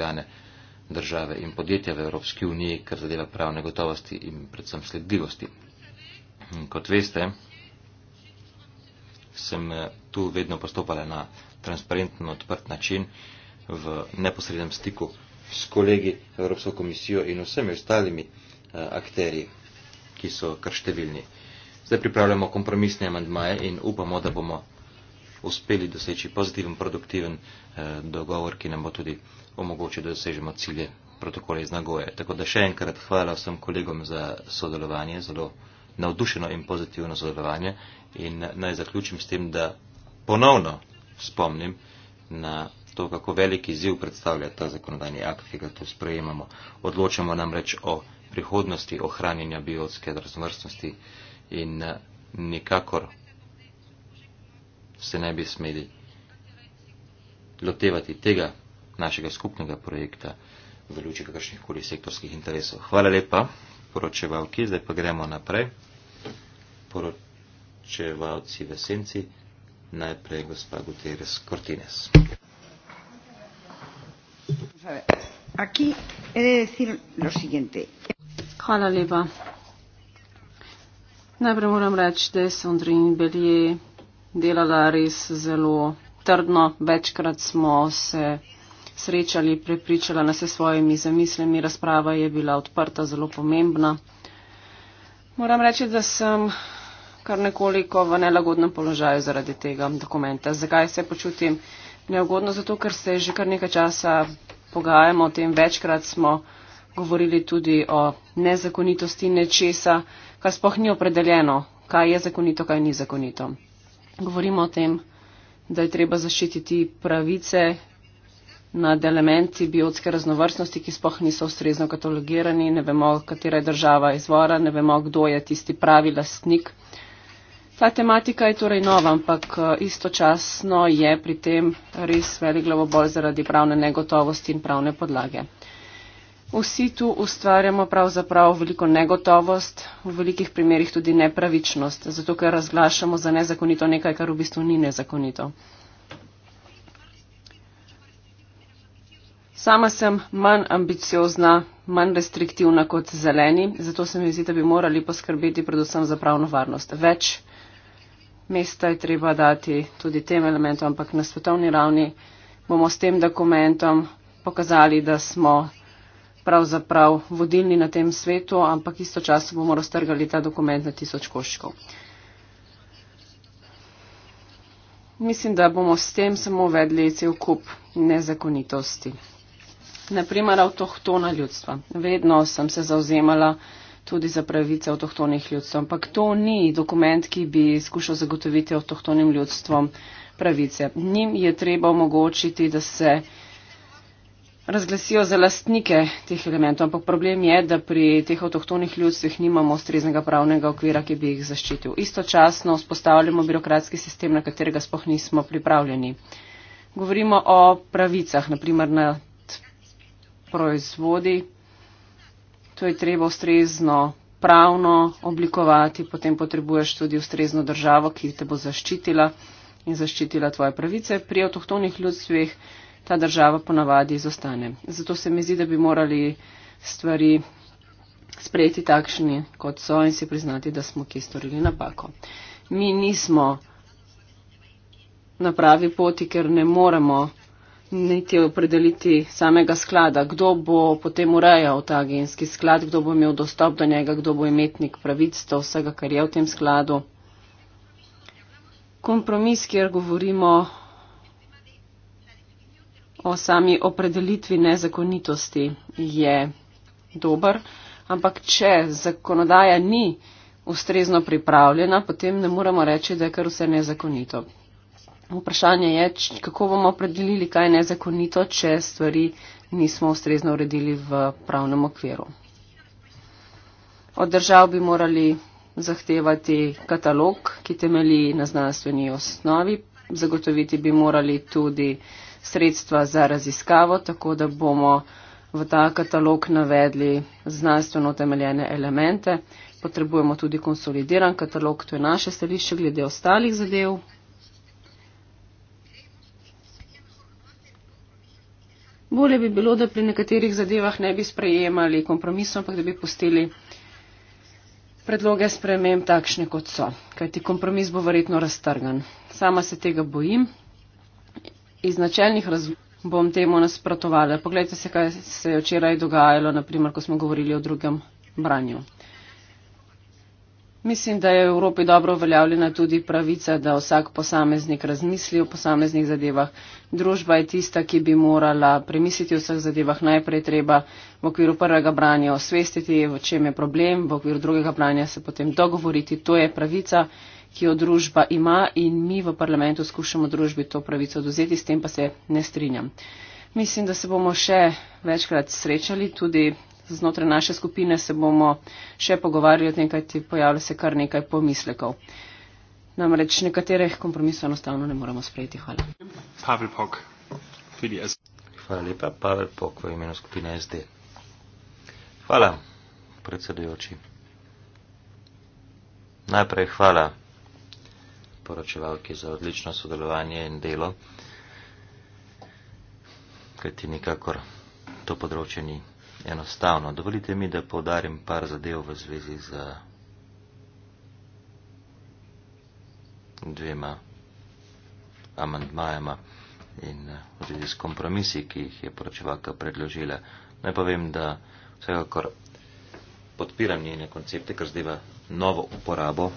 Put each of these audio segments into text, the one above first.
organe države in podjetja v Evropski uniji, kar zadeva pravne gotovosti in predvsem sledljivosti. Kot veste, sem eh, tu vedno postopala na transparenten, odprt način v neposrednem stiku s kolegi Evropsko komisijo in vsemi ostalimi eh, akterji, ki so kar številni. Zdaj pripravljamo kompromisne amandmaje in upamo, da bomo uspeli doseči pozitiven, produktiven eh, dogovor, ki nam bo tudi omogoči, da dosežemo cilje protokola iz Nagoje. Tako da še enkrat hvala vsem kolegom za sodelovanje, zelo navdušeno in pozitivno sodelovanje. In naj zaključim s tem, da ponovno spomnim na to, kako veliki ziv predstavlja ta zakonodajni akt, ki ga tu sprejemamo. Odločamo namreč o prihodnosti ohranjenja biotske raznovrstnosti in eh, nikakor se ne bi smeli lotevati tega našega skupnega projekta v luči kakršnih koli sektorskih interesov. Hvala lepa, poročevalki, zdaj pa gremo naprej. Poročevalci v senci, najprej gospa Guterres Cortines. Aquí he de decir lo siguiente. Hvala lepa. Najprej moram reči, da je Sandrine Belje delala res zelo trdno. Večkrat smo se srečali, prepričala nas je svojimi zamislimi, razprava je bila odprta, zelo pomembna. Moram reči, da sem kar nekoliko v nelagodnem položaju zaradi tega dokumenta. Zakaj se počutim neugodno? Zato, ker se že kar nekaj časa pogajamo o tem, večkrat smo govorili tudi o nezakonitosti nečesa, kar spoh ni opredeljeno, kaj je zakonito, kaj ni zakonito. Govorimo o tem, da je treba zaščititi pravice nad elementi biotske raznovrstnosti, ki spoh niso ustrezno katalogirani, ne vemo, katera je država izvora, ne vemo, kdo je tisti pravi lastnik. Ta tematika je torej nova, ampak eh, istočasno je pri tem res velik glavobol zaradi pravne negotovosti in pravne podlage. Vsi tu ustvarjamo pravzaprav veliko negotovost, v velikih primerjih tudi nepravičnost, zato ker razglašamo za nezakonito nekaj, kar v bistvu ni nezakonito. Sama sem manj ambiciozna, manj restriktivna kot zeleni, zato se mi zdi, da bi morali poskrbeti predvsem za pravno varnost. Več mesta je treba dati tudi tem elementom, ampak na svetovni ravni bomo s tem dokumentom pokazali, da smo pravzaprav vodilni na tem svetu, ampak istočasno bomo raztrgali ta dokument na tisoč koščkov. Mislim, da bomo s tem samo vedli cel kup nezakonitosti naprimer avtohtona ljudstva. Vedno sem se zauzemala tudi za pravice avtohtonih ljudstv, ampak to ni dokument, ki bi skušal zagotoviti avtohtonim ljudstvom pravice. Njim je treba omogočiti, da se razglasijo za lastnike teh elementov, ampak problem je, da pri teh avtohtonih ljudstvih nimamo ustreznega pravnega okvira, ki bi jih zaščitil. Istočasno vzpostavljamo birokratski sistem, na katerega spoh nismo pripravljeni. Govorimo o pravicah, naprimer na proizvodi. To je treba ustrezno pravno oblikovati, potem potrebuješ tudi ustrezno državo, ki te bo zaščitila in zaščitila tvoje pravice. Pri avtohtonih ljudstvih ta država ponavadi izostane. Zato se mi zdi, da bi morali stvari sprejeti takšni, kot so in si priznati, da smo ki storili napako. Mi nismo na pravi poti, ker ne moremo niti opredeliti samega sklada, kdo bo potem urejal ta genski sklad, kdo bo imel dostop do njega, kdo bo imetnik pravic do vsega, kar je v tem skladu. Kompromis, kjer govorimo o sami opredelitvi nezakonitosti, je dober, ampak če zakonodaja ni ustrezno pripravljena, potem ne moremo reči, da je kar vse nezakonito. Vprašanje je, kako bomo opredelili, kaj je nezakonito, če stvari nismo ustrezno uredili v pravnem okviru. Od držav bi morali zahtevati katalog, ki temelji na znanstveni osnovi. Zagotoviti bi morali tudi sredstva za raziskavo, tako da bomo v ta katalog navedli znanstveno temeljene elemente. Potrebujemo tudi konsolidiran katalog, to je naše stališče glede ostalih zadev, Bolje bi bilo, da pri nekaterih zadevah ne bi sprejemali kompromisov, ampak da bi posteli predloge sprememb takšne, kot so. Kajti kompromis bo verjetno raztrgan. Sama se tega bojim. Iz načelnih razlogov bom temu nasprotovala. Poglejte se, kaj se je včeraj dogajalo, naprimer, ko smo govorili o drugem branju. Mislim, da je v Evropi dobro uveljavljena tudi pravica, da vsak posameznik razmisli o posameznih zadevah. Družba je tista, ki bi morala premisliti o vseh zadevah. Najprej treba v okviru prvega branja osvestiti, v čem je problem, v okviru drugega branja se potem dogovoriti. To je pravica, ki jo družba ima in mi v parlamentu skušamo družbi to pravico oduzeti, s tem pa se ne strinjam. Mislim, da se bomo še večkrat srečali, tudi znotraj naše skupine se bomo še pogovarjali o tem, kaj ti pojavlja se kar nekaj pomislekov. Namreč nekaterih kompromisov enostavno ne moremo sprejeti. Hvala. Pavel Pok, PDS. Hvala lepa, Pavel Pok v imenu skupine SD. Hvala, predsedujoči. Najprej hvala poročevalki za odlično sodelovanje in delo, kajti nikakor to področje ni enostavno. Dovolite mi, da povdarim par zadev v zvezi z dvema amandmajema in eh, v zvezi s kompromisi, ki jih je poročevalka predložila. Naj povem, da vsekakor podpiram njene koncepte, kar zdeva novo uporabo.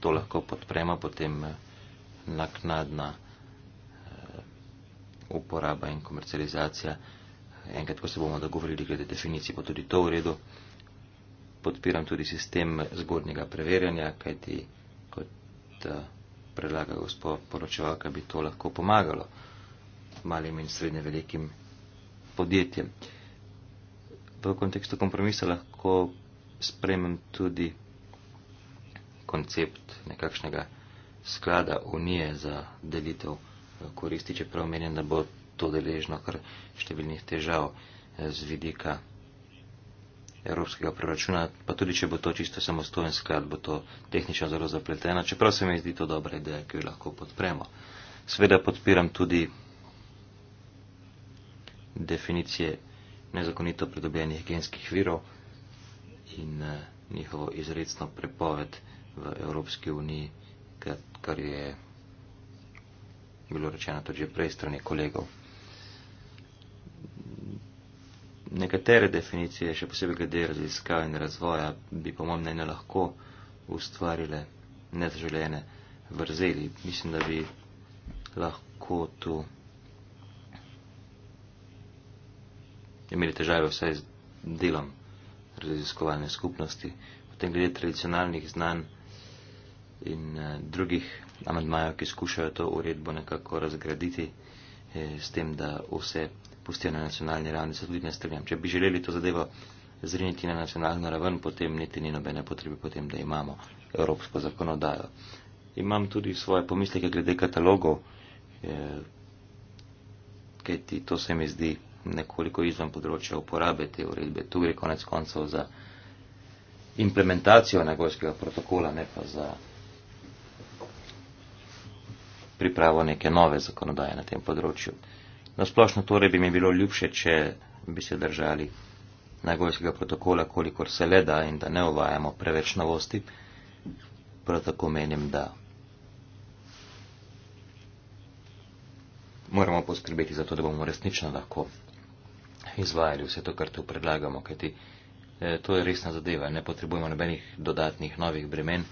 To lahko podpremo potem eh, naknadna eh, uporaba in komercializacija enkrat, ko se bomo dogovorili glede definicij, bo tudi to v redu. Podpiram tudi sistem zgodnjega preverjanja, kajti kot eh, predlaga gospod poročevalka, bi to lahko pomagalo malim in srednje velikim podjetjem. V kontekstu kompromisa lahko spremem tudi koncept nekakšnega sklada Unije za delitev eh, koristi, čeprav menim, da bo to deležno kar številnih težav eh, z vidika evropskega proračuna, pa tudi če bo to čisto samostojen sklad, bo to tehnično zelo zapleteno, čeprav se mi zdi to dobra ideja, ki jo lahko podpremo. Sveda podpiram tudi definicije nezakonito pridobljenih genskih virov in eh, njihovo izredno prepoved v Evropski uniji, kar je bilo rečeno tudi prej strani kolegov. nekatere definicije, še posebej glede raziskav in razvoja, bi po mojem mnenju lahko ustvarile nezaželjene vrzeli. Mislim, da bi lahko tu imeli težave vsaj z delom raziskovalne skupnosti. Potem glede tradicionalnih znanj in eh, drugih amandmajev, ki skušajo to uredbo nekako razgraditi eh, s tem, da vse spustijo na nacionalni ravni, se tudi ne strengam. Če bi želeli to zadevo zriniti na nacionalno raven, potem niti ni nobene potrebe potem, da imamo evropsko zakonodajo. Imam tudi svoje pomisleke glede katalogov, eh, kajti to se mi zdi nekoliko izvan področja uporabe te uredbe. Tu gre konec koncev za implementacijo nagojskega protokola, ne pa za pripravo neke nove zakonodaje na tem področju. Na splošno torej bi mi bilo ljubše, če bi se držali najgorskega protokola, kolikor se le da in da ne uvajamo preveč novosti. Prav tako menim, da moramo poskrbeti za to, da bomo resnično lahko izvajali vse to, kar tu predlagamo, kajti eh, to je resna zadeva. Ne potrebujemo nobenih dodatnih novih bremen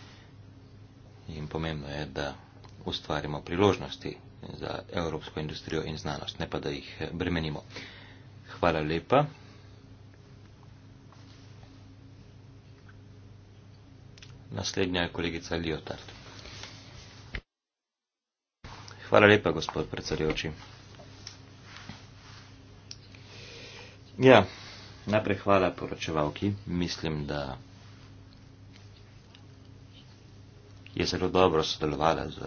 in pomembno je, da ustvarimo priložnosti za evropsko industrijo in znanost, ne pa da jih eh, bremenimo. Hvala lepa. Naslednja je kolegica Liotard. Hvala lepa, gospod predsedujoči. Ja, najprej hvala poročevalki. Mislim, da je zelo dobro sodelovala z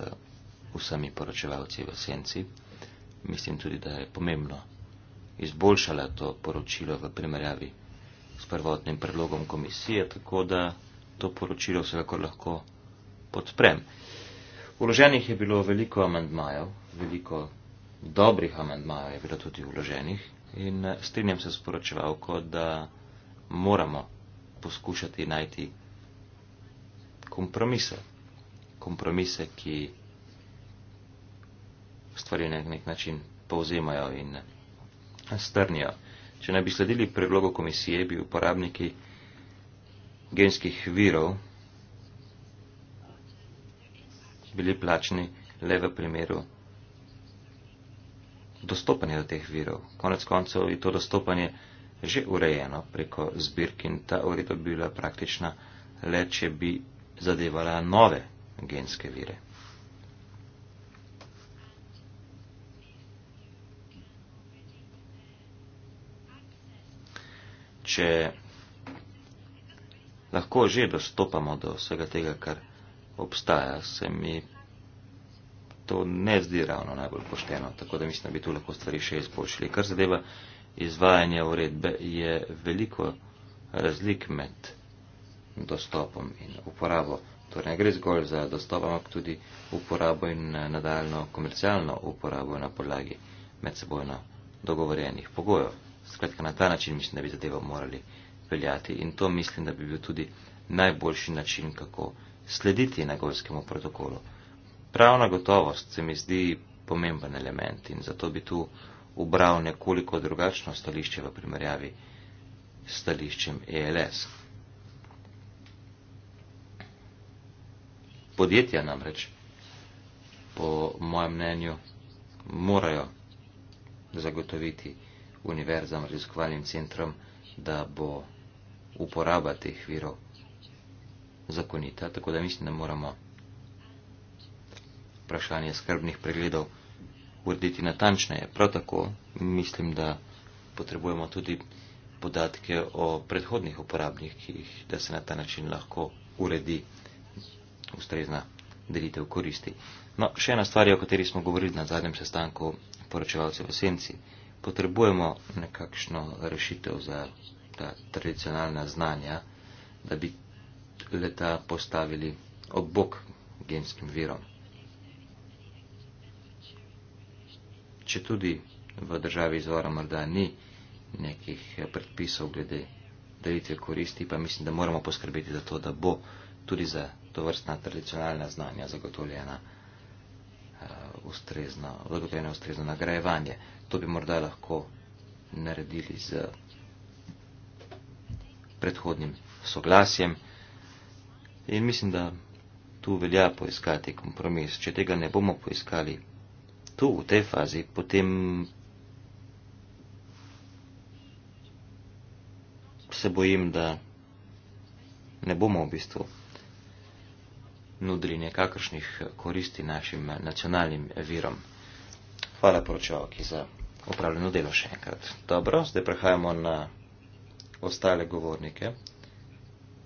vsemi poročevalci v senci. Mislim tudi, da je pomembno izboljšala to poročilo v primerjavi s prvotnim predlogom komisije, tako da to poročilo vsekakor lahko podprem. Uloženih je bilo veliko amendmajev, veliko dobrih amendmajev je bilo tudi uloženih in eh, strinjam se s poročevalko, da moramo poskušati najti kompromise. Kompromise, ki stvari na nek način povzemajo in strnijo. Če ne bi sledili predlogu komisije, bi uporabniki genskih virov bili plačni le v primeru dostopanja do teh virov. Konec koncev je to dostopanje že urejeno preko zbirk in ta ureditev bi bila praktična le, če bi zadevala nove genske vire. če lahko že dostopamo do vsega tega, kar obstaja, se mi to ne zdi ravno najbolj pošteno. Tako da mislim, da bi tu lahko stvari še izboljšali. Kar zadeva izvajanje uredbe, je veliko razlik med dostopom in uporabo. Torej ne gre zgolj za dostop, ampak tudi uporabo in eh, nadaljno komercialno uporabo na podlagi medsebojno dogovorjenih pogojev. Skratka, na ta način mislim, da bi zadevo morali peljati in to mislim, da bi bil tudi najboljši način, kako slediti nagorskemu protokolu. Pravna gotovost se mi zdi pomemben element in zato bi tu ubral nekoliko drugačno stališče v primerjavi s stališčem ELS. Podjetja namreč, po mojem mnenju, morajo zagotoviti, univerzam, raziskovalnim centrom, da bo uporaba teh virov zakonita, tako da mislim, da moramo vprašanje skrbnih pregledov urediti natančneje. Prav tako mislim, da potrebujemo tudi podatke o predhodnih uporabnikih, da se na ta način lahko uredi ustrezna delitev koristi. No, še ena stvar, o kateri smo govorili na zadnjem sestanku poročevalcev v Senci potrebujemo nekakšno rešitev za ta tradicionalna znanja, da bi leta postavili ob bok genskim virom. Če tudi v državi izvora morda ni nekih predpisov glede delitve koristi, pa mislim, da moramo poskrbeti za to, da bo tudi za to vrstna tradicionalna znanja zagotovljena. Eh, ustrezno, zagotovljeno ustrezno nagrajevanje. To bi morda lahko naredili z predhodnim soglasjem. In mislim, da tu velja poiskati kompromis. Če tega ne bomo poiskali tu, v tej fazi, potem se bojim, da ne bomo v bistvu nudili nekakršnih koristi našim nacionalnim virom. Hvala poročevalki za opravljeno delo še enkrat. Dobro, zdaj prehajamo na ostale govornike.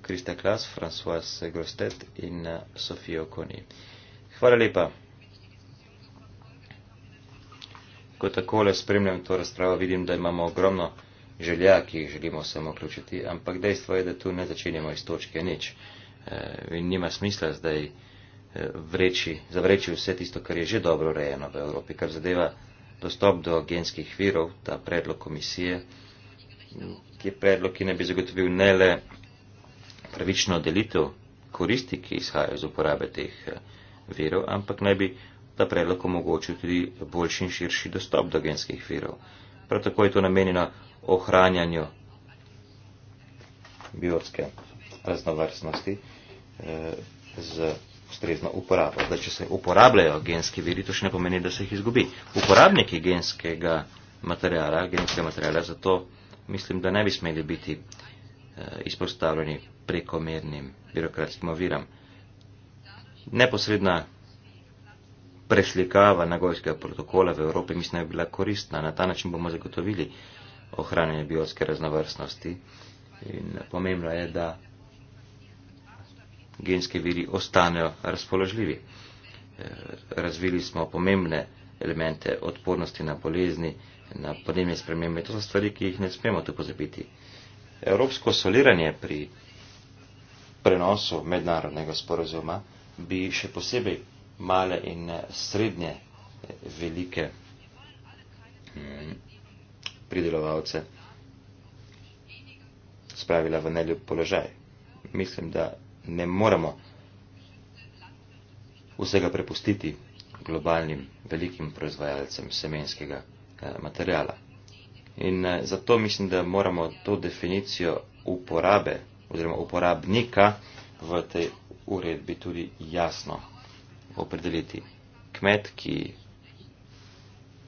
Krista Klas, François Grostet in eh, Sofijo Koni. Hvala lepa. Ko takole spremljam to razpravo, vidim, da imamo ogromno želja, ki jih želimo samo vključiti, ampak dejstvo je, da tu ne začenjamo iz točke nič. Eh, in nima smisla zdaj eh, vreči, zavreči vse tisto, kar je že dobro rejeno v Evropi, kar zadeva dostop do genskih virov, ta predlog komisije, ki je predlog, ki ne bi zagotovil ne le pravično delitev koristi, ki izhajajo iz uporabe teh eh, virov, ampak naj bi ta predlog omogočil tudi boljši in širši dostop do genskih virov. Prav tako je to namenjeno ohranjanju biotske raznovrstnosti eh, z ustrezno uporabo. Da, če se uporabljajo genski viri, to še ne pomeni, da se jih izgubi. Uporabniki genskega materiala, genskega materiala, zato mislim, da ne bi smeli biti eh, izpostavljeni prekomernim birokratskim oviram. Neposredna preslikava nagojskega protokola v Evropi mislim, da bi bila koristna. Na ta način bomo zagotovili ohranjanje biotske raznovrstnosti in pomembno je, da genske viri ostanejo razpoložljivi. Eh, razvili smo pomembne elemente odpornosti na bolezni, na podnebne spremembe. To so stvari, ki jih ne smemo tu pozabiti. Evropsko soliranje pri prenosu mednarodnega sporozuma bi še posebej male in eh, srednje eh, velike mm, pridelovalce spravila v neljub položaj. Mislim, da ne moremo vsega prepustiti globalnim velikim proizvajalcem semenskega eh, materijala. In eh, zato mislim, da moramo to definicijo uporabe oziroma uporabnika v tej uredbi tudi jasno opredeliti. Kmet, ki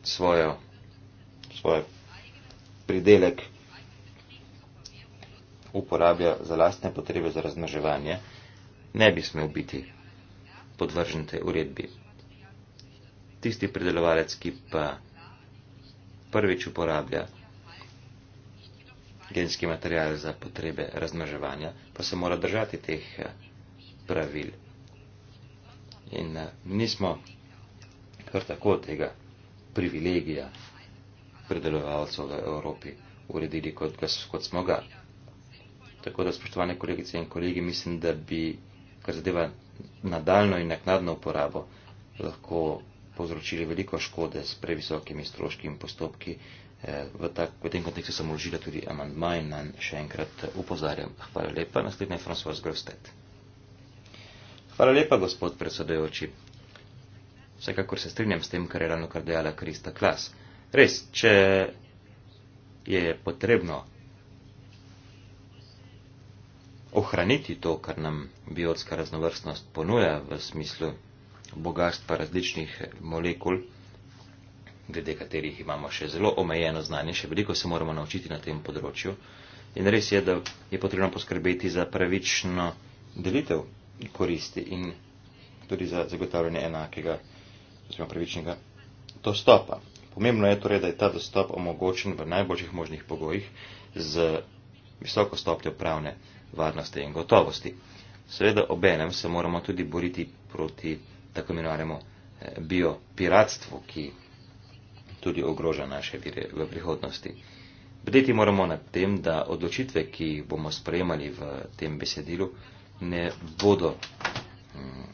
svojo, svoj pridelek uporablja za lastne potrebe za razmnoževanje, ne bi smel biti podvržen tej uredbi. Tisti predelovalec, ki pa prvič uporablja genski material za potrebe razmnoževanja, pa se mora držati teh eh, pravil. In eh, nismo kar tako tega privilegija predelovalcev v Evropi uredili, kot, kot smo ga. Tako da, spoštovane kolegice in kolegi, mislim, da bi, kar zadeva nadaljno in naknadno uporabo, lahko povzročili veliko škode s previsokimi stroški in postopki. Eh, v, tak, v tem kontekstu sem vložila tudi amandmaj in nam še enkrat upozarjam. Hvala lepa. Naslednja je François Grosted. Hvala lepa, gospod predsedojoči. Vsekakor se strinjam s tem, kar je ravno kar dejala Krista Klas. Res, če je potrebno ohraniti to, kar nam biotska raznovrstnost ponuja v smislu bogatstva različnih molekul, glede katerih imamo še zelo omejeno znanje, še veliko se moramo naučiti na tem področju. In res je, da je potrebno poskrbeti za pravično delitev koristi in tudi za zagotavljanje enakega oziroma pravičnega dostopa. Pomembno je torej, da je ta dostop omogočen v najboljših možnih pogojih z visoko stopnjo pravne varnosti in gotovosti. Seveda obenem se moramo tudi boriti proti tako imenovanemu eh, biopiratstvu, ki tudi ogroža naše vire v prihodnosti. Bdeti moramo nad tem, da odločitve, ki bomo sprejemali v tem besedilu, ne bodo mm,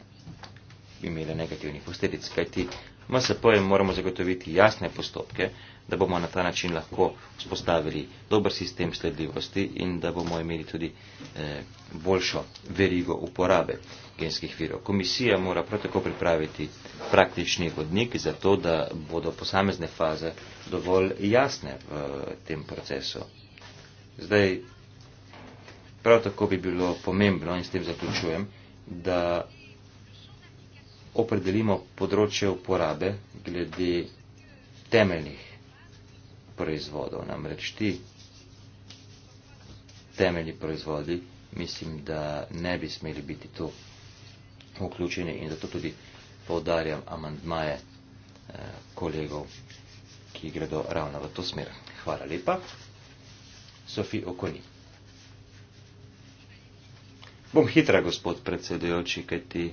imele negativnih posledic, kajti MSP-jem moramo zagotoviti jasne postopke, da bomo na ta način lahko vzpostavili dober sistem sledljivosti in da bomo imeli tudi eh, boljšo verigo uporabe genskih virov. Komisija mora prav tako pripraviti praktični vodnik za to, da bodo posamezne faze dovolj jasne v tem procesu. Zdaj, prav tako bi bilo pomembno in s tem zaključujem, da opredelimo področje uporabe glede temeljnih proizvodov. Namreč ti temeljni proizvodi mislim, da ne bi smeli biti tu vključeni in zato tudi povdarjam amandmaje eh, kolegov, ki gredo ravno v to smer. Hvala lepa. Sofi Okoni. Bom hitra, gospod predsedujoči, kaj ti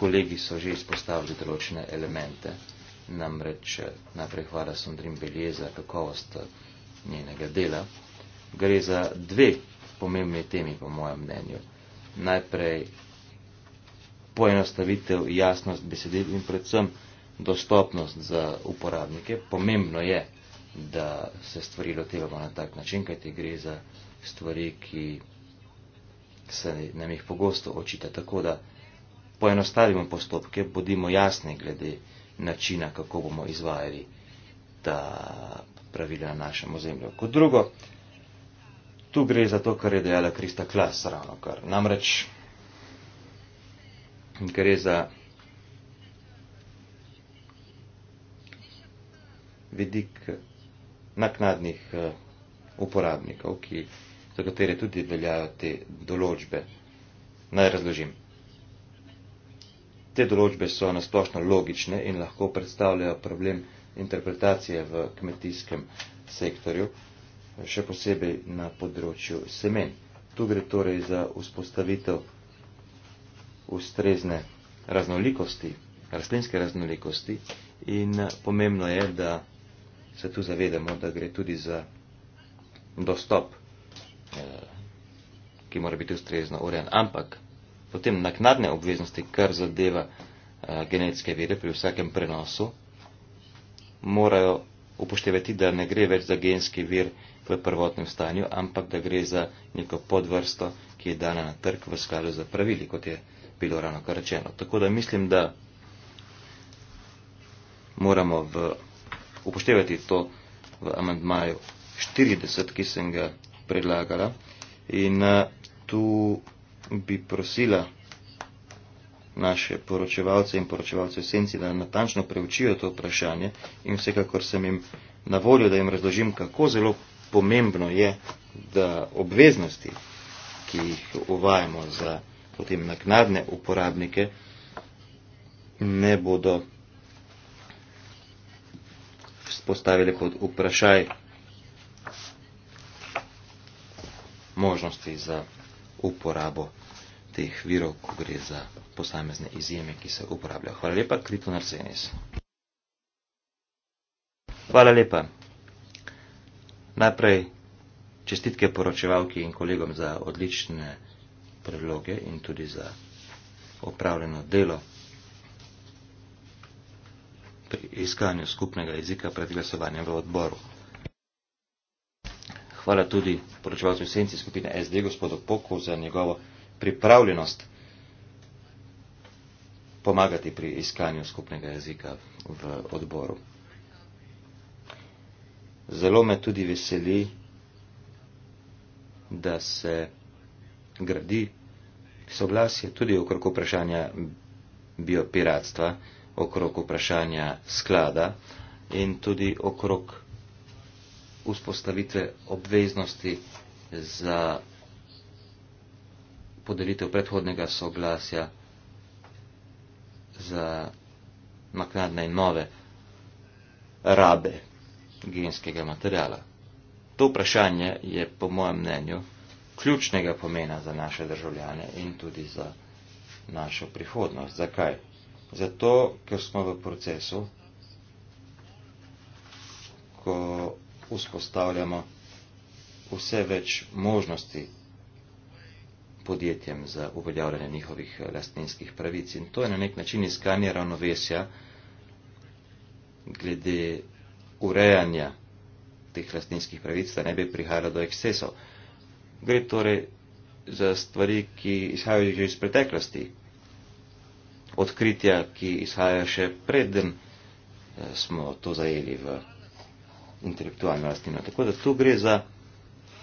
kolegi so že izpostavili določene elemente, namreč eh, najprej hvala Sondrin Belje za kakovost eh, njenega dela. Gre za dve pomembne temi, po mojem mnenju. Najprej poenostavitev, jasnost besedil in predvsem dostopnost za uporabnike. Pomembno je, da se stvari lotevamo na tak način, kajti gre za stvari, ki se nam jih pogosto očita. Tako da poenostavimo postopke, bodimo jasni glede načina, kako bomo izvajali ta pravila na našem ozemlju. Kot drugo, tu gre za to, kar je dejala Krista Klas ravno kar. Namreč gre za vidik naknadnih eh, uporabnikov, ki, za katere tudi veljajo te določbe. Naj razložim. Te določbe so nasplošno logične in lahko predstavljajo problem interpretacije v kmetijskem sektorju, še posebej na področju semen. Tu gre torej za vzpostavitev ustrezne raznolikosti, rastlinske raznolikosti in pomembno je, da se tu zavedamo, da gre tudi za dostop, eh, ki mora biti ustrezno urejen. Ampak potem naknadne obveznosti, kar zadeva eh, genetske vire pri vsakem prenosu, morajo upoštevati, da ne gre več za genski vir v prvotnem stanju, ampak da gre za neko podvrsto, ki je dana na trg v skladu za pravili, kot je bilo ravno kar rečeno. Tako da mislim, da moramo v, upoštevati to v amandmaju 40, ki sem ga predlagala. In uh, tu bi prosila naše poročevalce in poročevalce v senci, da natančno preučijo to vprašanje in vsekakor sem jim na voljo, da jim razložim, kako zelo pomembno je, da obveznosti, ki jih uvajamo za potem naknadne uporabnike, ne bodo spostavili pod vprašaj možnosti za uporabo teh virov, ko gre za posamezne izjeme, ki se uporabljajo. Hvala lepa, Kriton Arsenis. Hvala lepa. Najprej čestitke poročevalki in kolegom za odlične predloge in tudi za opravljeno delo pri iskanju skupnega jezika pred glasovanjem v odboru. Hvala tudi poročevalcu senci skupine SD, gospodu Poku, za njegovo pripravljenost pomagati pri iskanju skupnega jezika v odboru. Zelo me tudi veseli, da se gradi soglasje tudi okrog vprašanja biopiratstva, okrog vprašanja sklada in tudi okrog uspostavitve obveznosti za podelitev predhodnega soglasja za naknadne in nove rabe genskega materijala. To vprašanje je po mojem mnenju ključnega pomena za naše državljane in tudi za našo prihodnost. Zakaj? Zato, ker smo v procesu, ko uspostavljamo vse več možnosti podjetjem za uveljavljanje njihovih eh, lastninskih pravic. In to je na nek način iskanje ravnovesja glede urejanja teh lastninskih pravic, da ne bi prihajalo do ekscesov. Gre torej za stvari, ki izhajajo že iz preteklosti, odkritja, ki izhajajo še preden eh, smo to zajeli v intelektualno lastnino. Tako da tu gre za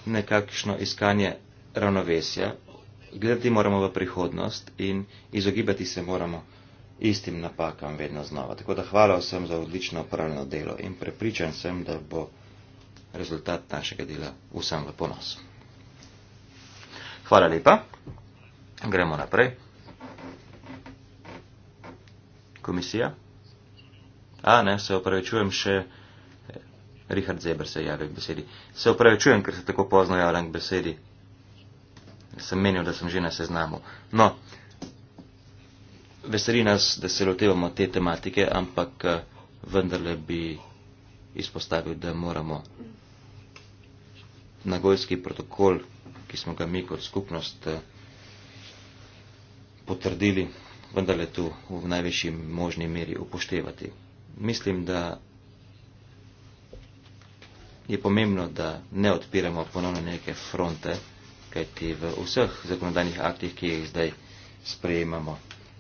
nekakšno iskanje ravnovesja. Gledati moramo v prihodnost in izogibati se moramo istim napakam vedno znova. Tako da hvala vsem za odlično upravljeno delo in prepričan sem, da bo rezultat našega dela vsem v ponos. Hvala lepa. Gremo naprej. Komisija? A ne, se opravičujem še. Richard Zeber se je javil k besedi. Se upravičujem, ker se tako pozno javljam k besedi. Sem menil, da sem že na seznamu. No, veseli nas, da se lotevamo te tematike, ampak eh, vendarle bi izpostavil, da moramo nagojski protokol, ki smo ga mi kot skupnost eh, potrdili, vendarle tu v najvišji možni meri upoštevati. Mislim, da je pomembno, da ne odpiramo ponovno neke fronte, kajti v vseh zakonodajnih aktih, ki jih zdaj sprejemamo,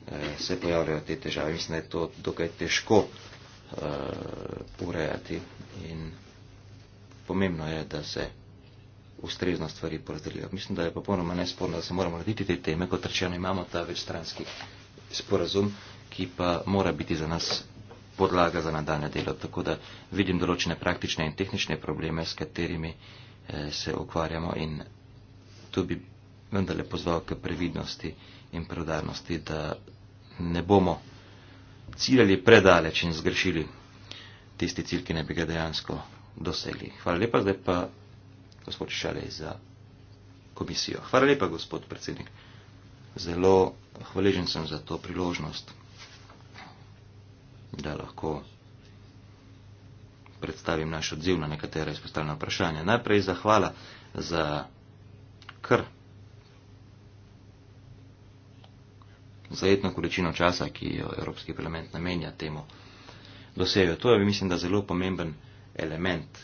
eh, se pojavljajo te težave. Mislim, da je to dokaj težko uh, urejati in pomembno je, da se ustrezno stvari porazdelijo. Mislim, da je popolnoma nesporno, da se moramo narediti te teme, kot rečeno imamo ta večstranski sporazum, ki pa mora biti za nas podlaga za nadaljne delo, tako da vidim določene praktične in tehnične probleme, s katerimi eh, se ukvarjamo in tu bi vendarle pozval k previdnosti in preudarnosti, da ne bomo ciljali predaleč in zgrešili tisti cilj, ki ne bi ga dejansko dosegli. Hvala lepa, zdaj pa gospod Šalej za komisijo. Hvala lepa, gospod predsednik. Zelo hvaležen sem za to priložnost da lahko predstavim naš odziv na nekatera izpostavljena vprašanja. Najprej zahvala za kr. zajetno količino časa, ki jo Evropski parlament namenja temu dosejo. To je, mislim, da zelo pomemben element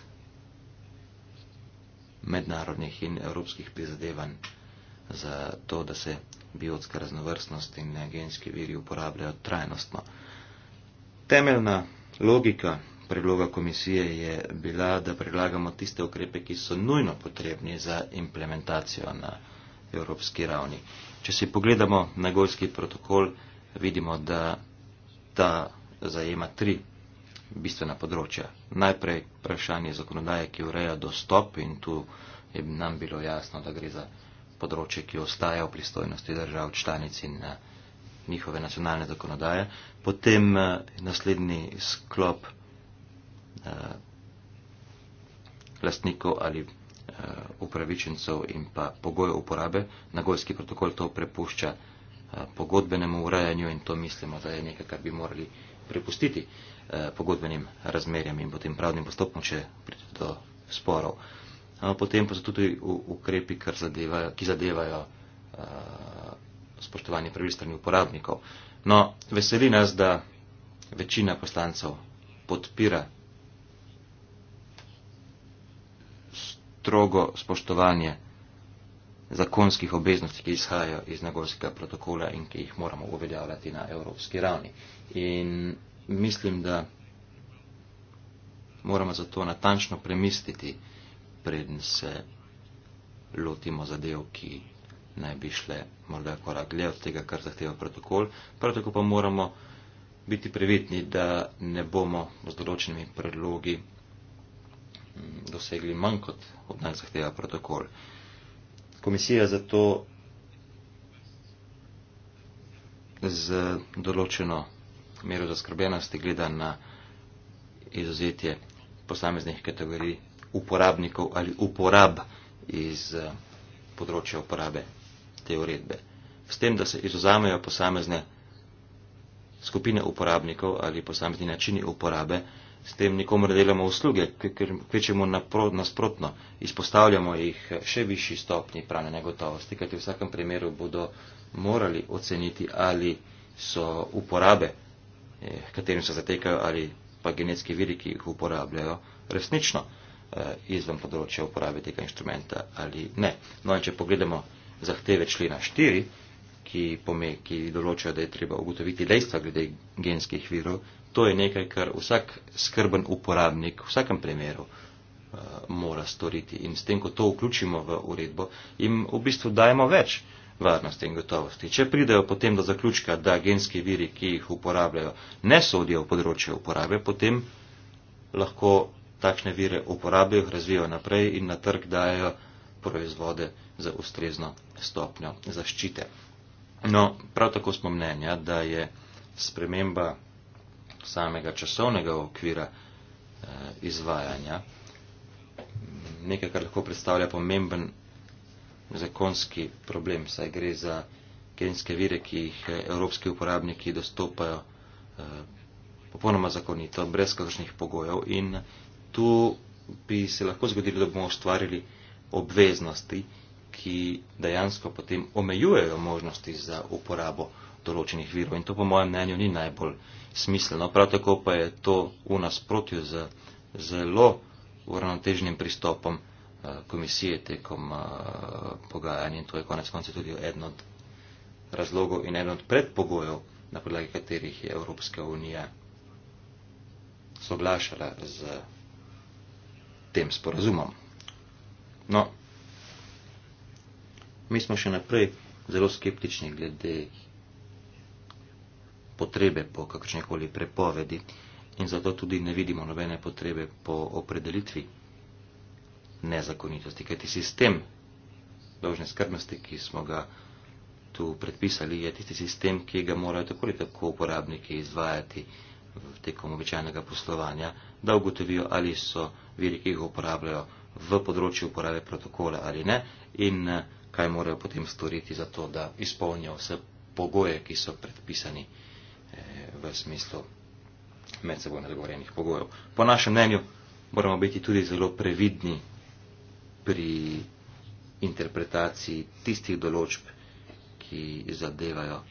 mednarodnih in evropskih prizadevanj za to, da se biotska raznovrstnost in genski viri uporabljajo trajnostno. Temeljna logika predloga komisije je bila, da predlagamo tiste ukrepe, ki so nujno potrebni za implementacijo na evropski ravni. Če si pogledamo nagolski protokol, vidimo, da ta zajema tri bistvena področja. Najprej vprašanje zakonodaje, ki ureja dostop in tu je nam bilo jasno, da gre za področje, ki ostaja v pristojnosti držav članic in na uh, eh, njihove nacionalne zakonodaje. Potem eh, naslednji sklop eh, lastnikov ali eh, upravičencev in pa pogoje uporabe. Nagojski protokol to prepušča eh, pogodbenemu urejanju in to mislimo, da je nekaj, kar bi morali prepustiti eh, pogodbenim razmerjam in potem pravnim postopkom, če pride do sporov. No, potem pa so tudi ukrepi, zadeva, ki zadevajo eh, spoštovanje pravil strani uporabnikov. No, veseli nas, da večina poslancev podpira strogo spoštovanje zakonskih obveznosti, ki izhajajo iz Nagorskega protokola in ki jih moramo uveljavljati na evropski ravni. In mislim, da moramo zato natančno premisliti, preden se lotimo zadev, ki naj bi šle morda korak dlje od tega, kar zahteva protokol. Prav tako pa moramo biti previdni, da ne bomo z določenimi predlogi mm, dosegli manj, kot od nas zahteva protokol. Komisija zato z določeno mero zaskrbljenosti gleda na izuzetje posameznih kategorij uporabnikov ali uporab iz eh, področja uporabe te uredbe, s tem, da se izuzamejo posamezne skupine uporabnikov ali posamezni načini uporabe, s tem nikomu ne delamo usluge, ker kvečemo nasprotno, izpostavljamo jih še višji stopni pravne negotovosti, kajti v vsakem primeru bodo morali oceniti, ali so uporabe, eh, katerim se zatekajo, ali pa genetski viri, ki jih uporabljajo, resnično eh, izven področja uporabe tega inštrumenta ali ne. No in če pogledamo zahteve člena 4, ki, pome, ki določa, da je treba ugotoviti dejstva glede genskih virov, to je nekaj, kar vsak skrben uporabnik v vsakem primeru uh, mora storiti. In s tem, ko to vključimo v uredbo, jim v bistvu dajemo več varnosti in gotovosti. Če pridejo potem do zaključka, da genski viri, ki jih uporabljajo, ne sodijo v področje uporabe, potem lahko takšne vire uporabljajo, razvijajo naprej in na trg dajo proizvode za ustrezno stopnjo zaščite. No, prav tako smo mnenja, da je sprememba samega časovnega okvira eh, izvajanja nekaj, kar lahko predstavlja pomemben zakonski problem, saj gre za genske vire, ki jih eh, evropski uporabniki dostopajo eh, popolnoma zakonito, brez kakršnih pogojev in tu bi se lahko zgodilo, da bomo ustvarili obveznosti, ki dejansko potem omejujejo možnosti za uporabo določenih virov. In to po mojem mnenju ni najbolj smiselno. Prav tako pa je to v nasprotju z zelo uravnoteženim pristopom eh, komisije tekom eh, pogajanja in to je konec konca tudi eden od razlogov in eden od predpogojev, na podlagi katerih je Evropska unija soglašala z tem sporazumom. No, mi smo še naprej zelo skeptični glede potrebe po kakršnekoli prepovedi in zato tudi ne vidimo nobene potrebe po opredelitvi nezakonitosti, kajti sistem dolžne skrbnosti, ki smo ga tu predpisali, je tisti sistem, ki ga morajo tako ali tako uporabniki izvajati tekom običajnega poslovanja, da ugotovijo, ali so viri, ki jih uporabljajo, v področju uporabe protokola ali ne in eh, kaj morajo potem storiti za to, da izpolnijo vse pogoje, ki so predpisani eh, v smislu med seboj nadgovorjenih pogojev. Po našem mnenju moramo biti tudi zelo previdni pri interpretaciji tistih določb, ki zadevajo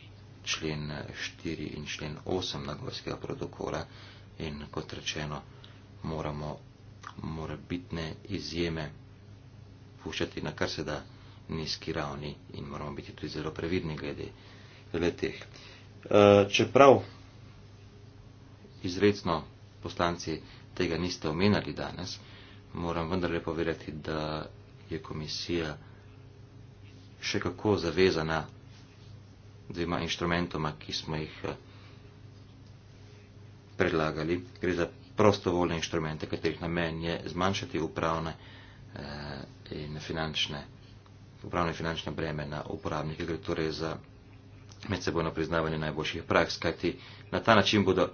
člen 4 eh, in člen 8 nagorskega protokola in kot rečeno moramo morabitne izjeme puščati na kar se da nizki ravni in moramo biti tudi zelo previdni glede leteh. Eh, čeprav izredno poslanci tega niste omenjali danes, moram vendarle povedati, da je komisija še kako zavezana dvema inštrumentoma, ki smo jih eh, predlagali. Gre za prostovoljne inštrumente, katerih namen je zmanjšati upravne eh, in finančne, upravne finančne breme na uporabnike, gre torej za medsebojno priznavanje najboljših praks, kajti na ta način bodo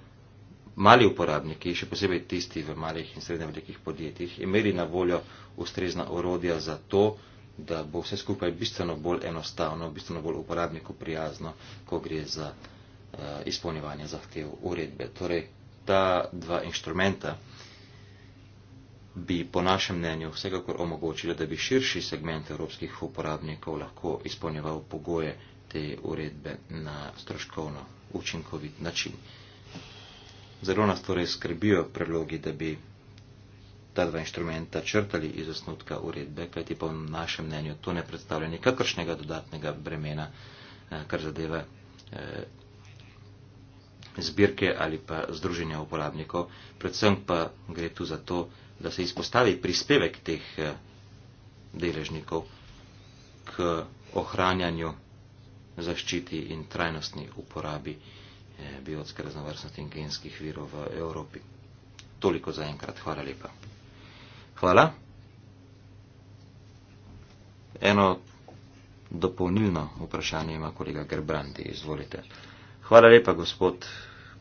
mali uporabniki, še posebej tisti v malih in srednje velikih podjetjih, imeli na voljo ustrezna orodja za to, da bo vse skupaj bistveno bolj enostavno, bistveno bolj uporabniku prijazno, ko gre za uh, izpolnjevanje zahtev uredbe. Torej, ta dva inštrumenta bi po našem mnenju vsekakor omogočila, da bi širši segment evropskih uporabnikov lahko izpolnjeval pogoje te uredbe na stroškovno učinkovit način. Zelo nas torej skrbijo predlogi, da bi ta dva inštrumenta črtali iz osnutka uredbe, kajti po našem mnenju to ne predstavlja nikakršnega dodatnega bremena, eh, kar zadeva eh, zbirke ali pa združenja uporabnikov, predvsem pa gre tu za to, da se izpostavi prispevek teh eh, deležnikov k ohranjanju, zaščiti in trajnostni uporabi eh, biotske raznovrstnosti in genskih virov v Evropi. Toliko za enkrat. Hvala lepa. Hvala. Eno dopolnilno vprašanje ima kolega Gerbrandi. Izvolite. Hvala lepa, gospod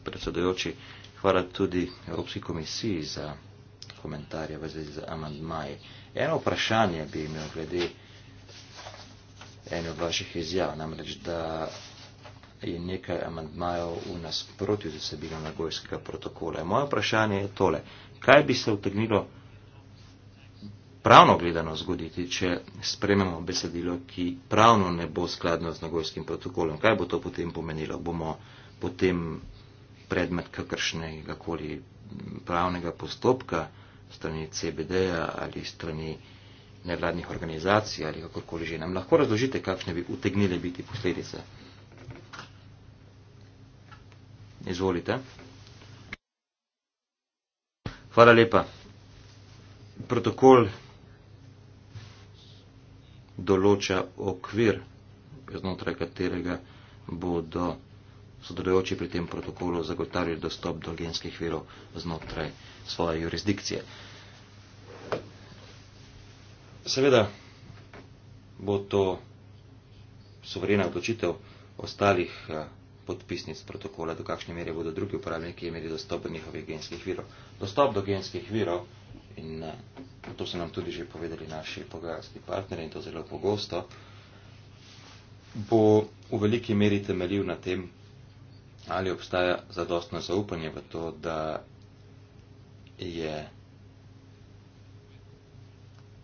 predsedujoči. Hvala tudi Evropski komisiji za komentarje v zvezi z amandmaji. Eno vprašanje bi imel glede ene od vaših izjav, namreč, da je nekaj amandmajev v nas proti zasebino Nagojskega protokola. Moje vprašanje je tole. Kaj bi se utegnilo pravno gledano zgoditi, če sprememo besedilo, ki pravno ne bo skladno z Nagojskim protokolom? Kaj bo to potem pomenilo? Bomo potem predmet kakršnega koli pravnega postopka strani CBD-ja ali strani nevladnih organizacij ali kakorkoli že. Nam lahko razložite, kakšne bi utegnile biti posledice? Izvolite. Hvala lepa. Protokol določa okvir, znotraj katerega bodo sodelujoči pri tem protokolu zagotavljali dostop do genskih virov znotraj svoje jurisdikcije. Seveda bo to suverena odločitev ostalih eh, podpisnic protokola, do kakšne mere bodo drugi uporabniki imeli dostop do njihovih genskih virov. Dostop do genskih virov in eh, to so nam tudi že povedali naši pogajalski partneri in to zelo pogosto, bo v veliki meri temeljil na tem, ali obstaja zadostno zaupanje v to, da je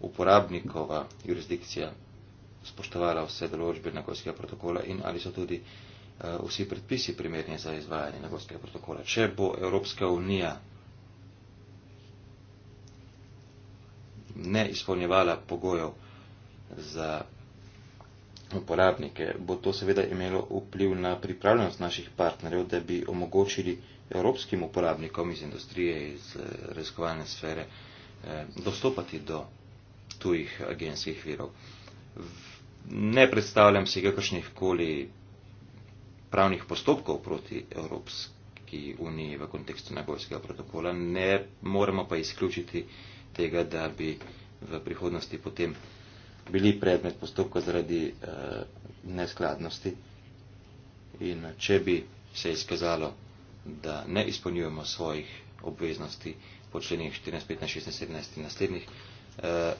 uporabnikova jurisdikcija spoštovala vse določbe nagorskega protokola in ali so tudi uh, vsi predpisi primerni za izvajanje nagorskega protokola. Če bo Evropska unija ne izpolnjevala pogojev za uporabnike, bo to seveda imelo vpliv na pripravljenost naših partnerjev, da bi omogočili evropskim uporabnikom iz industrije, iz eh, raziskovalne sfere, eh, dostopati do tujih agencijskih virov. Ne predstavljam si kakršnih koli pravnih postopkov proti Evropski uniji v kontekstu Nagojskega protokola, ne moremo pa izključiti tega, da bi v prihodnosti potem eh, bili predmet postopka zaradi uh, neskladnosti in če bi se izkazalo, da ne izpolnjujemo svojih obveznosti po členih 14, 15, 16, 17 in naslednjih, uh,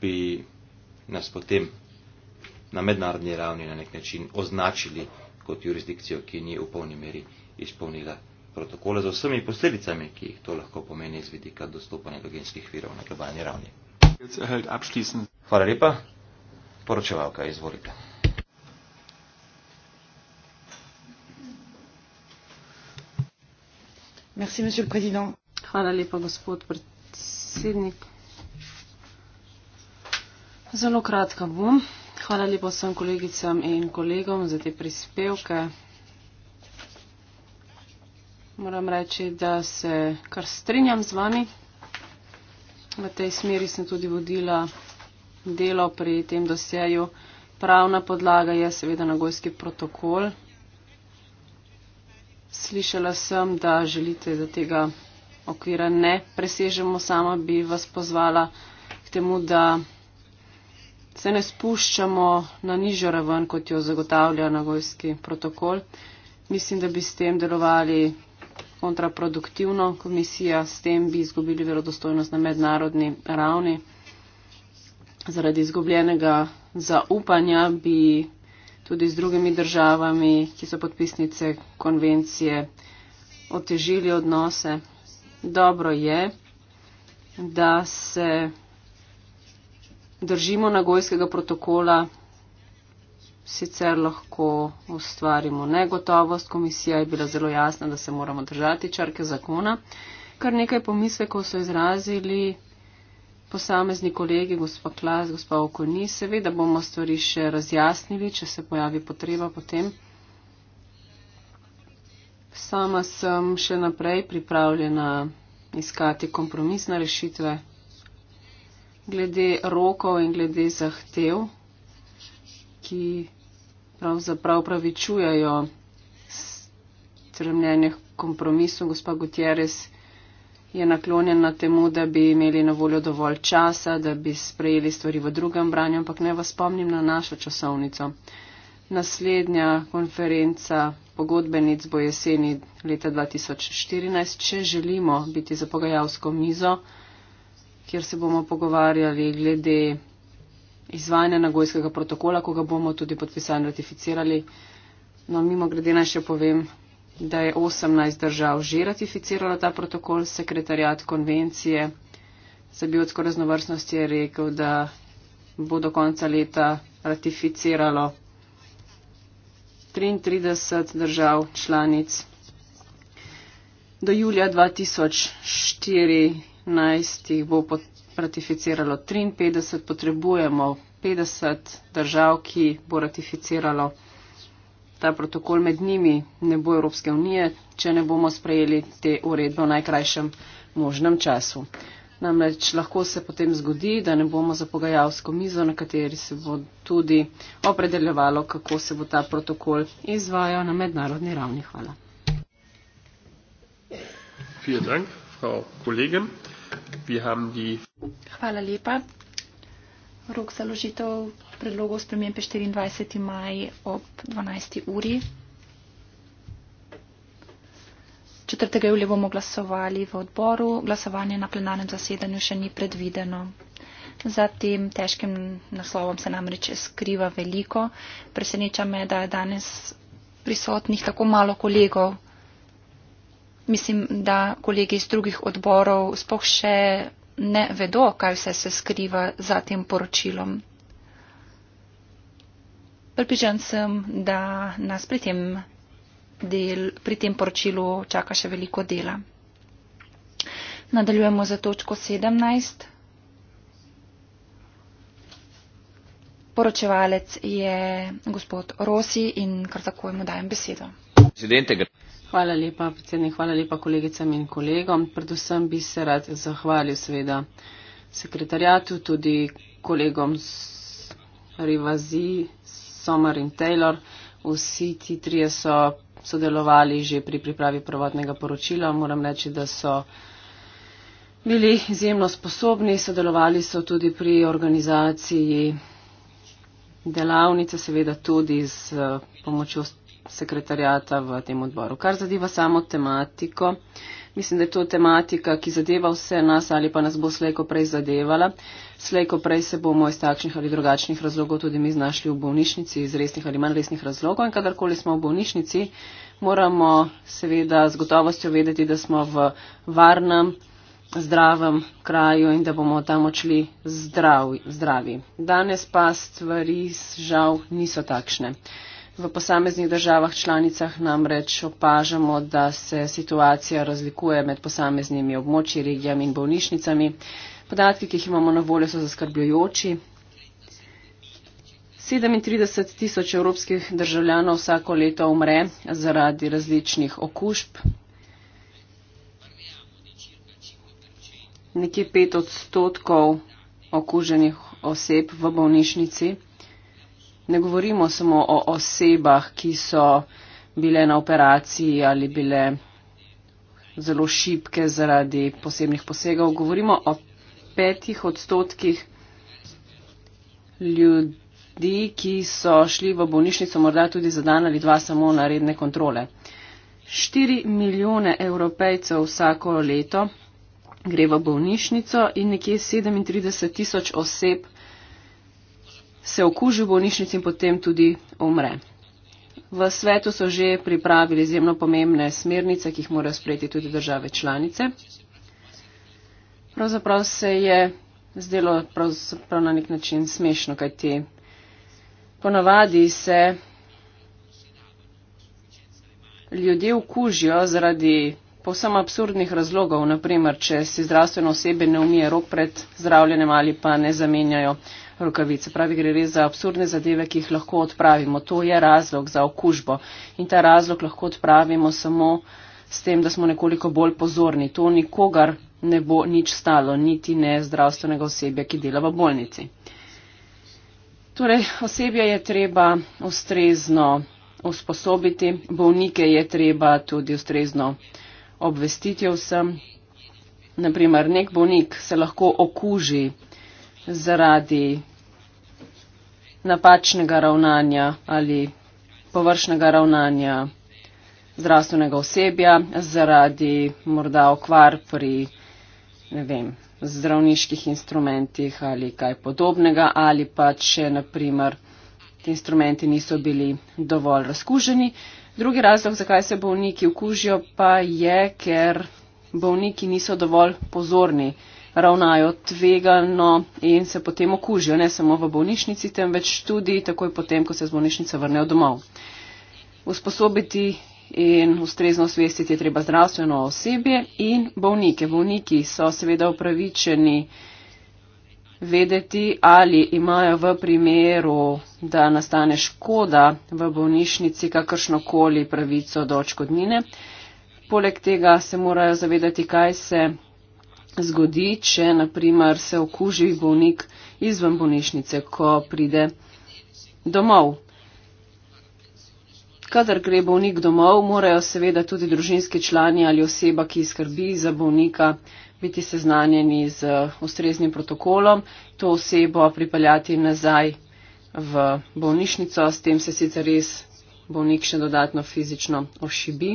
bi nas potem na mednarodni ravni na nek način označili kot jurisdikcijo, ki ni v polni meri izpolnila protokola z vsemi posledicami, ki jih to lahko pomeni z vidika dostopanja do genskih virov na globalni ravni. Hvala lepa. Poročevalka, izvolite. Merci, monsieur le président. Hvala lepa, gospod predsednik. Zelo kratka bom. Hvala lepa vsem kolegicam in kolegom za te prispevke. Moram reči, da se kar strinjam z vami, V tej smeri sem tudi vodila delo pri tem dosjeju. Pravna podlaga je seveda nagojski protokol. Slišala sem, da želite, da tega okvira ne presežemo. Sama bi vas pozvala k temu, da se ne spuščamo na nižjo raven, kot jo zagotavlja nagojski protokol. Mislim, da bi s tem delovali kontraproduktivno komisija, s tem bi izgubili verodostojnost na mednarodni ravni. Zaradi izgubljenega zaupanja bi tudi z drugimi državami, ki so podpisnice konvencije, otežili odnose. Dobro je, da se držimo nagojskega protokola sicer lahko ustvarimo negotovost. Komisija je bila zelo jasna, da se moramo držati črke zakona. Kar nekaj pomislekov so izrazili posamezni kolegi, gospod Klas, gospod Okolni. Seveda bomo stvari še razjasnili, če se pojavi potreba potem. Sama sem še naprej pripravljena iskati kompromisne rešitve glede rokov in glede zahtev, ki pravzaprav pravičujejo stremljenje kompromisu. Gospa Gutierrez je naklonjena temu, da bi imeli na voljo dovolj časa, da bi sprejeli stvari v drugem branju, ampak ne vas spomnim na našo časovnico. Naslednja konferenca pogodbenic bo jeseni leta 2014, če želimo biti za pogajalsko mizo, kjer se bomo pogovarjali glede izvajanja nagojskega protokola, ko ga bomo tudi podpisali in ratificirali. No, mimo grede naj še povem, da je 18 držav že ratificiralo ta protokol, sekretarjat konvencije za biotsko raznovrstnost je rekel, da bo do konca leta ratificiralo 33 držav članic. Do julija 2014 bo pot, ratificiralo 53, potrebujemo 50 držav, ki bo ratificiralo ta protokol. Med njimi ne bo Evropske unije, če ne bomo sprejeli te uredbe v najkrajšem možnem času. Namreč lahko se potem zgodi, da ne bomo za pogajalsko mizo, na kateri se bo tudi opredeljevalo, kako se bo ta protokol izvajal na mednarodni ravni. Hvala. Vielen Dank, Frau Kollegin wir haben die Hvala lepa. Rok za ložitev predlogov spremembe 24. maj ob 12. uri. 4. julija bomo glasovali v odboru. Glasovanje na plenarnem zasedanju še ni predvideno. Za tem težkim naslovom se namreč skriva veliko. Preseneča me, da je danes prisotnih tako malo kolegov mislim, da kolegi iz drugih odborov spoh še ne vedo, kaj vse se skriva za tem poročilom. Pripričan sem, da nas pri tem, del, pri tem poročilu čaka še veliko dela. Nadaljujemo za točko 17. Poročevalec je gospod Rosi in kar takoj mu dajem besedo. Presidente. Hvala lepa, predsednik, hvala lepa kolegicam in kolegom. Predvsem bi se rad zahvalil seveda sekretarjatu, tudi kolegom Rivazi, Somar in Taylor. Vsi ti trije so sodelovali že pri pripravi prvotnega poročila. Moram reči, da so bili izjemno sposobni, sodelovali so tudi pri organizaciji delavnice, seveda tudi z pomočjo sekretarjata v tem odboru. Kar zadeva samo tematiko, mislim, da je to tematika, ki zadeva vse nas ali pa nas bo slejko prej zadevala. Slejko prej se bomo iz takšnih ali drugačnih razlogov tudi mi znašli v bolnišnici, iz resnih ali manj resnih razlogov. In kadarkoli smo v bolnišnici, moramo seveda z gotovostjo vedeti, da smo v varnem, zdravem kraju in da bomo tam odšli zdravi. Danes pa stvari žal niso takšne. V posameznih državah članicah namreč opažamo, da se situacija razlikuje med posameznimi območji, regijami in bolnišnicami. Podatki, ki jih imamo na voljo, so zaskrbljujoči. 37 tisoč evropskih državljanov vsako leto umre zaradi različnih okužb. Nekje 5 odstotkov okuženih oseb v bolnišnici ne govorimo samo o osebah, ki so bile na operaciji ali bile zelo šibke zaradi posebnih posegov. Govorimo o petih odstotkih ljudi, ki so šli v bolnišnico morda tudi za dan ali dva samo na redne kontrole. 4 milijone evropejcev vsako leto gre v bolnišnico in nekje 37 tisoč oseb se okuži v bolnišnici in potem tudi umre. V svetu so že pripravili izjemno pomembne smernice, ki jih morajo sprejeti tudi države članice. Pravzaprav se je zdelo na nek način smešno, kajti ponavadi se ljudje okužijo zaradi povsem absurdnih razlogov, naprimer, če si zdravstveno osebe ne umije rok pred zdravljenjem ali pa ne zamenjajo rokavic. Se pravi, gre res za absurdne zadeve, ki jih lahko odpravimo. To je razlog za okužbo in ta razlog lahko odpravimo samo s tem, da smo nekoliko bolj pozorni. To nikogar ne bo nič stalo, niti ne zdravstvenega osebja, ki dela v bolnici. Torej, osebje je treba ustrezno usposobiti, bolnike je treba tudi ustrezno obvestiti o vsem. Naprimer, nek bolnik se lahko okuži zaradi napačnega ravnanja ali površnega ravnanja zdravstvenega osebja, zaradi morda okvar pri ne vem, zdravniških instrumentih ali kaj podobnega, ali pa če naprimer ti instrumenti niso bili dovolj razkuženi. Drugi razlog, zakaj se bolniki okužijo, pa je, ker bolniki niso dovolj pozorni ravnajo tvegano in se potem okužijo, ne samo v bolnišnici, temveč tudi takoj potem, ko se z bolnišnice vrnejo domov. Usposobiti in ustrezno osvestiti je treba zdravstveno osebje in bolnike. Bolniki so seveda upravičeni vedeti, ali imajo v primeru, da nastane škoda v bolnišnici, kakršnokoli pravico do očkodnine. Poleg tega se morajo zavedati, kaj se zgodi, če naprimer se okuži bolnik izven bolnišnice, ko pride domov. Kadar gre bolnik domov, morajo seveda tudi družinski člani ali oseba, ki skrbi za bolnika, biti seznanjeni z uh, ustreznim protokolom, to osebo pripeljati nazaj v bolnišnico, s tem se sicer res bolnik še dodatno fizično ošibi.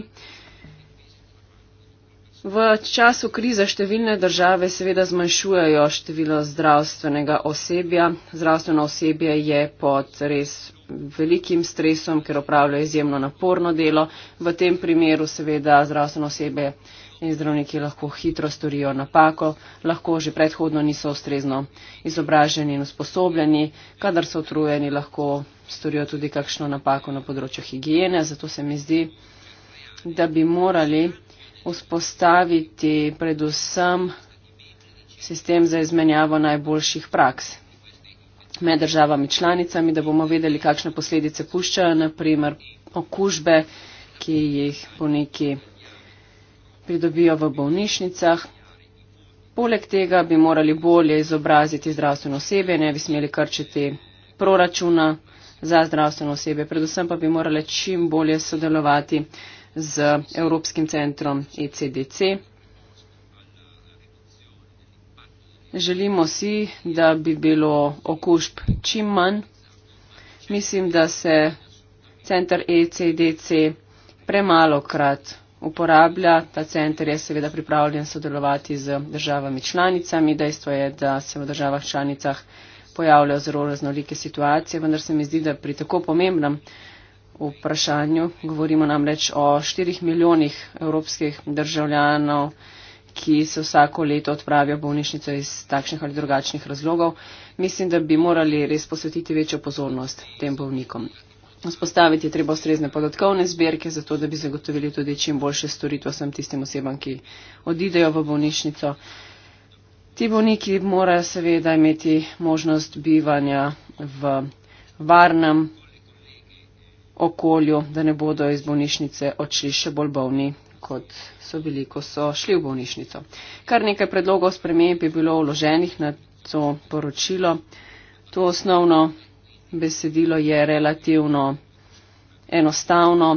V času krize številne države seveda zmanjšujejo število zdravstvenega osebja. Zdravstveno osebje je pod res velikim stresom, ker opravljajo izjemno naporno delo. V tem primeru seveda zdravstveno osebje in zdravniki lahko hitro storijo napako, lahko že predhodno niso ustrezno izobraženi in usposobljeni, kadar so otrujeni, lahko storijo tudi kakšno napako na področju higiene. Zato se mi zdi, da bi morali vzpostaviti predvsem sistem za izmenjavo najboljših praks med državami članicami, da bomo vedeli, kakšne posledice puščajo, naprimer okužbe, ki jih bolniki pridobijo v bolnišnicah. Poleg tega bi morali bolje izobraziti zdravstveno osebje, ne bi smeli krčiti proračuna za zdravstveno osebje, predvsem pa bi morali čim bolje sodelovati z Evropskim centrom ECDC. Želimo si, da bi bilo okužb čim manj. Mislim, da se center ECDC premalo krat uporablja. Ta center je seveda pripravljen sodelovati z državami članicami. Dejstvo je, da se v državah članicah pojavljajo zelo raznolike situacije, vendar se mi zdi, da pri tako pomembnem vprašanju. Govorimo namreč o 4 milijonih evropskih državljanov, ki se vsako leto odpravijo v bolnišnico iz takšnih ali drugačnih razlogov. Mislim, da bi morali res posvetiti večjo pozornost tem bolnikom. Vzpostaviti je treba ustrezne podatkovne zbirke, zato da bi zagotovili tudi čim boljše storitve vsem tistim osebam, ki odidejo v bolnišnico. Ti bolniki morajo seveda imeti možnost bivanja v varnem okolju, da ne bodo iz bolnišnice odšli še bolj bolni, kot so bili, ko so šli v bolnišnico. Kar nekaj predlogov sprememb je bilo vloženih na to poročilo. To osnovno besedilo je relativno enostavno.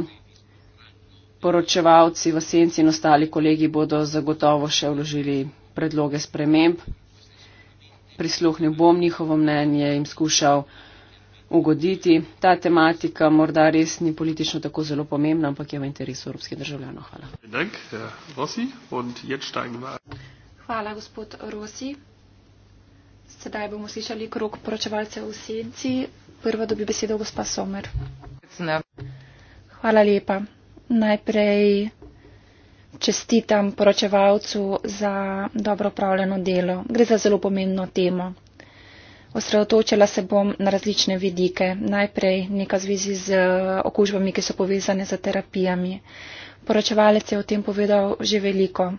Poročevalci v senci in ostali kolegi bodo zagotovo še vložili predloge sprememb. Prisluhnil bom njihovo mnenje in skušal ugoditi. Ta tematika morda res ni politično tako zelo pomembna, ampak je v interesu evropskih državljanov. Hvala. Hvala, gospod Rosi. Sedaj bomo slišali krok poročevalcev v senci. Prva dobi besedo gospa Somer. Hvala lepa. Najprej čestitam poročevalcu za dobro upravljeno delo. Gre za zelo pomembno temo. Osredotočila se bom na različne vidike. Najprej neka zvezi z eh, okužbami, ki so povezane z terapijami. Poročevalec je o tem povedal že veliko.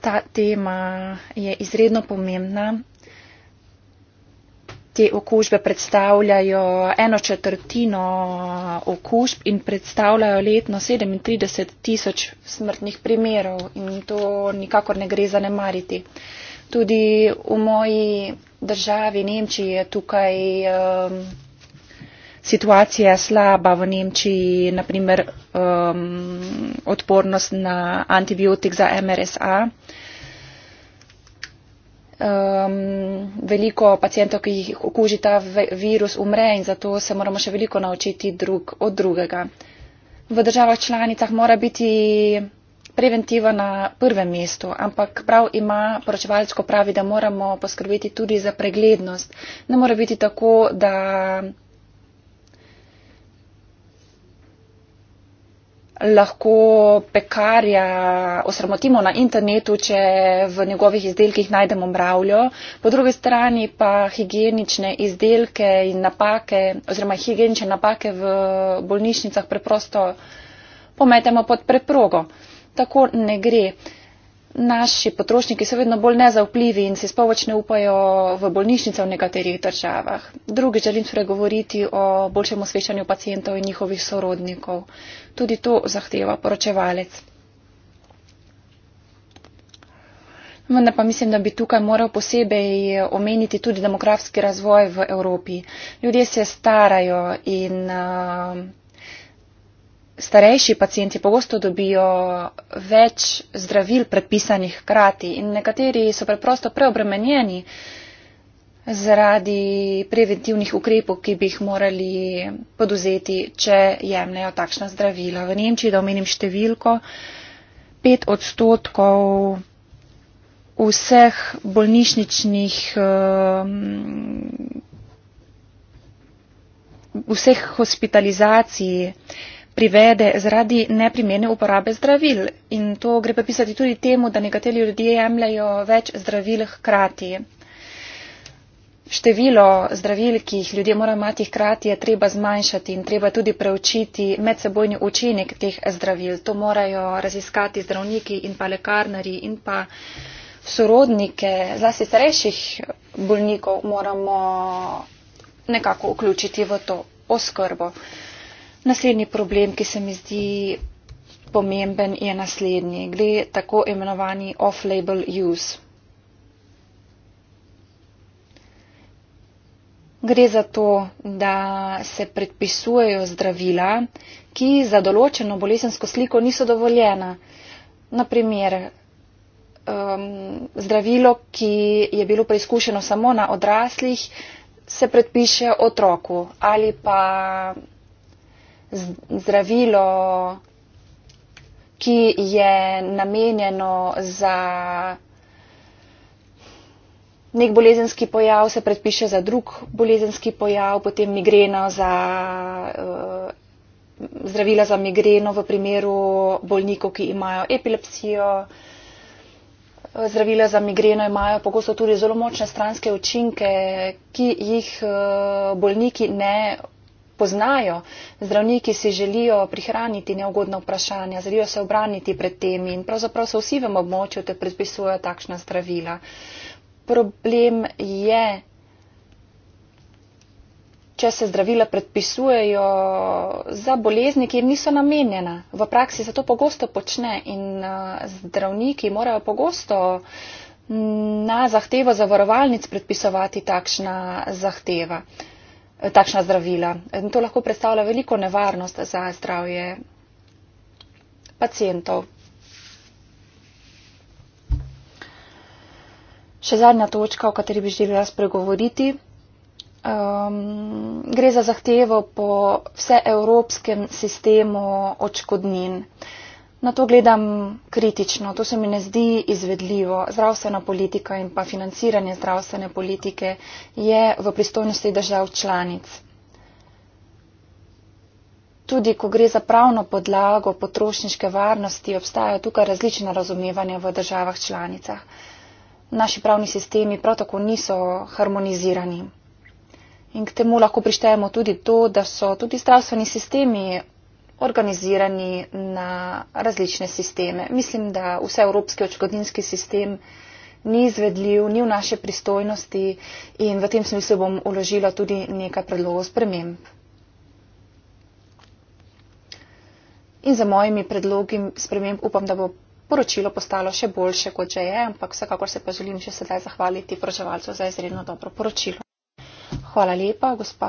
Ta tema je izredno pomembna te okužbe predstavljajo eno četrtino okužb in predstavljajo letno 37 tisoč smrtnih primerov in to nikakor ne gre zanemariti. Tudi v moji državi Nemčiji je tukaj um, situacija slaba. V Nemčiji je naprimer um, odpornost na antibiotik za MRSA um, veliko pacijentov, ki jih okuži ta virus, umre in zato se moramo še veliko naučiti drug od drugega. V državah članicah mora biti preventiva na prvem mestu, ampak prav ima poročevalsko pravi, da moramo poskrbeti tudi za preglednost. Ne more biti tako, da lahko pekarja osramotimo na internetu, če v njegovih izdelkih najdemo mravljo, po drugi strani pa higienične izdelke in napake oziroma higienične napake v bolnišnicah preprosto pometemo pod preprogo. Tako ne gre. Uh, naši potrošniki so vedno bolj nezaupljivi in se spovoč ne upajo v bolnišnice v nekaterih državah. Drugi želim spregovoriti o boljšem osvečanju pacijentov in njihovih sorodnikov. Tudi to zahteva poročevalec. Vendar pa mislim, da bi tukaj moral posebej omeniti tudi demografski razvoj v Evropi. Ljudje se starajo in uh, starejši pacijenti pogosto dobijo več zdravil predpisanih krati in nekateri so preprosto preobremenjeni zaradi preventivnih ukrepov, ki bi jih morali poduzeti, če jemljajo takšna zdravila. V Nemčiji, da omenim številko, pet odstotkov vseh bolnišničnih, um, vseh hospitalizacij privede zaradi neprimerne uporabe zdravil. In to gre pa pisati tudi temu, da nekateri ljudje jemljajo več zdravil hkrati. Število zdravil, ki jih ljudje morajo imati hkrati, je treba zmanjšati in treba tudi preučiti medsebojni učinek teh zdravil. To morajo raziskati zdravniki in pa lekarnari in pa sorodnike, zlasti starejših bolnikov moramo nekako vključiti v to oskrbo. Naslednji problem, ki se mi zdi pomemben, je naslednji. Gre tako imenovani off-label use. Gre za to, da se predpisujejo zdravila, ki za določeno bolesensko sliko niso dovoljena. Naprimer, um, zdravilo, ki je bilo preizkušeno samo na odraslih, se predpiše otroku ali pa zdravilo, ki je namenjeno za nek bolezenski pojav, se predpiše za drug bolezenski pojav, potem migreno za. Uh, zdravila za migreno v primeru bolnikov, ki imajo epilepsijo. Eh, zdravila za migreno imajo pogosto tudi zelo močne stranske učinke, ki jih eh, bolniki ne poznajo. Zdravniki si želijo prihraniti neugodna vprašanja, želijo se obraniti pred temi in pravzaprav so vsi v območju, da predpisujejo takšna zdravila. Problem je, če se zdravila predpisujejo za bolezni, ki jim niso namenjena. V praksi se to pogosto počne in eh, zdravniki morajo pogosto mm, na zahtevo zavarovalnic predpisovati takšna zahteva. Eh, takšna zdravila. In to lahko predstavlja veliko nevarnost za zdravje pacijentov. Še zadnja točka, o kateri bi želela spregovoriti. Um, gre za zahtevo po vseevropskem sistemu očkodnin. Uh, na to gledam kritično. To se mi ne zdi izvedljivo. Zdravstvena politika in pa financiranje zdravstvene politike je v pristojnosti držav članic. Tudi, ko gre za pravno podlago potrošniške varnosti, obstajajo tukaj različna razumevanja v državah članicah. Naši pravni sistemi prav tako niso harmonizirani. In k temu lahko prištejemo tudi to, da so tudi zdravstveni sistemi organizirani na različne sisteme. Mislim, da vse evropski očkodninski sistem ni izvedljiv, ni v naše pristojnosti in v tem smislu bom uložila tudi nekaj predlogov sprememb. In za mojimi predlogi sprememb upam, da bo poročilo postalo še boljše, kot že je, ampak vsekakor se pa želim še sedaj zahvaliti proževalcu za izredno dobro poročilo. Hvala lepa, gospa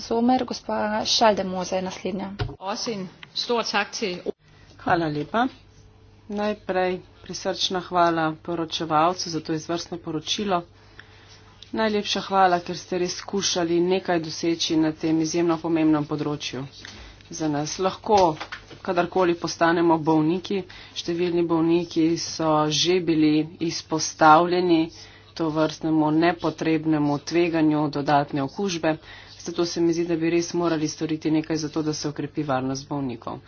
Zomer, gospa Šaldemoza je naslednja. Osin, stor takcij. Hvala lepa. Najprej prisrčna hvala poročevalcu za to izvrstno poročilo. Najlepša hvala, ker ste res skušali nekaj doseči na tem izjemno pomembnem področju za nas. Lahko, kadarkoli postanemo bolniki, številni bolniki so že bili izpostavljeni to vrstnemu nepotrebnemu tveganju dodatne okužbe. Zato se mi zdi, da bi res morali storiti nekaj za to, da se okrepi varnost bolnikov.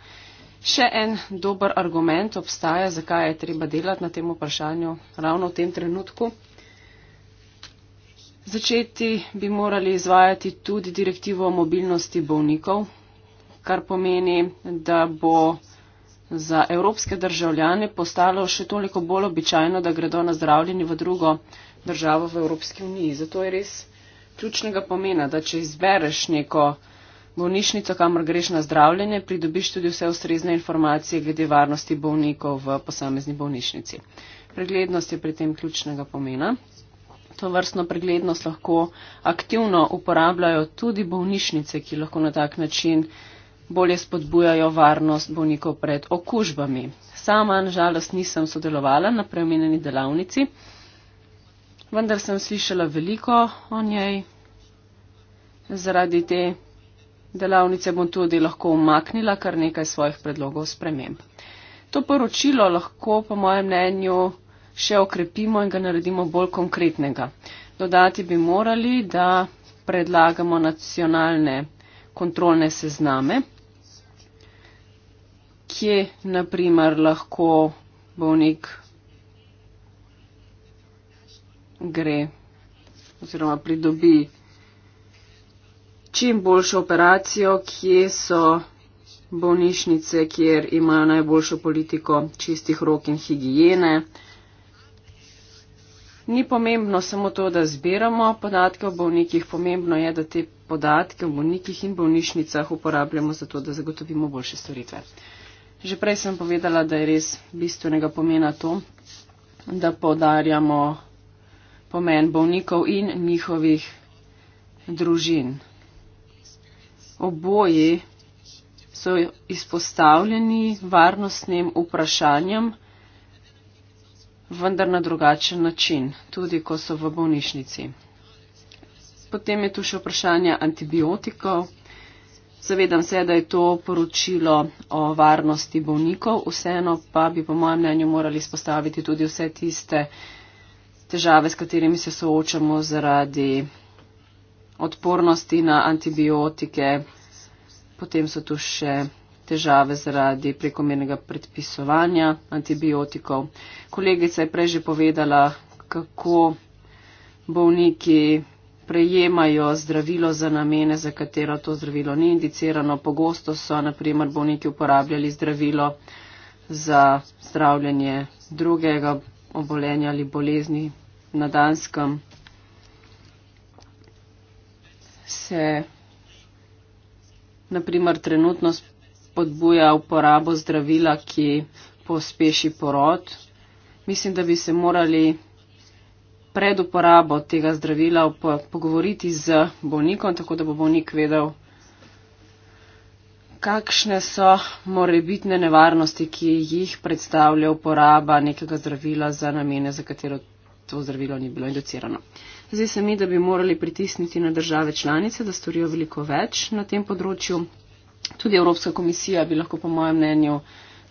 Še en dober argument obstaja, zakaj je treba delati na tem vprašanju ravno v tem trenutku. Začeti bi morali izvajati tudi direktivo o mobilnosti bolnikov, kar pomeni, da bo za evropske državljane postalo še toliko bolj običajno, da gredo na zdravljenje v drugo državo v Evropski uniji. Zato je res ključnega pomena, da če izbereš neko bolnišnico, kamor greš na zdravljenje, pridobiš tudi vse ustrezne informacije glede varnosti bolnikov v posamezni bolnišnici. Preglednost je pri tem ključnega pomena. To vrstno preglednost lahko aktivno uporabljajo tudi bolnišnice, ki lahko na tak način bolje spodbujajo varnost bolnikov pred okužbami. Sama, nažalost, nisem sodelovala na preomenjeni delavnici vendar sem slišala veliko o njej. Zaradi te delavnice bom tudi lahko umaknila kar nekaj svojih predlogov sprememb. To poročilo lahko, po mojem mnenju, še okrepimo in ga naredimo bolj konkretnega. Dodati bi morali, da predlagamo nacionalne kontrolne sezname, kje naprimer lahko bolnik gre oziroma pridobi čim boljšo operacijo, kje so bolnišnice, kjer imajo najboljšo politiko čistih rok in higijene. Ni pomembno samo to, da zbiramo podatke o bolnikih, pomembno je, da te podatke o bolnikih in bolnišnicah uporabljamo za to, da zagotovimo boljše storitve. Že prej sem povedala, da je res bistvenega pomena to, da podarjamo pomen bolnikov in njihovih družin. Oboji so izpostavljeni varnostnim vprašanjem, vendar na drugačen način, tudi ko so v bolnišnici. Potem je tu še vprašanje antibiotikov. Zavedam se, da je to poročilo o varnosti bolnikov, vseeno pa bi po mojem mnenju morali izpostaviti tudi vse tiste, težave, s katerimi se soočamo zaradi odpornosti na antibiotike, potem so tu še težave zaradi prekomernega predpisovanja antibiotikov. Kolegica je prej že povedala, kako bolniki prejemajo zdravilo za namene, za katero to zdravilo ni indicirano. Pogosto so, naprimer, bolniki uporabljali zdravilo za zdravljanje drugega obolenja ali bolezni, na danskem se naprimer trenutno spodbuja uporabo zdravila, ki pospeši porod. Mislim, da bi se morali pred uporabo tega zdravila pogovoriti z bolnikom, tako da bo bolnik vedel, kakšne so morebitne nevarnosti, ki jih predstavlja uporaba nekega zdravila za namene, za katero to zdravilo ni bilo indicirano. Zdi se mi, da bi morali pritisniti na države članice, da storijo veliko več na tem področju. Tudi Evropska komisija bi lahko, po mojem mnenju,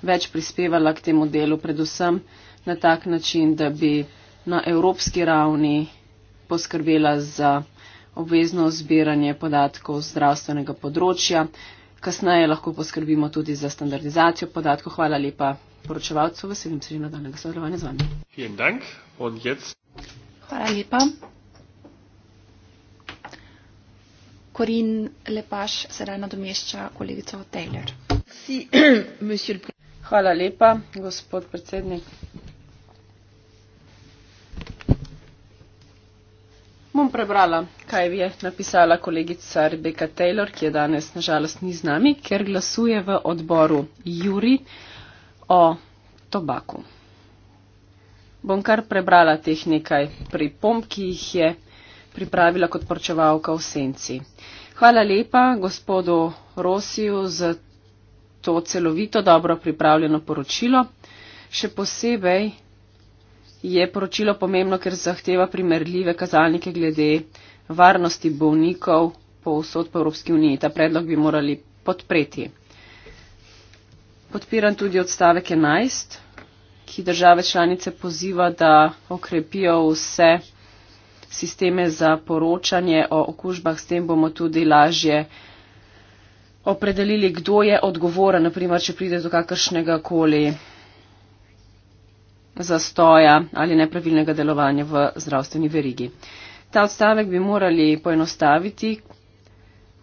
več prispevala k temu delu, predvsem na tak način, da bi na evropski ravni poskrbela za obvezno zbiranje podatkov z zdravstvenega področja. Kasneje lahko poskrbimo tudi za standardizacijo podatkov. Hvala lepa poročevalcu, veselim se nadaljnega sodelovanja z vami od jedca. Hvala lepa. Korin Lepaš sedaj nadomešča kolegico Taylor. Hvala lepa, gospod predsednik. Bom prebrala, kaj je napisala kolegica Rebeka Taylor, ki je danes nažalost ni z nami, ker glasuje v odboru Juri o tobaku. Bom kar prebrala teh nekaj pripomb, ki jih je pripravila kot porčevalka v senci. Hvala lepa gospodu Rosiju za to celovito dobro pripravljeno poročilo. Še posebej je poročilo pomembno, ker zahteva primerljive kazalnike glede varnosti bolnikov po vsod po Evropski uniji. Ta predlog bi morali podpreti. Podpiram tudi odstavek 11 ki države članice poziva, da okrepijo vse sisteme za poročanje o okužbah, s tem bomo tudi lažje opredelili, kdo je odgovoren, naprimer, če pride do kakršnega koli zastoja ali nepravilnega delovanja v zdravstveni verigi. Ta odstavek bi morali poenostaviti,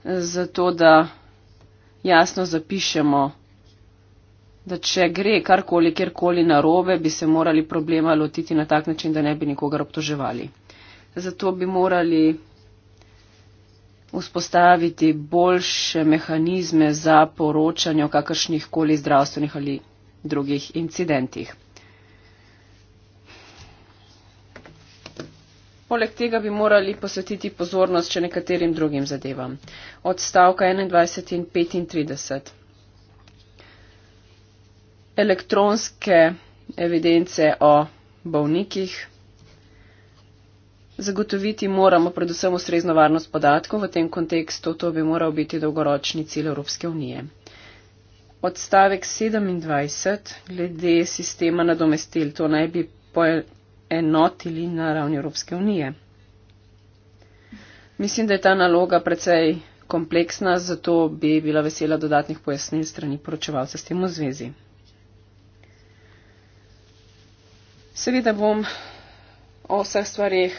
zato da jasno zapišemo, da če gre karkoli, kjerkoli narobe, bi se morali problema lotiti na tak način, da ne bi nikogar obtoževali. Zato bi morali vzpostaviti boljše mehanizme za poročanje o kakršnih koli zdravstvenih ali drugih incidentih. Poleg tega bi morali posvetiti pozornost še nekaterim drugim zadevam. Od stavka 21 in 35 elektronske evidence o bovnikih. Zagotoviti moramo predvsem ustrezno varnost podatkov v tem kontekstu, to bi moral biti dolgoročni cilj Evropske unije. Odstavek 27 glede sistema nadomestil, to naj bi poenotili na ravni Evropske unije. Mislim, da je ta naloga precej kompleksna, zato bi bila vesela dodatnih pojasnil strani poročevalca s tem v zvezi. Seveda bom o vseh stvarih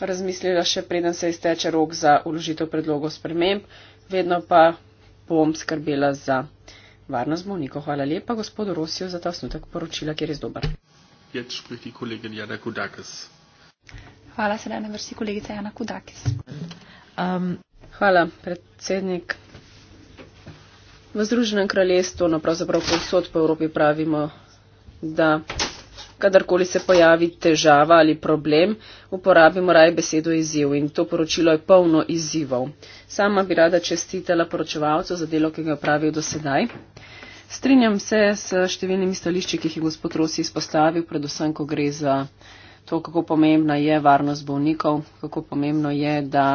razmislila še preden se izteče rok za uložitev predlogov sprememb, vedno pa bom skrbela za varnost bolnikov. Hvala lepa gospodu Rosiju za ta snutek poročila, ker je dober. Hvala, sedaj na vrsti kolegica Jana Kudakis. Um, Hvala, predsednik. V Združenem kraljestvu, no pravzaprav povsod po Evropi pravimo, da kadarkoli se pojavi težava ali problem, uporabimo raj besedo izziv in to poročilo je polno izzivov. Sama bi rada čestitela poročevalcu za delo, ki ga je opravil do sedaj. Strinjam se s številnimi stališči, ki jih je gospod Rosi izpostavil, predvsem, ko gre za to, kako pomembna je varnost bolnikov, kako pomembno je, da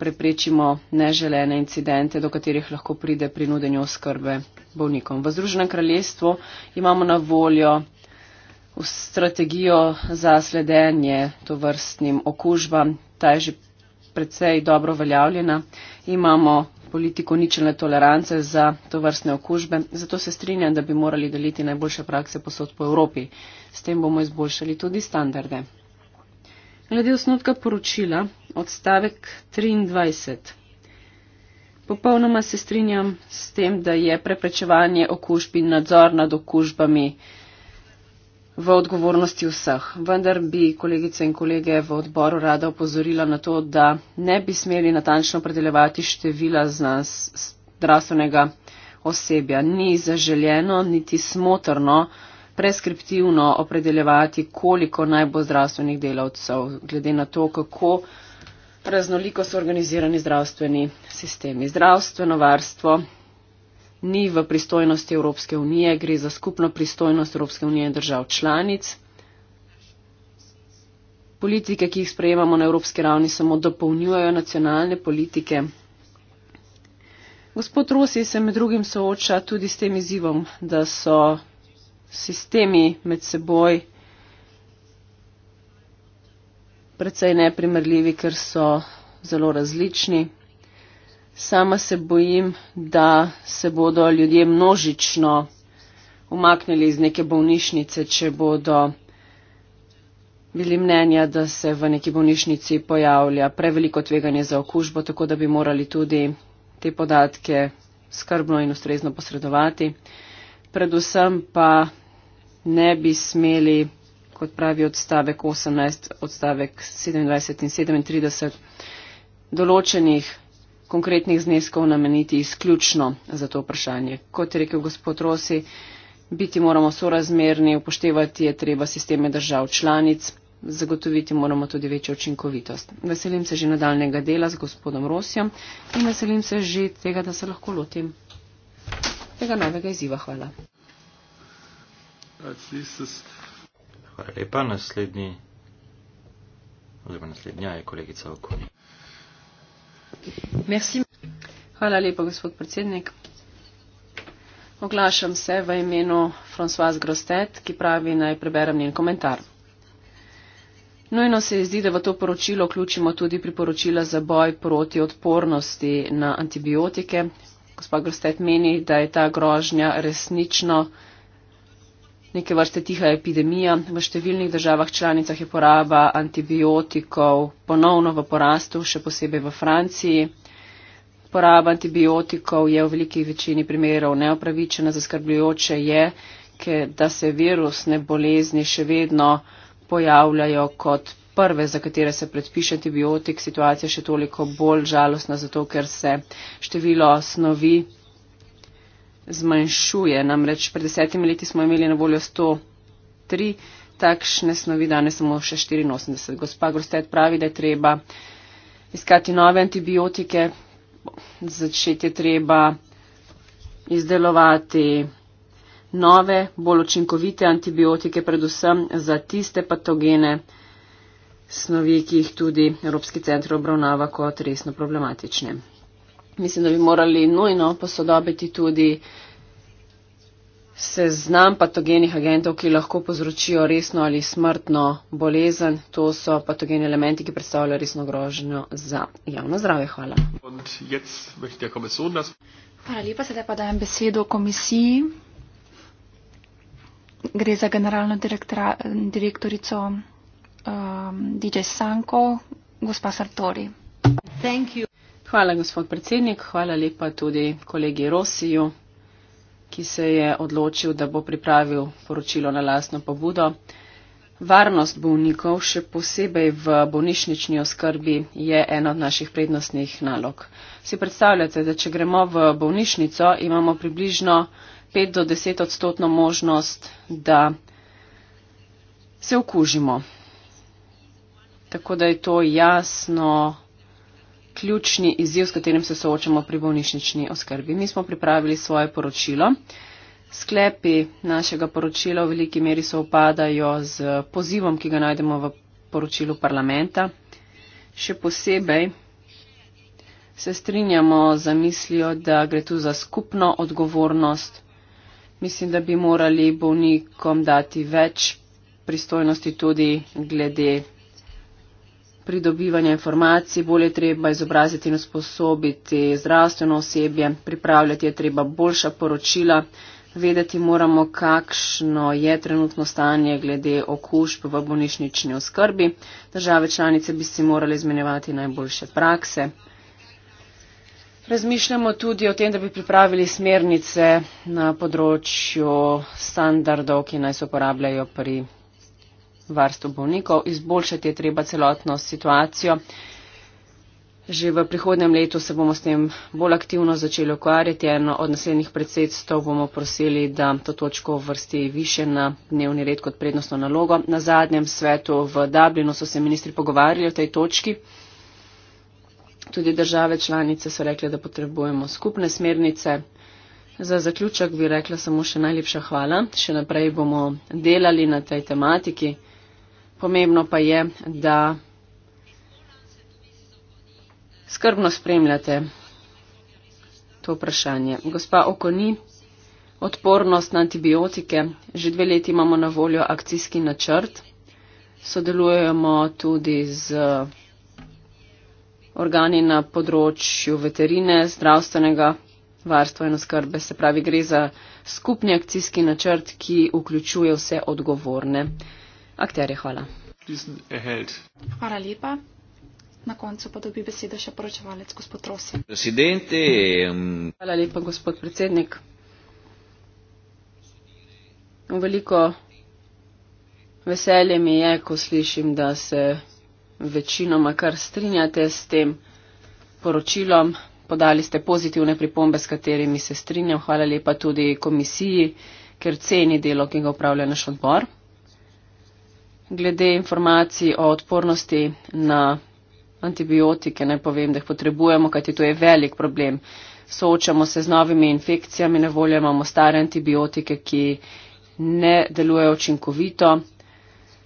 preprečimo neželene incidente, do katerih lahko pride pri nudenju oskrbe bolnikom. V Združenem kraljestvu imamo na voljo v strategijo za sledenje to vrstnim okužbam. Ta je že predvsej dobro veljavljena. Imamo politiko ničelne tolerance za to vrstne okužbe, zato se strinjam, da bi morali deliti najboljše prakse posod po Evropi. S tem bomo izboljšali tudi standarde. Glede osnutka poročila, odstavek 23. Popolnoma se strinjam s tem, da je preprečevanje okužb in nadzor nad okužbami v odgovornosti vseh. Vendar bi kolegice in kolege v odboru rada opozorila na to, da ne bi smeli natančno predelevati števila zdravstvenega osebja. Ni zaželjeno, niti smotrno preskriptivno opredeljevati, koliko naj bo zdravstvenih delavcev, glede na to, kako raznoliko so organizirani zdravstveni sistemi. Zdravstveno varstvo ni v pristojnosti Evropske unije, gre za skupno pristojnost Evropske unije in držav članic. Politike, ki jih sprejemamo na evropski ravni, samo dopolnjujejo nacionalne politike. Gospod Rosi se med drugim sooča tudi s tem izzivom, da so sistemi med seboj precej neprimerljivi, ker so zelo različni. Sama se bojim, da se bodo ljudje množično umaknili iz neke bolnišnice, če bodo bili mnenja, da se v neki bolnišnici pojavlja preveliko tveganje za okužbo, tako da bi morali tudi te podatke skrbno in ustrezno posredovati. Predvsem pa ne bi smeli, kot pravi odstavek 18, odstavek 27 in 37, določenih konkretnih zneskov nameniti izključno za to vprašanje. Kot je rekel gospod Rosi, biti moramo sorazmerni, upoštevati je treba sisteme držav članic, zagotoviti moramo tudi večjo učinkovitost. Veselim se že nadaljnega dela z gospodom Rosijom in veselim se že tega, da se lahko lotim tega novega izziva. Hvala. Hvala lepa. Naslednji, oziroma naslednja je kolegica Okonja zaključiti. Merci. Hvala lepa, gospod predsednik. Oglašam se v imenu François Grostet, ki pravi naj preberem njen komentar. Nujno se je zdi, da v to poročilo vključimo tudi priporočila za boj proti odpornosti na antibiotike. Gospod Grostet meni, da je ta grožnja resnično neke vrste tiha epidemija. V številnih državah članicah je poraba antibiotikov ponovno v porastu, še posebej v Franciji. Poraba antibiotikov je v veliki večini primerov neopravičena, zaskrbljujoče je, da se virusne bolezni še vedno pojavljajo kot prve, za katere se predpiše antibiotik. Situacija je še toliko bolj žalostna, zato ker se število snovi zmanjšuje. Namreč pred desetimi leti smo imeli na voljo 103 takšne snovi, danes samo še 84. Gospa Grosted pravi, da je treba iskati nove antibiotike, začeti je treba izdelovati nove, bolj učinkovite antibiotike, predvsem za tiste patogene snovi, ki jih tudi Evropski centr obravnava kot resno problematične mislim, da bi morali nujno posodobiti tudi seznam patogenih agentov, ki lahko povzročijo resno ali smrtno bolezen. To so patogeni elementi, ki predstavljajo resno groženo za javno zdravje. Hvala. Hvala lepa, sedaj pa dajem besedo komisiji. Gre za generalno direktorico um, DJ Sanko, gospa Sartori. Thank you. Hvala, gospod predsednik. Hvala lepa tudi kolegi Rosiju, ki se je odločil, da bo pripravil poročilo na lasno pobudo. Varnost bolnikov, še posebej v bolnišnični oskrbi, je ena od naših prednostnih nalog. Si predstavljate, da če gremo v bolnišnico, imamo približno 5 do 10 odstotno možnost, da se okužimo. Tako da je to jasno ključni izziv, s katerim se soočamo pri bolnišnični oskrbi. Mi smo pripravili svoje poročilo. Sklepi našega poročila v veliki meri se upadajo z pozivom, ki ga najdemo v poročilu parlamenta. Še posebej se strinjamo za mislijo, da gre tu za skupno odgovornost. Mislim, da bi morali bolnikom dati več pristojnosti tudi glede pridobivanja informacij, bolje je treba izobraziti in usposobiti zdravstveno osebje, pripravljati je treba boljša poročila, vedeti moramo, kakšno je trenutno stanje glede okužb v bolnišnični oskrbi. Države članice bi si morali izmenjevati najboljše prakse. Razmišljamo tudi o tem, da bi pripravili smernice na področju standardov, ki naj se uporabljajo pri varstvu bolnikov. Izboljšati je treba celotno situacijo. Že v prihodnem letu se bomo s tem bolj aktivno začeli ukvarjati. Eno od naslednjih predsedstv bomo prosili, da to točko vrsti više na dnevni red kot prednostno nalogo. Na zadnjem svetu v Dublinu so se ministri pogovarjali o tej točki. Tudi države članice so rekle, da potrebujemo skupne smernice. Za zaključek bi rekla samo še najlepša hvala. Še naprej bomo delali na tej tematiki pomembno pa je, da skrbno spremljate to vprašanje. Gospa Okoni, odpornost na antibiotike. Že dve leti imamo na voljo akcijski načrt. Sodelujemo tudi z organi na področju veterine, zdravstvenega varstva in oskrbe. Se pravi, gre za skupni akcijski načrt, ki vključuje vse odgovorne. Akterje, hvala. Hvala lepa. Na koncu pa dobi besedo še poročevalec gospod Rosi. Hvala lepa, gospod predsednik. Veliko veselje mi je, ko slišim, da se večinoma kar strinjate s tem poročilom. Podali ste pozitivne pripombe, s katerimi se strinjam. Hvala lepa tudi komisiji, ker ceni delo, ki ga upravlja naš odbor glede informacij o odpornosti na antibiotike naj povem, da jih potrebujemo, kajti to je velik problem. Soočamo se z novimi infekcijami, na voljo imamo stare antibiotike, ki ne delujejo učinkovito,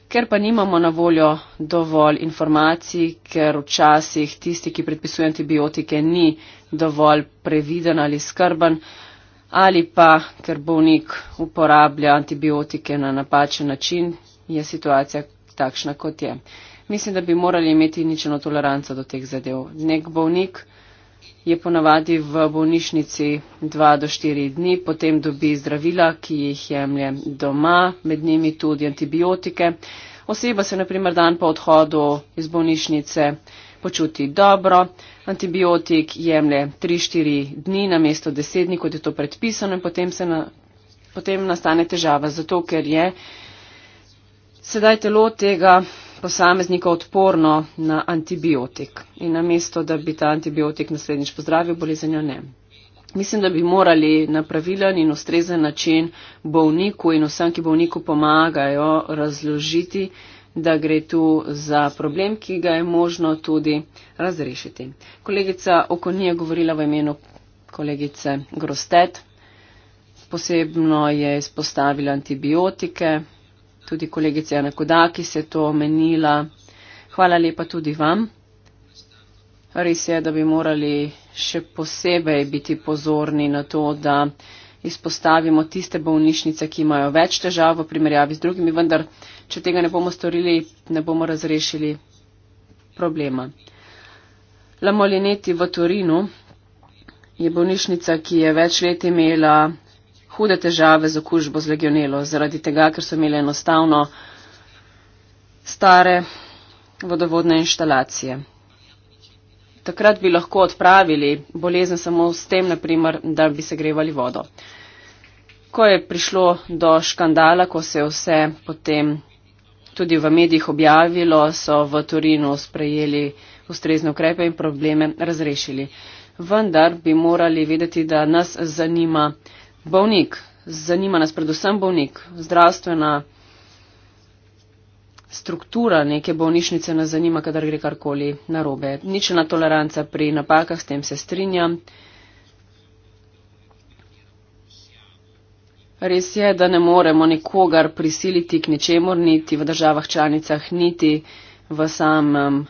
ker pa nimamo na voljo dovolj informacij, ker včasih tisti, ki predpisuje antibiotike, ni dovolj previden ali skrben ali pa ker bolnik uporablja antibiotike na napačen način, je situacija takšna, kot je. Mislim, da bi morali imeti ničeno toleranco do teh zadev. Nek bolnik je ponavadi v bolnišnici 2 do 4 dni, potem dobi zdravila, ki jih jemlje doma, med njimi tudi antibiotike. Oseba se naprimer dan po odhodu iz bolnišnice počuti dobro, antibiotik jemlje 3-4 dni na mesto 10 dni, kot je to predpisano in potem, na, potem nastane težava, zato ker je sedaj telo tega posameznika odporno na antibiotik in namesto, da bi ta antibiotik naslednjič pozdravil, bolezenjo ne. Mislim, da bi morali na pravilen in ustrezen način bolniku in vsem, ki bolniku pomagajo, razložiti, da gre tu za problem, ki ga je možno tudi razrešiti. Kolegica Okonija govorila v imenu kolegice Grostet. Posebno je izpostavila antibiotike, tudi kolegice Anakoda, ki se je to omenila. Hvala lepa tudi vam. Res je, da bi morali še posebej biti pozorni na to, da izpostavimo tiste bolnišnice, ki imajo več težav v primerjavi z drugimi, vendar, če tega ne bomo storili, ne bomo razrešili problema. Lamolineti v Torinu je bolnišnica, ki je več let imela hude težave z okužbo z legionelo, zaradi tega, ker so imeli enostavno stare vodovodne inštalacije. Takrat bi lahko odpravili bolezen samo s tem, naprimer, da bi se grevali vodo. Ko je prišlo do škandala, ko se je vse potem tudi v medijih objavilo, so v Torinu sprejeli ustrezne ukrepe in probleme razrešili. Vendar bi morali vedeti, da nas zanima, Bovnik, zanima nas predvsem bovnik, zdravstvena struktura neke bolnišnice nas zanima, kadar gre karkoli narobe. Ničena toleranca pri napakah, s tem se strinjam. Res je, da ne moremo nikogar prisiliti k ničemor, niti v državah članicah, niti v samem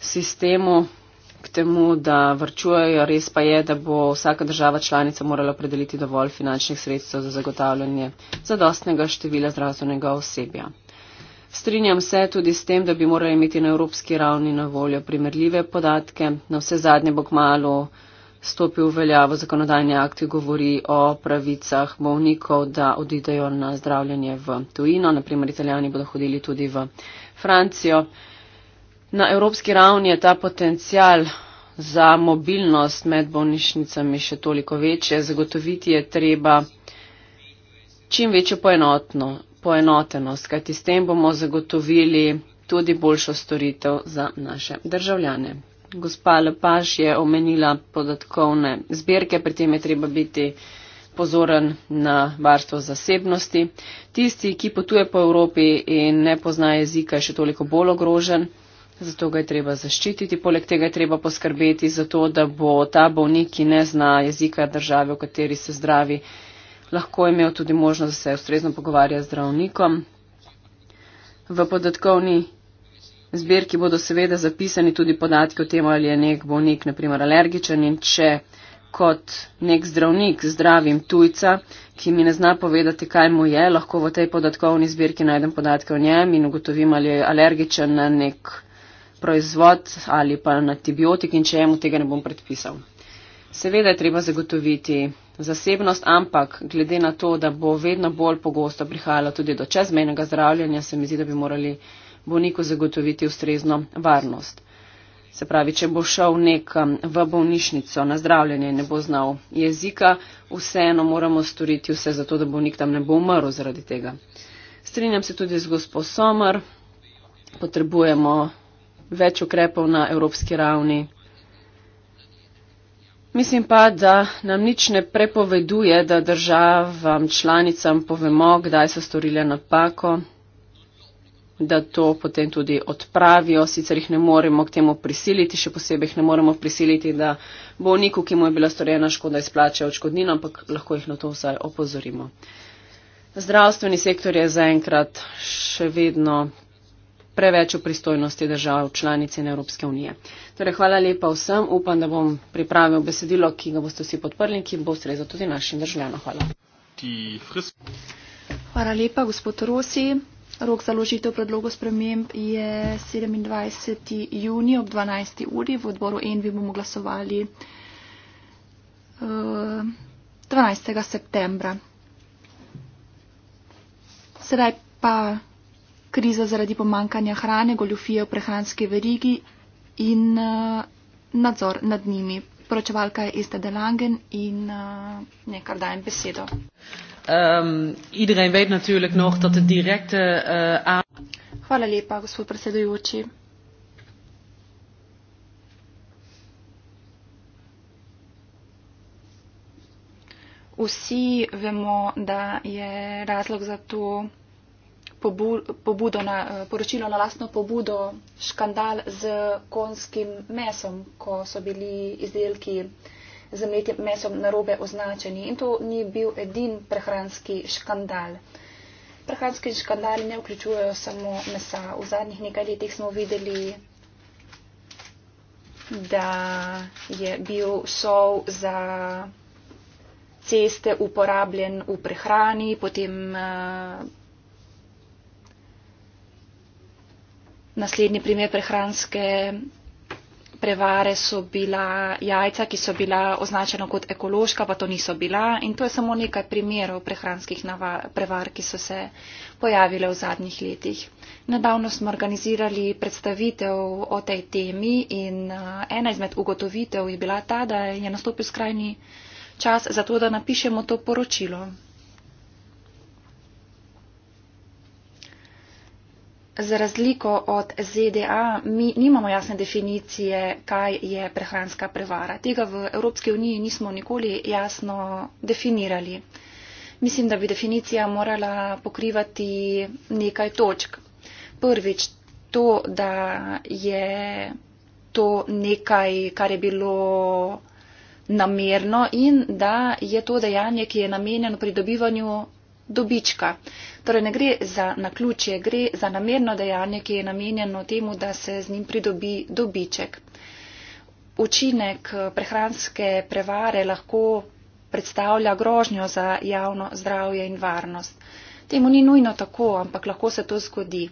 sistemu k temu, da vrčujejo, res pa je, da bo vsaka država članica morala predeliti dovolj finančnih sredstev za zagotavljanje zadostnega števila zdravstvenega osebja. Strinjam se tudi s tem, da bi morali imeti na evropski ravni na voljo primerljive podatke. Na vse zadnje bo kmalo stopil v veljavo zakonodajni akt, ki govori o pravicah bolnikov, da odidejo na zdravljanje v tujino. Naprimer, italijani bodo hodili tudi v Francijo. Na evropski ravni je ta potencial za mobilnost med bolnišnicami še toliko večje. Zagotoviti je treba čim večjo poenotno, poenotenost, kajti s tem bomo zagotovili tudi boljšo storitev za naše državljane. Gospa Lepaš je omenila podatkovne zbirke, pri tem je treba biti pozoren na varstvo zasebnosti. Tisti, ki potuje po Evropi in ne pozna jezika, je še toliko bolj ogrožen zato ga je treba zaščititi. Poleg tega je treba poskrbeti za to, da bo ta bolnik, ki ne zna jezika države, v kateri se zdravi, lahko imel tudi možnost, da se ustrezno pogovarja z zdravnikom. V podatkovni zbirki bodo seveda zapisani tudi podatki o tem, ali je nek bolnik, naprimer, alergičen in če kot nek zdravnik zdravim tujca, ki mi ne zna povedati, kaj mu je, lahko v tej podatkovni zbirki najdem podatke o njem in ugotovim, ali je alergičen na nek proizvod ali pa na antibiotik in če jemu tega ne bom predpisal. Seveda je treba zagotoviti zasebnost, ampak glede na to, da bo vedno bolj pogosto prihajalo tudi do čezmenega zdravljanja, se mi zdi, da bi morali bolniku zagotoviti ustrezno varnost. Se pravi, če bo šel nek um, v bolnišnico na zdravljanje in ne bo znal jezika, vseeno moramo storiti vse za to, da bolnik tam ne bo umrl zaradi tega. Strinjam se tudi z gospod Somer, potrebujemo več ukrepov na evropski ravni. Mislim pa, da nam nič ne prepoveduje, da državam članicam povemo, kdaj so storile napako, da to potem tudi odpravijo, sicer jih ne moremo k temu prisiliti, še posebej jih ne moremo prisiliti, da bolniku, ki mu je bila storjena škoda, izplače očkodnino, ampak lahko jih na to vsaj opozorimo. Zdravstveni sektor je zaenkrat še vedno preveč v pristojnosti držav članic in Evropske unije. Torej, hvala lepa vsem, upam, da bom pripravil besedilo, ki ga boste vsi podprli in ki bo ustrezal tudi našim državljanom. Hvala. Hvala lepa, gospod Rosi. Rok za ložitev predlogo sprememb je 27. juni ob 12. uri. V odboru NV bomo glasovali uh, eh, 12. septembra. Sedaj pa kriza zaradi pomankanja hrane, goljufije v prehranski verigi in uh, nadzor nad njimi. Poročevalka je Esta Delangen in uh, nekaj dajem besedo. Um, noh, direkte, uh, a... Hvala lepa, gospod predsedujoči. Vsi vemo, da je razlog za to pobudo na, eh, poročilo na lastno pobudo škandal z konskim mesom, ko so bili izdelki z mletim mesom narobe označeni. In to ni bil edin prehranski škandal. Prehranski škandali ne vključujejo samo mesa. V zadnjih nekaj letih smo videli, da je bil sol za ceste uporabljen v prehrani, potem uh, Naslednji primer prehranske prevare so bila jajca, ki so bila označena kot ekološka, pa to niso bila. In to je samo nekaj primerov prehranskih prevar, ki so se pojavile v zadnjih letih. Nedavno smo organizirali predstavitev o tej temi in eh, ena izmed ugotovitev je bila ta, da je nastopil skrajni čas za to, da napišemo to poročilo. Za razliko od ZDA, mi nimamo jasne definicije, kaj je prehranska prevara. Tega v Evropski uniji nismo nikoli jasno definirali. Mislim, da bi definicija morala pokrivati nekaj točk. Prvič, to, da je to nekaj, kar je bilo namerno in da je to dejanje, ki je namenjeno pridobivanju dobička. Torej ne gre za naključje, gre za namerno dejanje, ki je namenjeno temu, da se z njim pridobi dobiček. Učinek eh, prehranske prevare lahko predstavlja grožnjo za javno zdravje in varnost. Temu ni nujno tako, ampak lahko se to zgodi.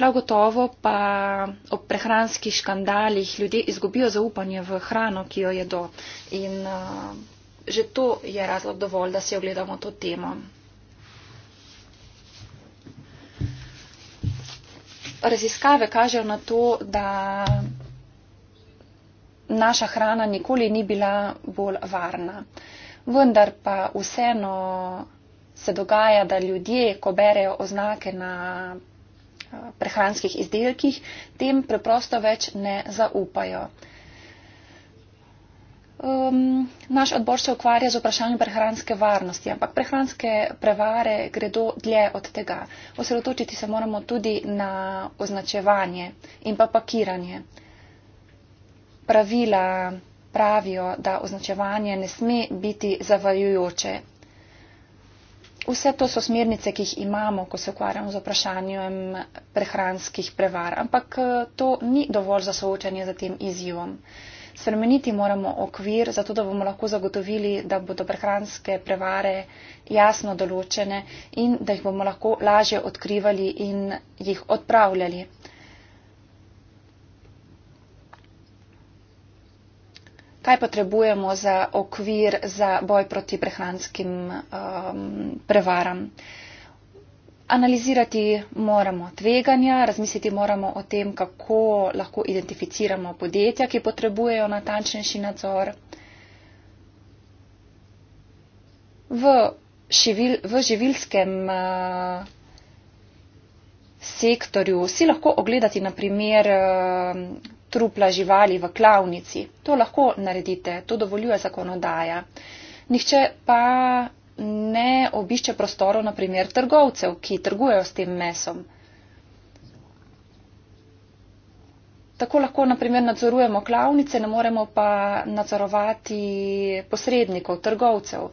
Prav gotovo pa ob prehranskih škandalih ljudje izgubijo zaupanje v hrano, ki jo jedo. In, uh, že to je razlog dovolj, da si ogledamo to temo. Raziskave kažejo na to, da naša hrana nikoli ni bila bolj varna. Vendar pa vseeno se dogaja, da ljudje, ko berejo oznake na eh, prehranskih izdelkih, tem preprosto več ne zaupajo um, naš odbor se ukvarja z vprašanjem prehranske varnosti, ampak prehranske prevare gredo dlje od tega. Osredotočiti se moramo tudi na označevanje in pa pakiranje. Pravila pravijo, da označevanje ne sme biti zavajujoče. Vse to so smernice, ki jih imamo, ko se ukvarjamo z vprašanjem prehranskih prevar, ampak eh, to ni dovolj za soočanje z tem izjivom spremeniti moramo okvir, zato da bomo lahko zagotovili, da bodo prehranske prevare jasno določene in da jih bomo lahko lažje odkrivali in jih odpravljali. Kaj potrebujemo za okvir za boj proti prehranskim um, prevaram? Uh, Analizirati moramo tveganja, razmisliti moramo o tem, kako lahko identificiramo podjetja, ki potrebujejo natančnejši nadzor. V, živil, v živilskem uh, sektorju si lahko ogledati na primer uh, trupla živali v klavnici. To lahko naredite, to dovoljuje zakonodaja. Nihče pa ne obišče prostorov, naprimer trgovcev, ki trgujejo s tem mesom. Tako lahko, naprimer, nadzorujemo klavnice, ne moremo pa nadzorovati posrednikov, trgovcev.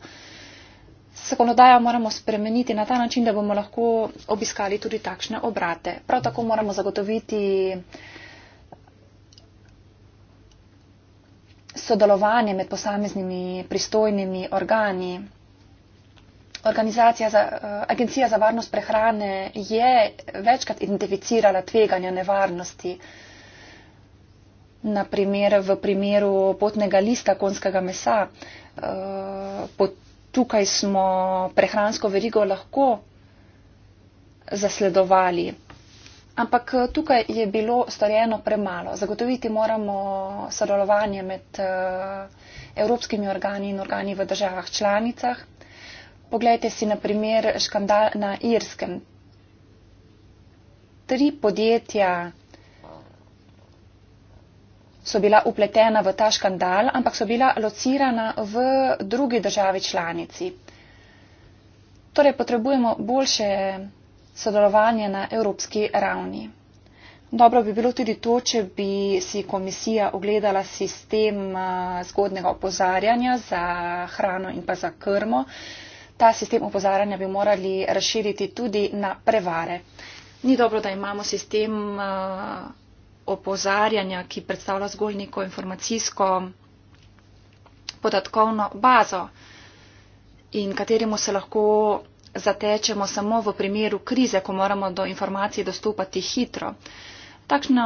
Sekonodajo moramo spremeniti na ta način, da bomo lahko obiskali tudi takšne obrate. Prav tako moramo zagotoviti sodelovanje med posameznimi pristojnimi organi organizacija, za, eh, agencija za varnost prehrane je večkrat identificirala tveganja nevarnosti. Naprimer v primeru potnega lista konskega mesa. Eh, tukaj smo prehransko verigo lahko zasledovali. Ampak eh, tukaj je bilo storjeno premalo. Zagotoviti moramo sodelovanje med evropskimi organi in organi v državah članicah. Poglejte si na primer škandal na Irskem. Tri podjetja so bila upletena v ta škandal, ampak so bila locirana v drugi državi članici. Torej potrebujemo boljše sodelovanje na evropski ravni. Dobro bi bilo tudi to, če bi si komisija ogledala sistem zgodnega opozarjanja za hrano in pa za krmo. Uh, ta sistem opozarjanja bi morali razširiti tudi na prevare. Ni dobro, da imamo sistem uh, opozarjanja, ki predstavlja zgolj neko informacijsko podatkovno bazo in kateremu se lahko zatečemo samo v primeru krize, ko moramo do informacij dostopati hitro. Takšno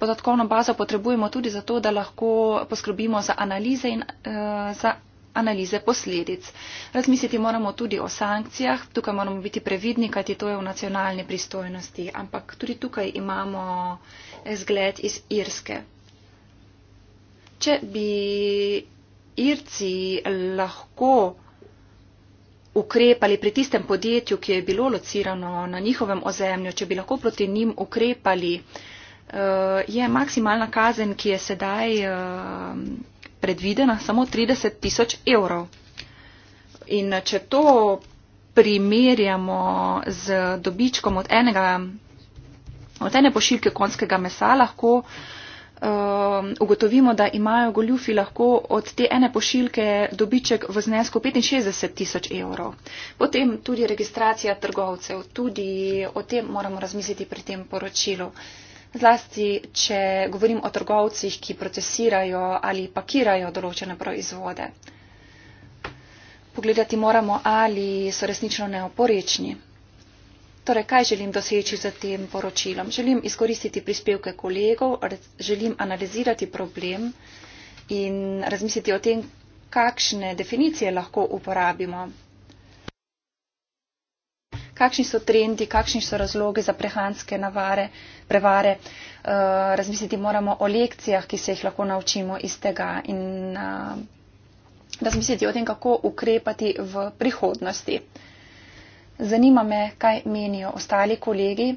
podatkovno bazo potrebujemo tudi zato, da lahko poskrbimo za analize in uh, za analize posledic. Razmisliti moramo tudi o sankcijah, tukaj moramo biti previdni, kajti to je v nacionalni pristojnosti, ampak tudi tukaj imamo zgled iz Irske. Če bi Irci lahko ukrepali pri tistem podjetju, ki je bilo locirano na njihovem ozemlju, če bi lahko proti njim ukrepali, eh, je maksimalna kazen, ki je sedaj eh, predvidena samo 30 tisoč evrov. In če to primerjamo z dobičkom od, enega, od ene pošiljke konskega mesa, lahko um, ugotovimo, da imajo goljufi lahko od te ene pošiljke dobiček v znesku 65 tisoč evrov. Potem tudi registracija trgovcev, tudi o tem moramo razmisliti pri tem poročilu. Uh, zlasti, če govorim o trgovcih, ki procesirajo ali pakirajo določene proizvode. Pogledati moramo, ali so resnično neoporečni. Torej, kaj želim doseči z tem poročilom? Želim izkoristiti prispevke kolegov, želim analizirati problem in razmisliti o tem, kakšne definicije lahko uporabimo kakšni so trendi, kakšni so razlogi za prehranske navare, prevare. Eh, razmisliti moramo o lekcijah, ki se jih lahko naučimo iz tega in eh, razmisliti o tem, kako ukrepati v prihodnosti. Zanima me, kaj menijo ostali kolegi.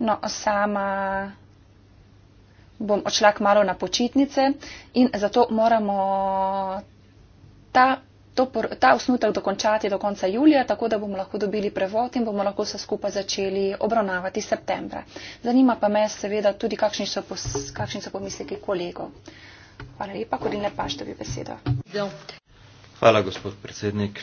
No, sama bom odšla k malu na počitnice in zato moramo ta, to, ta osnutek dokončati do konca julija, tako da bomo lahko dobili prevod in bomo lahko se skupaj začeli obravnavati septembra. Zanima pa me seveda tudi, kakšni so, pos, kakšni so pomisleki kolegov. Hvala lepa, Korine Paš, da bi besedo. Hvala, gospod predsednik.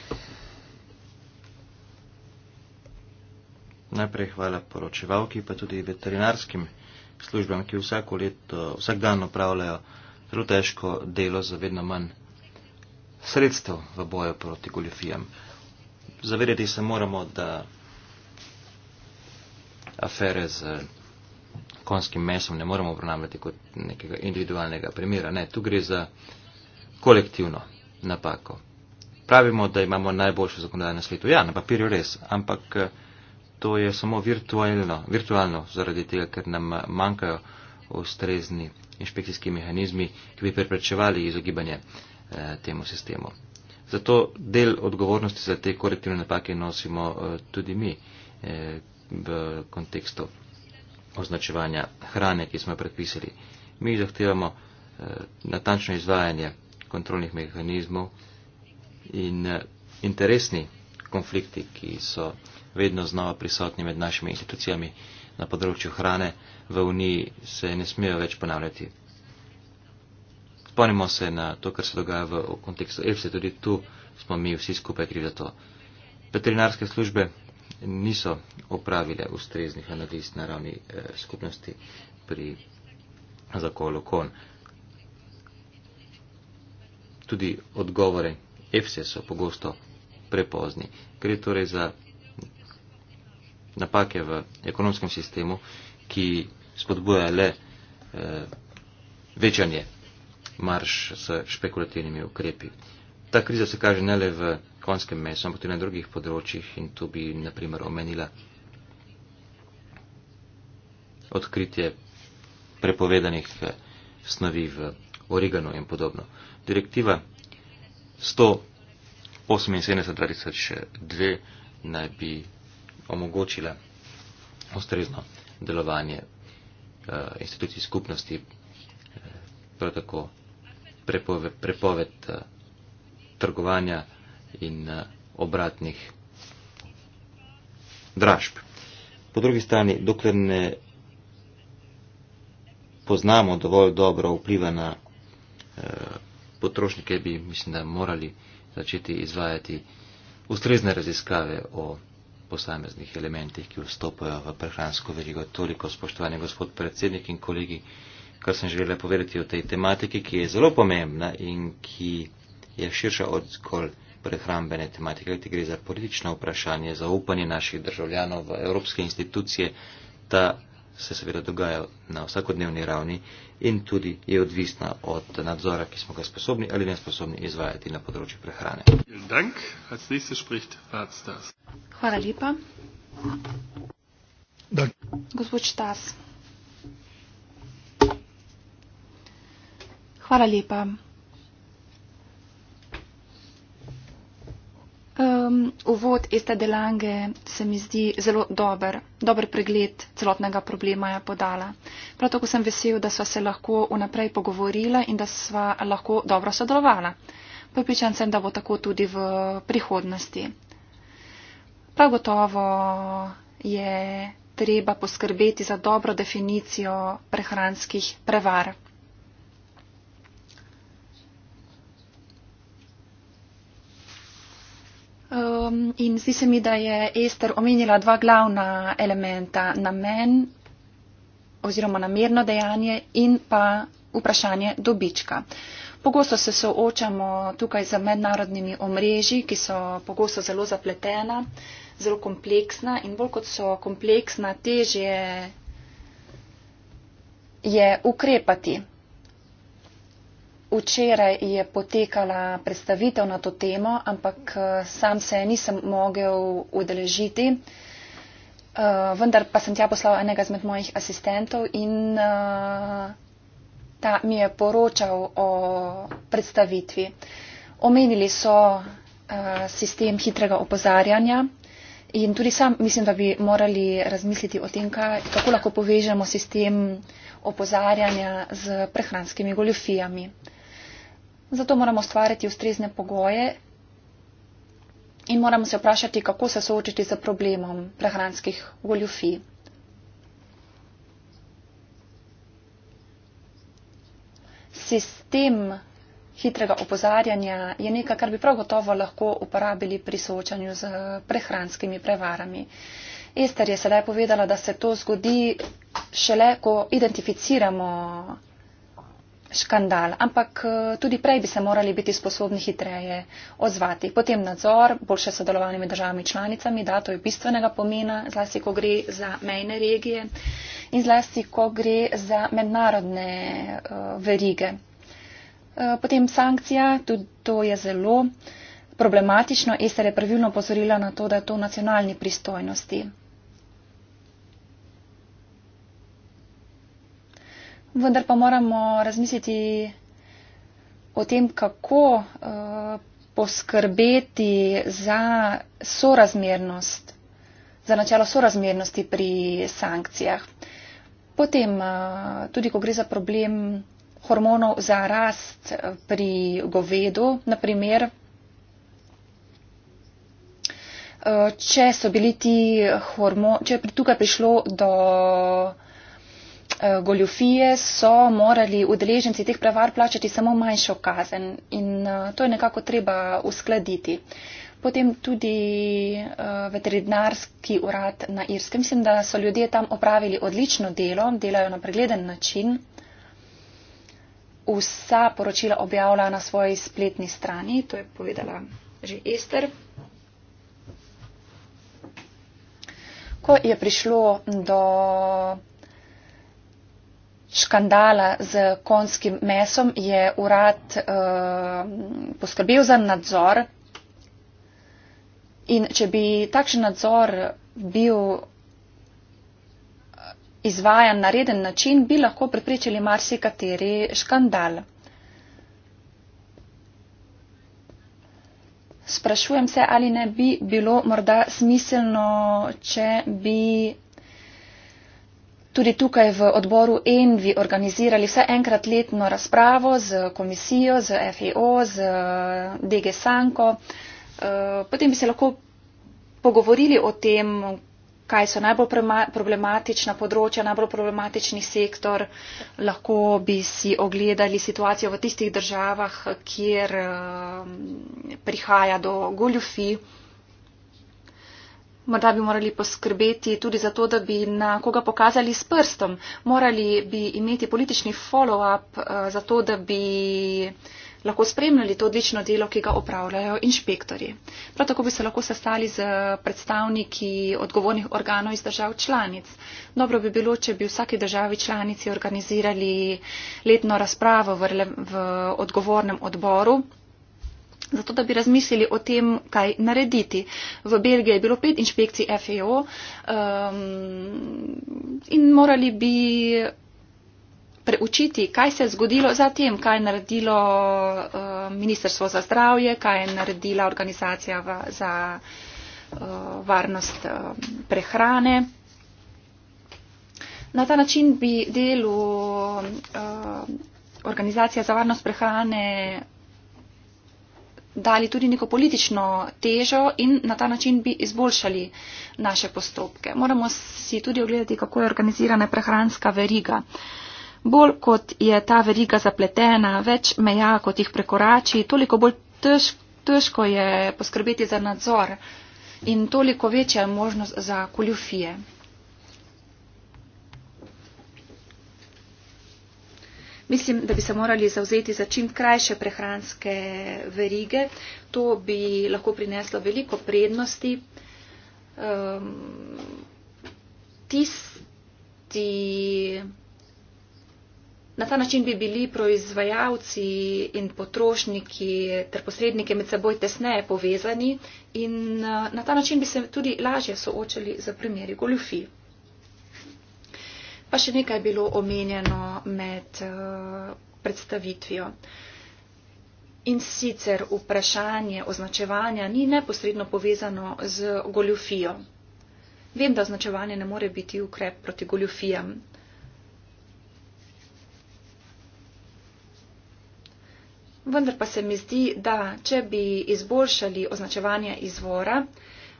Najprej hvala poročevalki, pa tudi veterinarskim službam, ki vsako leto, vsak dan opravljajo zelo težko delo za vedno manj sredstev v boju proti goljofijam. Zavedati se moramo, da afere z konskim mesom ne moramo obravnavati kot nekega individualnega primera. Ne, tu gre za kolektivno napako. Pravimo, da imamo najboljšo zakonodajo na svetu. Ja, na papirju res, ampak to je samo virtualno, virtualno zaradi tega, ker nam manjkajo ustrezni inšpekcijski mehanizmi, ki bi preprečevali izogibanje eh, temu sistemu. Zato del odgovornosti za te korektivne napake nosimo eh, tudi mi eh, v kontekstu označevanja hrane, ki smo jo predpisali. Mi zahtevamo eh, natančno izvajanje kontrolnih mehanizmov in eh, interesni konflikti, ki so eh, vedno znova prisotni med našimi institucijami na področju hrane, v Uniji se ne smejo več ponavljati. Spomnimo se na to, kar se dogaja v, v kontekstu EFSE, tudi tu smo mi vsi skupaj krivi za to. Veterinarske službe niso opravile ustreznih analiz na ravni eh, skupnosti pri zakolu kon. Tudi odgovore EFSE so pogosto prepozni. Gre torej za napake v ekonomskem sistemu, ki spodbujajo le eh, večanje marš s špekulativnimi ukrepi. Ta kriza se kaže ne le v konskem mesu, ampak tudi na drugih področjih in tu bi naprimer omenila odkritje prepovedanih eh, snovi v origanu in podobno. Direktiva 178.2002 naj bi omogočile ustrezno delovanje uh, institucij skupnosti, eh, prav tako prepoved, prepoved uh, trgovanja in uh, obratnih dražb. Po drugi strani, dokler ne poznamo dovolj dobro vpliva na eh, potrošnike, bi mislim, da morali začeti izvajati ustrezne raziskave o posameznih elementih, ki vstopajo v prehransko verigo. Toliko spoštovani gospod predsednik in kolegi, kar sem želela povedati o tej tematiki, ki je zelo pomembna in ki je širša od zgolj prehrambene tematike, kajti gre za politično vprašanje, za upanje naših državljanov v evropske institucije, da se seveda dogaja na vsakodnevni ravni in tudi je odvisna od nadzora, ki smo ga sposobni ali nesposobni izvajati na področju prehrane. Hvala lepa. Gospod Štas. Hvala lepa. Um, uvod Esta Delange se mi zdi zelo dober. Dober pregled celotnega problema je podala. Prav tako sem vesel, da sva se lahko vnaprej pogovorila in da sva lahko dobro sodelovala. Pripričan sem, da bo tako tudi v prihodnosti. Prav gotovo je treba poskrbeti za dobro definicijo prehranskih prevar. Um, in zdi se mi, da je Ester omenila dva glavna elementa, namen oziroma namerno dejanje in pa vprašanje dobička. Pogosto se soočamo tukaj z mednarodnimi omrežji, ki so pogosto zelo zapletena, zelo kompleksna in bolj kot so kompleksna, težje je ukrepati včeraj je potekala predstavitev na to temo, ampak eh, sam se nisem mogel udeležiti. Eh, vendar pa sem tja poslal enega izmed mojih asistentov in eh, ta mi je poročal o predstavitvi. Omenili so sistem hitrega opozarjanja in tudi sam mislim, da bi morali razmisliti o tem, kako lahko povežemo sistem opozarjanja z prehranskimi goljofijami. Zato moramo stvariti ustrezne pogoje in moramo se vprašati, kako se soočiti z problemom prehranskih goljufij. Sistem hitrega opozarjanja je nekaj, kar bi prav gotovo lahko uporabili pri soočanju z prehranskimi prevarami. Ester je sedaj povedala, da se to zgodi šele, ko identificiramo škandal. Ampak eh, tudi prej bi se morali biti sposobni hitreje odzvati. Potem nadzor, boljše sodelovanje med državami članicami, da to je bistvenega pomena, zlasti ko gre za mejne regije in zlasti ko gre za mednarodne eh, verige. Eh, potem sankcija, tudi to je zelo problematično. Ester je pravilno pozorila na to, da je to nacionalni pristojnosti. vendar pa moramo razmisliti o tem, kako eh, poskrbeti za sorazmernost, za načelo sorazmernosti pri sankcijah. Potem, eh, tudi ko gre za problem hormonov za rast eh, pri govedu, naprimer, če so bili ti hormoni, če je tukaj prišlo do Eh, goljofije so morali udeleženci teh prevar plačati samo manjšo kazen in eh, to je nekako treba uskladiti. Potem tudi eh, veterinarski urad na Irskem. Mislim, da so ljudje tam opravili odlično delo, delajo na pregleden način. Vsa poročila objavlja na svoji spletni strani, to je povedala že Ester. Ko je prišlo do škandala z konskim mesom, je urad uh, poskrbel za nadzor. In če bi takšen nadzor bil eh, izvajan na reden način, bi lahko preprečili marsikateri škandal. Sprašujem se, ali ne bi bilo morda smiselno, če bi Tudi tukaj v odboru Envi organizirali vse enkrat letno razpravo z komisijo, z FEO, z eh, DG Sanko. Eh, potem bi se lahko pogovorili o tem, kaj so najbolj problematična področja, najbolj problematični sektor. Lahko bi si ogledali situacijo v tistih državah, kjer eh, prihaja do goljufi. Morda bi morali poskrbeti tudi za to, da bi na koga pokazali s prstom. Morali bi imeti politični follow-up eh, za to, da bi lahko spremljali to odlično delo, ki ga opravljajo inšpektori. Prav tako bi se lahko sestali z predstavniki odgovornih organov iz držav članic. Dobro bi bilo, če bi vsaki državi članici organizirali letno razpravo v, v odgovornem odboru zato da bi razmislili o tem, kaj narediti. V Belgiji je bilo pet inšpekcij FAO e um, in morali bi preučiti, kaj se je zgodilo zatem, kaj je naredilo uh, Ministrstvo za zdravje, kaj je naredila organizacija v, za uh, varnost uh, prehrane. Na ta način bi delu uh, organizacija za varnost prehrane uh, dali tudi neko politično težo in na ta način bi izboljšali naše postopke. Moramo si tudi ogledati, kako je organizirana prehranska veriga. Bolj kot je ta veriga zapletena, več meja, kot jih prekorači, toliko bolj težko je poskrbeti za nadzor in toliko večja je možnost za kuljufije. Mislim, da bi se morali zauzeti za čim krajše prehranske verige. To bi lahko prineslo veliko prednosti. Um, tisti, na ta način bi bili proizvajalci in potrošniki ter posredniki med seboj tesneje povezani in eh, na ta način bi se tudi lažje soočali za primeri goljufi. Pa še nekaj je bilo omenjeno med eh, predstavitvijo. In sicer vprašanje označevanja ni neposredno povezano z goljufijo. Vem, da označevanje ne more biti ukrep proti goljufijam. Vendar pa se mi zdi, da če bi izboljšali označevanje izvora,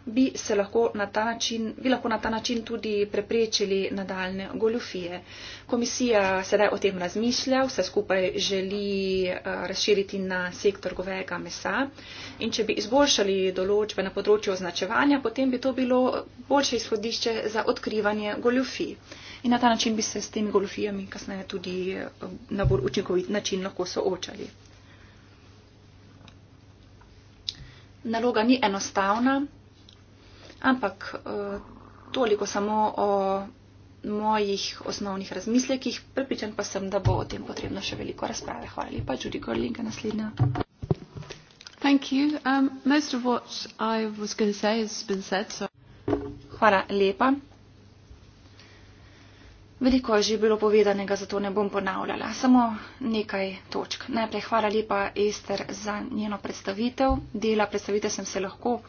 bi, se lahko, na način, bi lahko na ta način tudi preprečili nadaljne goljufije. Komisija sedaj o tem razmišlja, vse skupaj želi eh, razširiti na sektor govejega mesa in če bi izboljšali določbe na področju označevanja, potem bi to bilo boljše izhodišče za odkrivanje goljufij. In na ta način bi se s temi goljufijami kasneje tudi eh, na bolj učinkovit način lahko soočali. Naloga ni enostavna, Ampak eh, toliko samo o mojih osnovnih razmislekih, prepričan pa sem, da bo o tem potrebno še veliko razprave. Hvala lepa, Judy Gorlinga, naslednja. Um, hvala lepa. Veliko je že bilo povedanega, zato ne bom ponavljala. Samo nekaj točk. Najprej hvala lepa Ester za njeno predstavitev. Dela predstavitev sem se lahko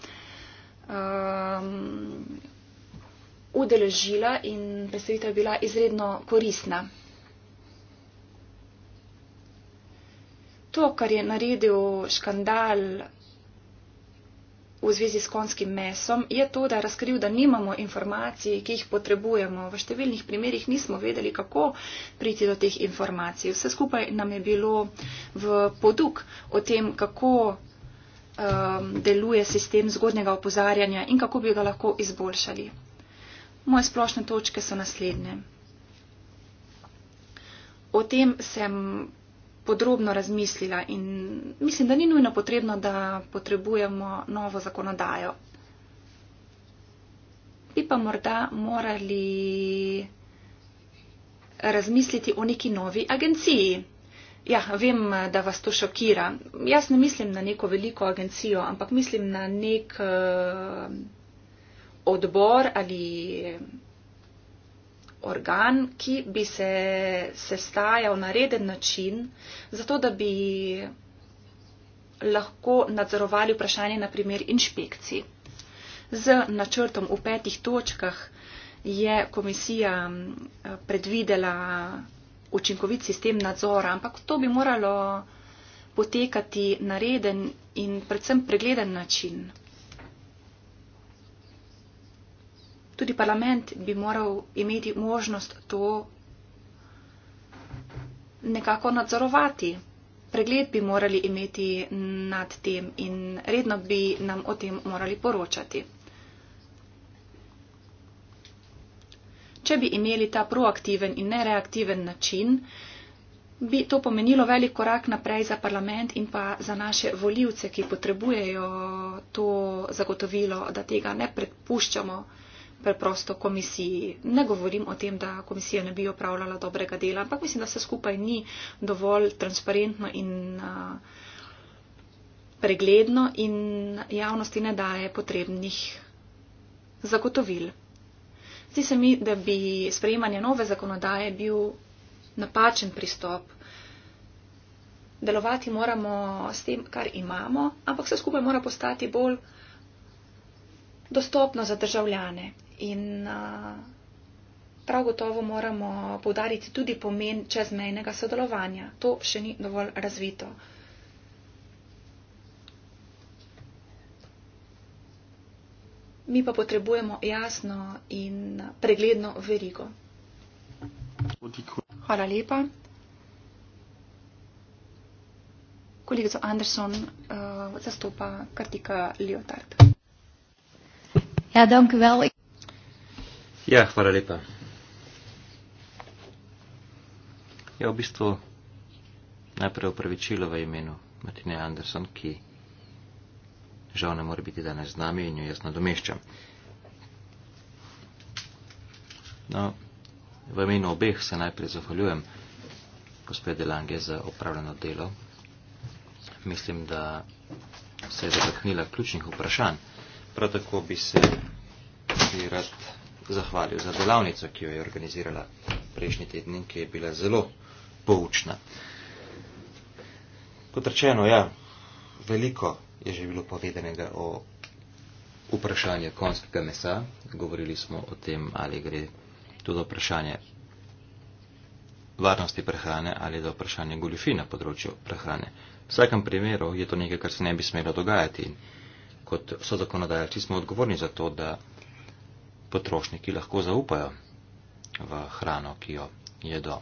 um, udeležila in predstavitev je bila izredno koristna. To, kar je naredil škandal v zvezi s konskim mesom, je to, da je razkril, da nimamo informacij, ki jih potrebujemo. V številnih primerjih nismo vedeli, kako priti do teh informacij. Vse skupaj nam je bilo v poduk o tem, kako um, deluje sistem zgodnega opozarjanja in kako bi ga lahko izboljšali. Moje splošne točke so naslednje. O tem sem podrobno razmislila in mislim, da ni nujno potrebno, da potrebujemo novo zakonodajo. Bi pa morda morali razmisliti o neki novi agenciji. Ja, vem, da vas to šokira. Jaz ne mislim na neko veliko agencijo, ampak mislim na nek uh, odbor ali organ, ki bi se sestajal na reden način, zato da bi lahko nadzorovali vprašanje na primer inšpekcij. Z načrtom v petih točkah je komisija eh, predvidela učinkovit sistem nadzora, ampak to bi moralo potekati na reden in predvsem pregleden način. Tudi parlament bi moral imeti možnost to nekako nadzorovati. Pregled bi morali imeti nad tem in redno bi nam o tem morali poročati. Če bi imeli ta proaktiven in nereaktiven način, bi to pomenilo velik korak naprej za parlament in pa za naše voljivce, ki potrebujejo to zagotovilo, da tega ne prepuščamo preprosto komisiji. Ne govorim o tem, da komisija ne bi opravljala dobrega dela, ampak mislim, da se skupaj ni dovolj transparentno in pregledno in javnosti ne daje potrebnih zagotovil. Zdi se mi, da bi sprejemanje nove zakonodaje bil napačen pristop. Delovati moramo s tem, kar imamo, ampak vse skupaj mora postati bolj dostopno za državljane. In prav gotovo moramo povdariti tudi pomen čezmejnega sodelovanja. To še ni dovolj razvito. mi pa potrebujemo jasno in pregledno verigo. Hvala lepa. Kolegico Anderson uh, zastopa Kartika Liotard. Ja, ja, hvala lepa. Ja, v bistvu najprej opravičilo v imenu Martine Anderson, ki žal ne more biti danes z nami in jo jaz nadomeščam. No, v imenu obeh se najprej zahvaljujem gospede Lange za opravljeno delo. Mislim, da se je zataknila ključnih vprašanj. Prav tako bi se bi rad zahvalil za delavnico, ki jo je organizirala prejšnji teden, ki je bila zelo poučna. Kot rečeno, ja, veliko je že bilo povedanega o vprašanju konjskega mesa. Govorili smo o tem, ali gre tudi vprašanje varnosti prehrane ali da vprašanje goljufi na področju prehrane. V vsakem primeru je to nekaj, kar se ne bi smelo dogajati. Kot so zakonodajalci smo odgovorni za to, da potrošniki lahko zaupajo v hrano, ki jo jedo.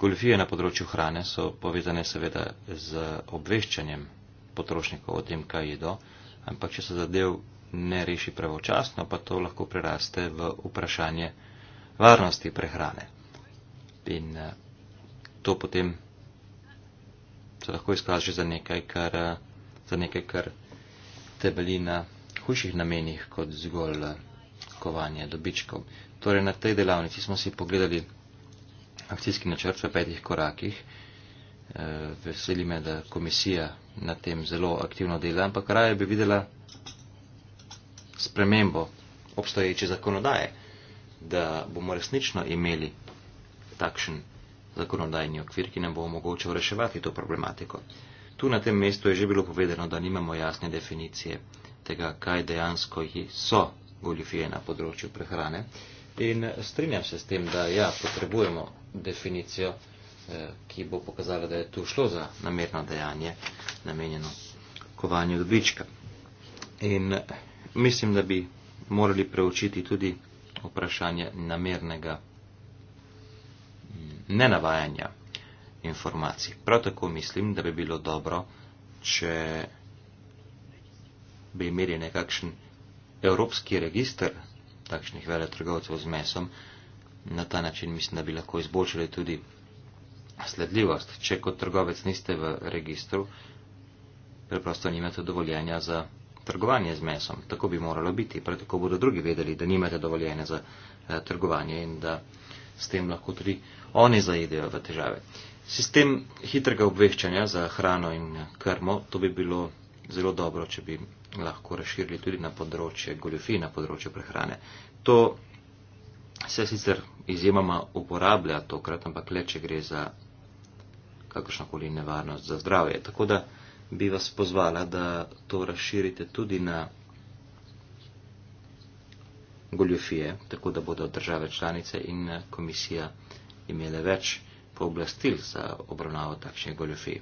Goljufije na področju hrane so povezane seveda z obveščanjem potrošnikov o tem, kaj jedo, ampak če se zadev ne reši pravočasno, pa to lahko preraste v vprašanje varnosti prehrane. In eh, to potem se lahko izkaže za nekaj, kar, eh, za nekaj, kar tebeli na hujših namenih kot zgolj eh, kovanje dobičkov. Torej, na tej delavnici smo si pogledali akcijski načrt v petih korakih veseli me, da komisija na tem zelo aktivno dela, ampak raje bi videla spremembo obstoječe zakonodaje, da bomo resnično imeli takšen zakonodajni okvir, ki nam bo omogočal reševati to problematiko. Tu na tem mestu je že bilo povedano, da nimamo jasne definicije tega, kaj dejansko so goljufije na področju prehrane. In strinjam se s tem, da ja, potrebujemo definicijo, Eh, ki bo pokazala, da je tu šlo za namerno dejanje, namenjeno kovanju dobička. In eh, mislim, da bi morali preučiti tudi vprašanje namernega mm, nenavajanja informacij. Prav tako mislim, da bi bilo dobro, če bi imeli nekakšen evropski registr takšnih veletrgovcev z mesom. Na ta način mislim, da bi lahko izboljšali tudi sledljivost. Če kot trgovec niste v registru, preprosto nimate dovoljenja za trgovanje z mesom. Tako bi moralo biti. Prav tako bodo drugi vedeli, da nimate dovoljenja za eh, trgovanje in da s tem lahko tudi oni zaidejo v težave. Sistem hitrega obveščanja za hrano in eh, krmo, to bi bilo zelo dobro, če bi lahko razširili tudi na področje goljofi, na področje prehrane. To se sicer izjemoma uporablja tokrat, ampak le, če gre za kakršnokoli nevarnost za zdravje. Tako da bi vas pozvala, da to razširite tudi na goljofije, tako da bodo države članice in komisija imele več pooblastil za obravnavo takšnih goljofij.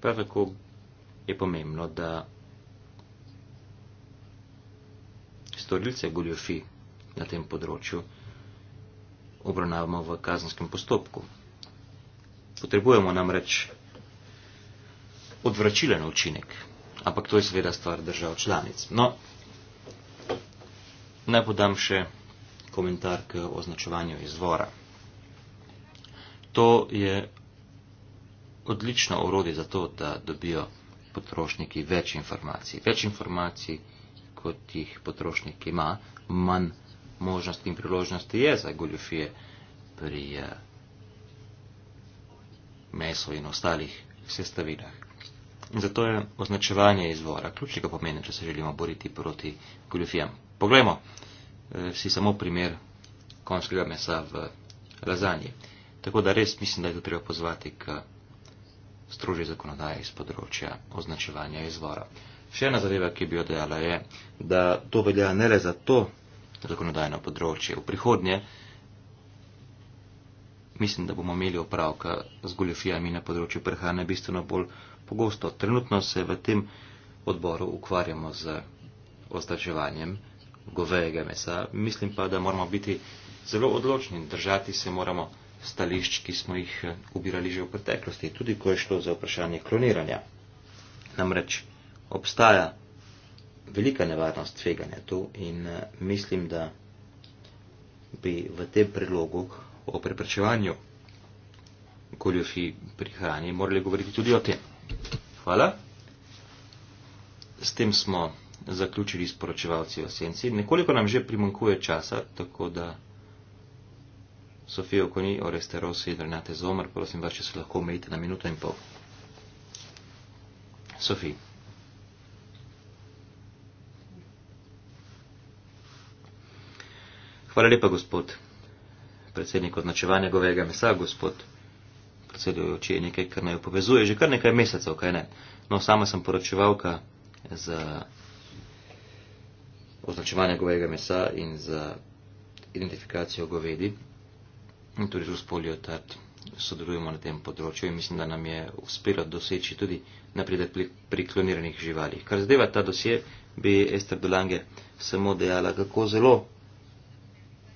Prav tako je pomembno, da storilce goljofij na tem področju obravnavamo v kazenskem postopku. Potrebujemo namreč odvračilen učinek, ampak to je seveda stvar držav članic. No, naj podam še komentar k označevanju izvora. To je odlično orodje za to, da dobijo potrošniki več informacij. Več informacij, kot jih potrošnik ima, manj informacij možnosti in priložnosti je za goljofije pri eh, meso in ostalih sestavinah. In zato je označevanje izvora ključnega pomena, če se želimo boriti proti goljofijam. Poglejmo eh, si samo primer konjskega mesa v lazanji. Tako da res mislim, da je to treba pozvati k strožji zakonodaji iz področja označevanja izvora. Še ena zadeva, ki bi jo dejala, je, da to velja ne le za to zakonodajno področje. V prihodnje mislim, da bomo imeli opravka z goljofijami na področju prehrane bistveno bolj pogosto. Trenutno se v tem odboru ukvarjamo z označevanjem govejega mesa. Mislim pa, da moramo biti zelo odločni in držati se moramo stališč, ki smo jih eh, ubirali že v preteklosti, tudi ko je šlo za vprašanje kloniranja. Namreč obstaja velika nevarnost tveganja tu in eh, mislim, da bi v tem prilogu o preprečevanju goljufi pri hrani morali govoriti tudi o tem. Hvala. S tem smo zaključili s poročevalci o senci. Nekoliko nam že primankuje časa, tako da Sofijo Koni, Oreste Rosi in Renate Zomer, prosim vas, če se lahko omejite na minuto in pol. Sofijo. Hvala lepa, gospod predsednik označevanja govega mesa, gospod predsedujoči, je nekaj, kar me povezuje že kar nekaj mesecev, kaj ne. No, sama sem poročevalka za označevanje govega mesa in za identifikacijo govedi. In tudi z gospodjo Tart sodelujemo na tem področju in mislim, da nam je uspelo doseči tudi napredek pri, pri kloniranih živalih. Kar zadeva ta dosje, bi Ester Dolange samo dejala, kako zelo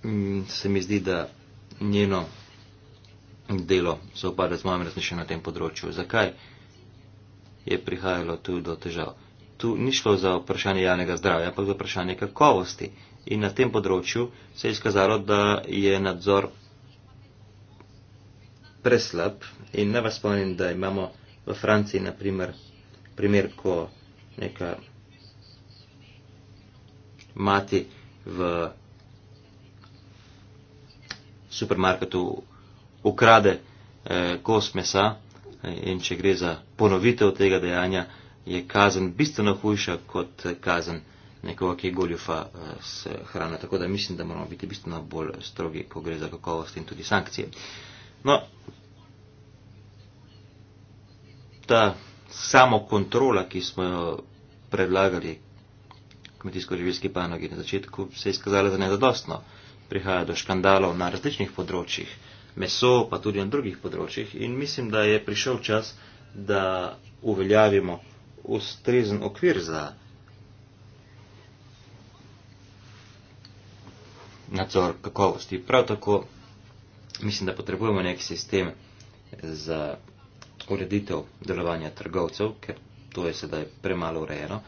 Mm, se mi zdi, da njeno delo se opada z mojim razmišljanjem na tem področju. Zakaj je prihajalo tu do težav? Tu ni šlo za vprašanje javnega zdravja, ampak za vprašanje kakovosti. In na tem področju se je izkazalo, da je nadzor preslab in ne vas spomnim, da imamo v Franciji naprimer primer, ko neka mati v supermarketu ukrade eh, kos mesa in če gre za ponovitev tega dejanja, je kazen bistveno hujša kot eh, kazen nekoga, ki je goljufa eh, s hrano. Tako da mislim, da moramo biti bistveno bolj strogi, ko gre za kakovost in tudi sankcije. No, ta samo kontrola, ki smo jo predlagali kmetijsko-živilski panogi na začetku, se je izkazala za nezadostno. Eh, prihaja do škandalov na različnih področjih, meso pa tudi na drugih področjih in mislim, da je prišel čas, da uveljavimo ustrezen okvir za nadzor kakovosti. Prav tako mislim, da potrebujemo nek sistem za ureditev delovanja trgovcev, ker to je sedaj premalo urejeno.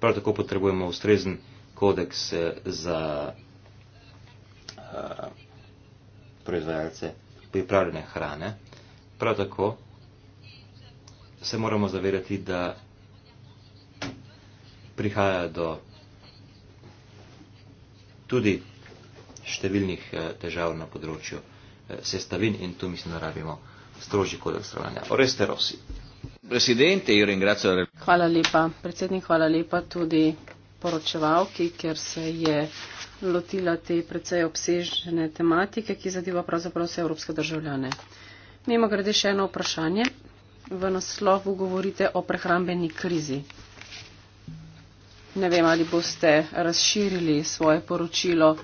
Prav tako potrebujemo ustrezen kodeks eh, za Eh, proizvajalce pripravljene hrane. Prav tako se moramo zavedati, da prihaja do tudi številnih eh, težav na področju eh, sestavin in tu mislim, da rabimo strožji kod odstranjanja. Oreste Rosi. Presidente, Jurin, grazie. Hvala lepa, predsednik, hvala lepa tudi poročevalki, ker se je lotila te precej obsežene tematike, ki zadeva pravzaprav vse evropske državljane. Mimo grede še eno vprašanje. V naslovu govorite o prehrambeni krizi. Ne vem, ali boste razširili svoje poročilo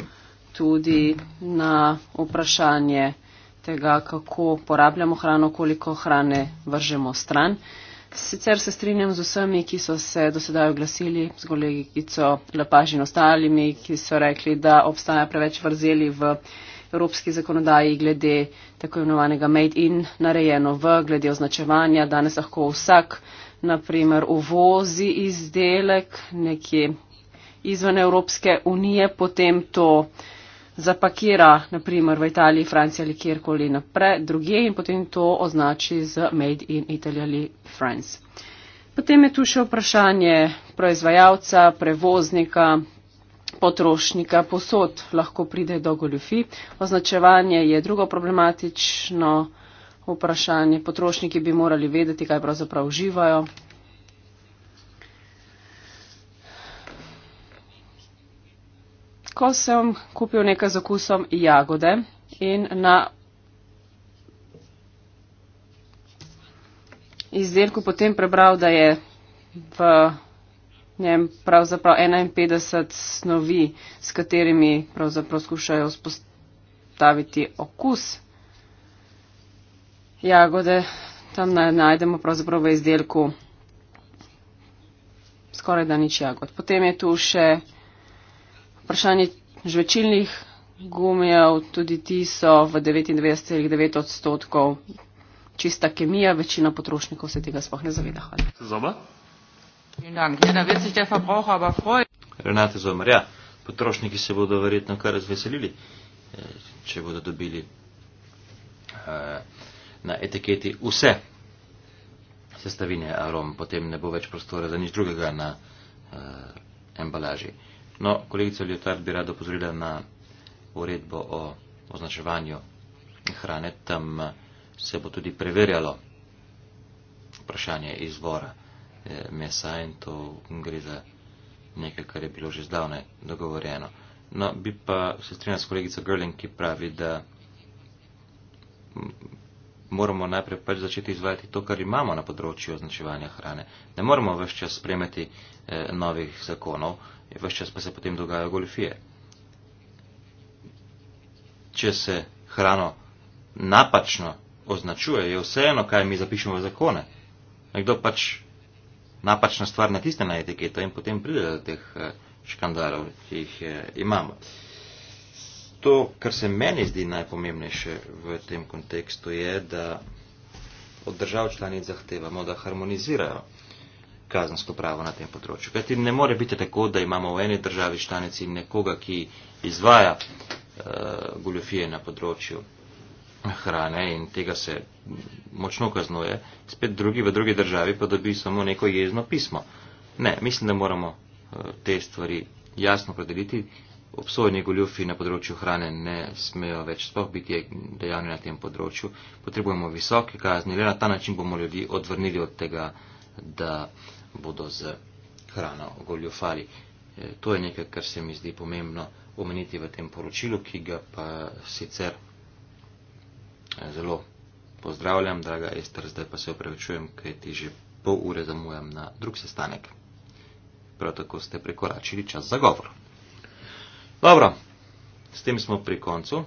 tudi na vprašanje tega, kako porabljamo hrano, koliko hrane vržemo stran. Sicer se strinjam z vsemi, ki so se dosedaj oglasili, z kolegico Lepaž in ostalimi, ki so rekli, da obstaja preveč vrzeli v evropski zakonodaji glede tako imenovanega made in narejeno v glede označevanja. Danes lahko vsak, naprimer, uvozi izdelek nekje izven Evropske unije, potem to. Uh, zapakira, naprimer v Italiji, Franciji ali kjerkoli naprej, druge in potem to označi z Made in Italy ali France. Potem je tu še vprašanje proizvajalca, prevoznika, potrošnika, posod lahko pride do goljufi. Označevanje je drugo problematično vprašanje. Potrošniki bi morali vedeti, kaj pravzaprav uživajo. kratko sem kupil nekaj zakusom jagode in na izdelku potem prebral, da je v njem pravzaprav 51 snovi, s katerimi pravzaprav skušajo spostaviti okus jagode. Tam najdemo pravzaprav v izdelku skoraj da nič jagod. Potem je tu še vprašanje žvečilnih gumijev, tudi ti so v 99,9 odstotkov čista kemija, večina potrošnikov se tega sploh ne zaveda. Hvala. Ja, Renate Zomer, ja, potrošniki se bodo verjetno kar razveselili, eh, če bodo dobili eh, na etiketi vse sestavine arom, potem ne bo več prostora za nič drugega na eh, embalaži. No, kolegica Ljotar bi rada pozorila na uredbo o označevanju hrane, tam eh, se bo tudi preverjalo vprašanje izvora eh, mesa in to gre za nekaj, kar je bilo že zdavnaj dogovorjeno. No, bi pa se strinjal s kolegico Grling, ki pravi, da moramo najprej pač začeti izvajati to, kar imamo na področju označevanja hrane. Ne moramo vse čas spremeti eh, novih zakonov, vse čas pa se potem dogajajo golfije. Če se hrano napačno označuje, je vseeno, kaj mi zapišemo v zakone. Nekdo pač napačna stvar natisne na etiketo in potem pride do teh eh, škandalov, ki jih eh, imamo. To, kar se meni zdi najpomembnejše v tem kontekstu, je, da od držav članic zahtevamo, da harmonizirajo kazensko pravo na tem področju. Kajti ne more biti tako, da imamo v eni državi članici nekoga, ki izvaja uh, eh, goljofije na področju hrane in tega se močno kaznuje, spet drugi v drugi državi pa dobi samo neko jezno pismo. Ne, mislim, da moramo uh, te stvari jasno predeliti. Obsojeni goljofi na področju hrane ne smejo več sploh biti dejavni na tem področju. Potrebujemo visoke kazni, le na ta način bomo ljudi odvrnili od tega, da uh, bodo z hrano goljufali. E, to je nekaj, kar se mi zdi pomembno omeniti v tem poročilu, ki ga pa sicer e, zelo pozdravljam, draga Ester, zdaj pa se opravičujem, kaj ti že pol ure zamujam na drug sestanek. Prav tako ste prekoračili čas za govor. Dobro, s tem smo pri koncu.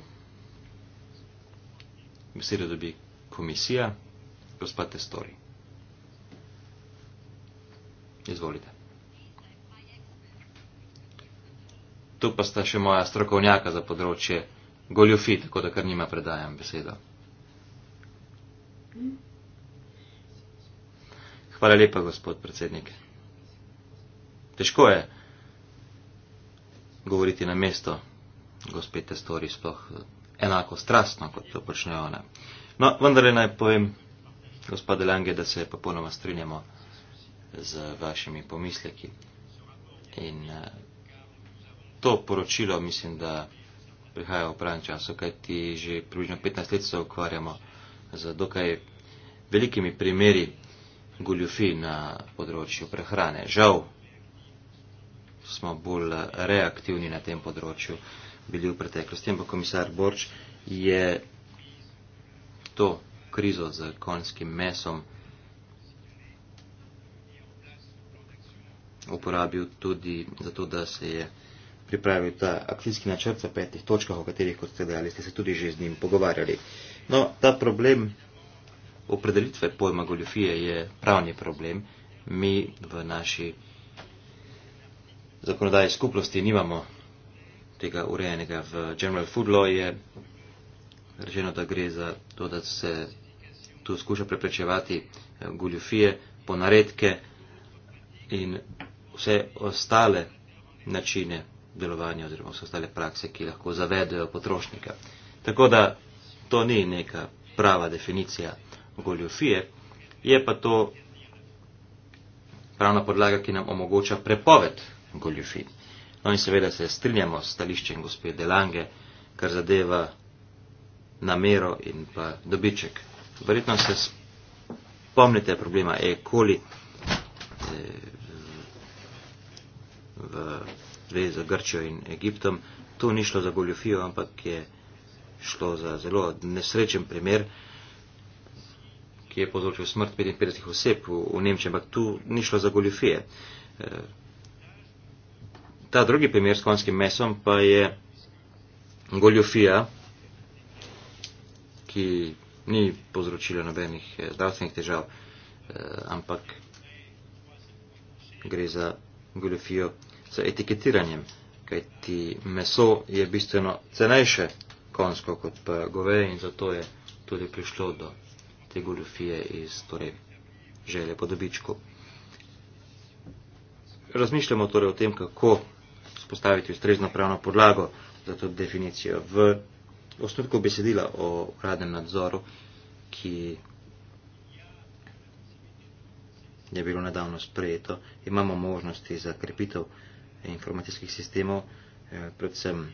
Besedo dobi komisija, gospod Testori. Izvolite. Tu pa sta še moja strokovnjaka za področje goljofit, tako da kar njima predajam besedo. Hvala lepa, gospod predsednik. Težko je govoriti na mesto gospete stori sploh enako strastno, kot to počnejo one. No, vendar naj povem, gospod Delange, da se popolnoma strinjamo z vašimi pomisleki. In eh, to poročilo mislim, da prihaja v pravem času, kajti že približno 15 let se ukvarjamo z dokaj velikimi primeri goljufi na področju prehrane. Žal smo bolj reaktivni na tem področju bili v preteklosti. Ampak komisar Borč je to krizo z konjskim mesom uporabil tudi za to, da se je pripravil ta akcijski načrt v petih točkah, o katerih, kot ste dejali, ste se tudi že z njim pogovarjali. No, ta problem opredelitve pojma goljofije je pravni problem. Mi v naši zakonodaji skupnosti nimamo tega urejenega. V General Food Law je rečeno, da gre za to, da se tu skuša preprečevati eh, goljofije po naredke in vse ostale načine delovanja oziroma vse ostale prakse, ki lahko zavedajo potrošnika. Tako da to ni neka prava definicija goljofije, je pa to pravna podlaga, ki nam omogoča prepoved goljofij. No in seveda se strinjamo s stališčem gospe Delange, kar zadeva namero in pa dobiček. Verjetno se spomnite problema E. koli, v zvezi z Grčjo in Egiptom. To ni šlo za goljofijo, ampak je šlo za zelo nesrečen primer, ki je povzročil smrt 55 oseb v, v Nemčiji, ampak tu ni šlo za goljofije. E, ta drugi primer s konjskim mesom pa je goljofija, ki ni povzročila nobenih e, zdravstvenih težav, e, ampak gre za goljofijo z etiketiranjem, kajti meso je bistveno cenejše konsko kot pa goveje in zato je tudi prišlo do te goljofije iz torej, želje po dobičku. Razmišljamo torej o tem, kako spostaviti ustrezno pravno podlago za to definicijo. V osnutku besedila o radnem nadzoru, ki je bilo nedavno sprejeto. Imamo možnosti za krepitev informacijskih sistemov, eh, predvsem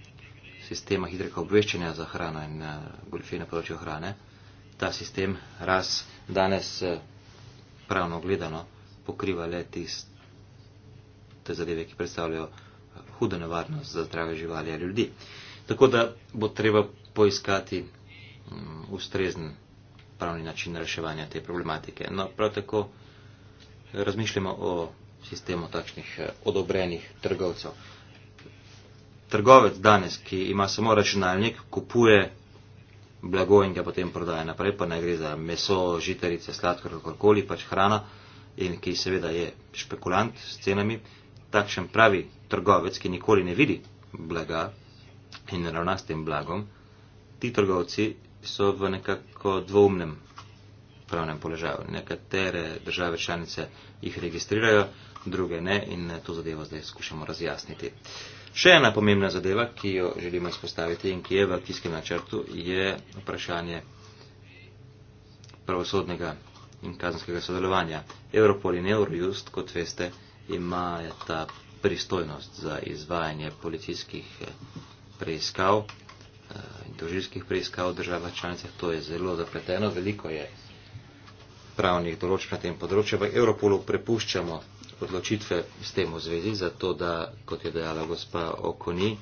sistema hitrega obveščanja za hrano in eh, goljfine področju hrane. Ta sistem raz danes eh, pravno gledano pokriva le tiste zadeve, ki predstavljajo hudo nevarnost za zdrave živali ali ljudi. Tako da bo treba poiskati mm, ustrezen pravni način reševanja te problematike. No, prav tako razmišljamo o sistemu takšnih eh, odobrenih trgovcev. Trgovec danes, ki ima samo računalnik, kupuje blago in ga potem prodaja naprej, pa ne gre za meso, žitarice, sladkor, kakorkoli, pač hrana in ki seveda je špekulant s cenami, takšen pravi trgovec, ki nikoli ne vidi blaga in ravna s tem blagom, ti trgovci so v nekako dvoumnem pravnem položaju. Nekatere države članice jih registrirajo, druge ne in to zadevo zdaj skušamo razjasniti. Še ena pomembna zadeva, ki jo želimo izpostaviti in ki je v akijskem načrtu, je vprašanje pravosodnega in kazenskega sodelovanja. Europol in Eurojust, kot veste, ima ta pristojnost za izvajanje policijskih eh, preiskav eh, in dožilskih preiskav v državah članicah. To je zelo zapleteno, veliko je pravnih določb na tem področju. V Evropolu prepuščamo odločitve s tem v zvezi, zato da, kot je dejala gospa Okoni,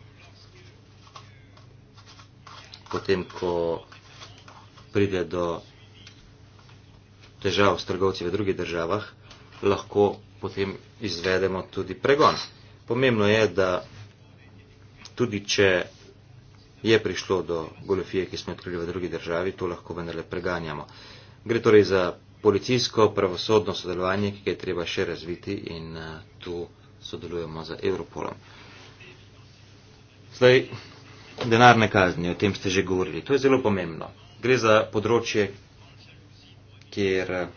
potem, ko pride do težav s trgovci v drugih državah, lahko potem izvedemo tudi pregon. Pomembno je, da tudi če je prišlo do goljofije, ki smo odkrili v drugi državi, to lahko vendarle preganjamo. Gre torej za policijsko-pravosodno sodelovanje, ki je treba še razviti in eh, tu sodelujemo z Europolom. Zdaj, denarne kazni, o tem ste že govorili, to je zelo pomembno. Gre za področje, kjer eh,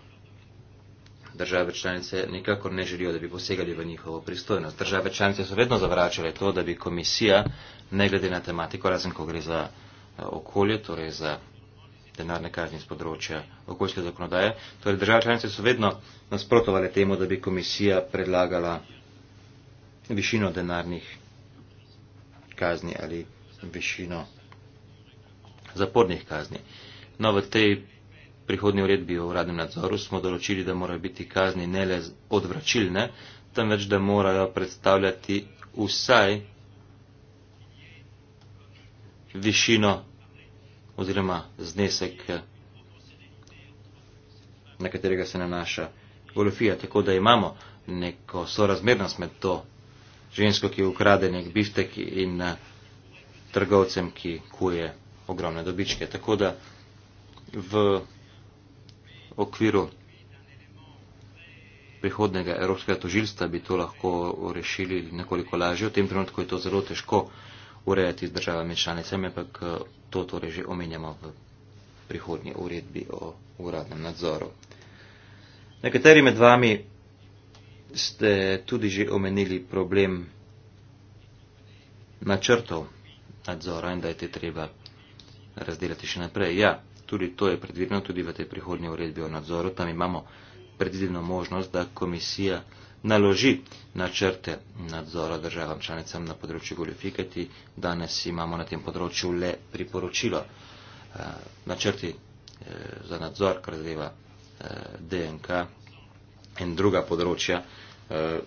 države članice nikakor ne želijo, da bi posegali v njihovo pristojnost. Države članice so vedno zavračale to, da bi komisija, ne glede na tematiko, razen ko gre za eh, okolje, torej za denarne kazni z področja okoljske zakonodaje. Torej, države članice so vedno nasprotovali temu, da bi komisija predlagala višino denarnih kazni ali višino zapornih kazni. No, v tej prihodnji uredbi o uradnem nadzoru smo določili, da morajo biti kazni ne le odvračilne, temveč da morajo predstavljati vsaj višino oziroma znesek, na katerega se nanaša golofija. Tako da imamo neko sorazmernost med to žensko, ki ukrade nek biftek in eh, trgovcem, ki kuje ogromne dobičke. Tako da v okviru prihodnega evropskega tožilstva bi to lahko rešili nekoliko lažje. V tem trenutku je to zelo težko urejati z državami članicami, ampak eh, to torej že omenjamo v prihodnji uredbi o uradnem nadzoru. Nekateri med vami ste tudi že omenili problem načrtov nadzora in da je te treba razdelati še naprej. Ja, tudi to je predvideno tudi v tej prihodnji uredbi o nadzoru. Tam imamo predvideno možnost, da komisija naloži načrte nadzora državam članicam na področju goljofij, kajti danes imamo na tem področju le priporočilo eh, načrti eh, za nadzor, kar zadeva eh, DNK in druga področja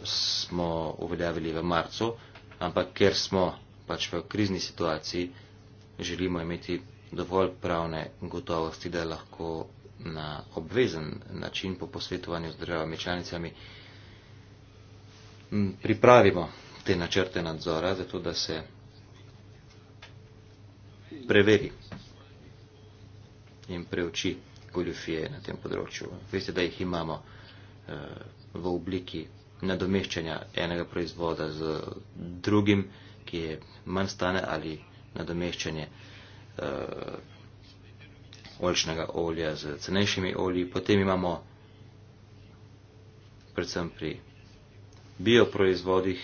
smo uveljavili v marcu, ampak ker smo pač v krizni situaciji, želimo imeti dovolj pravne gotovosti, da lahko na obvezen način po posvetovanju z državami članicami pripravimo te načrte nadzora, zato da se preveri in preuči goljufije na tem področju. Veste, da jih imamo eh, v obliki nadomeščanja enega proizvoda z drugim, ki je manj stane ali nadomeščanje uh, oljčnega olja z cenejšimi olji. Potem imamo predvsem pri bioproizvodih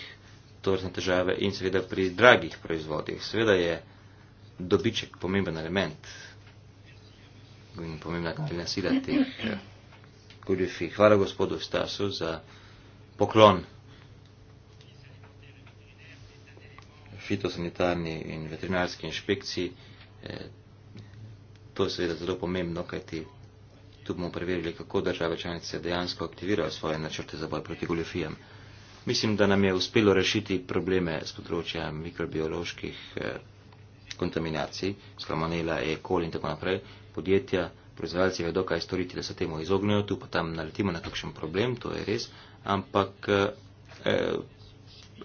tovrstne težave in seveda pri dragih proizvodih. Seveda je dobiček pomemben element in pomembna kapitalna sila teh eh, goljufi. Hvala gospodu Stasu za poklon fitosanitarni in veterinarski inšpekciji. Eh, to je seveda zelo pomembno, kajti tu bomo preverili, kako države članice dejansko aktivirajo svoje načrte za boj proti goljufijam. Mislim, da nam je uspelo rešiti probleme z področja mikrobioloških eh, kontaminacij, slamonela, E. coli in tako naprej. Podjetja, proizvajalci vedo, kaj storiti, da se temu izognejo, tu pa tam naletimo na kakšen problem, to je res, ampak e,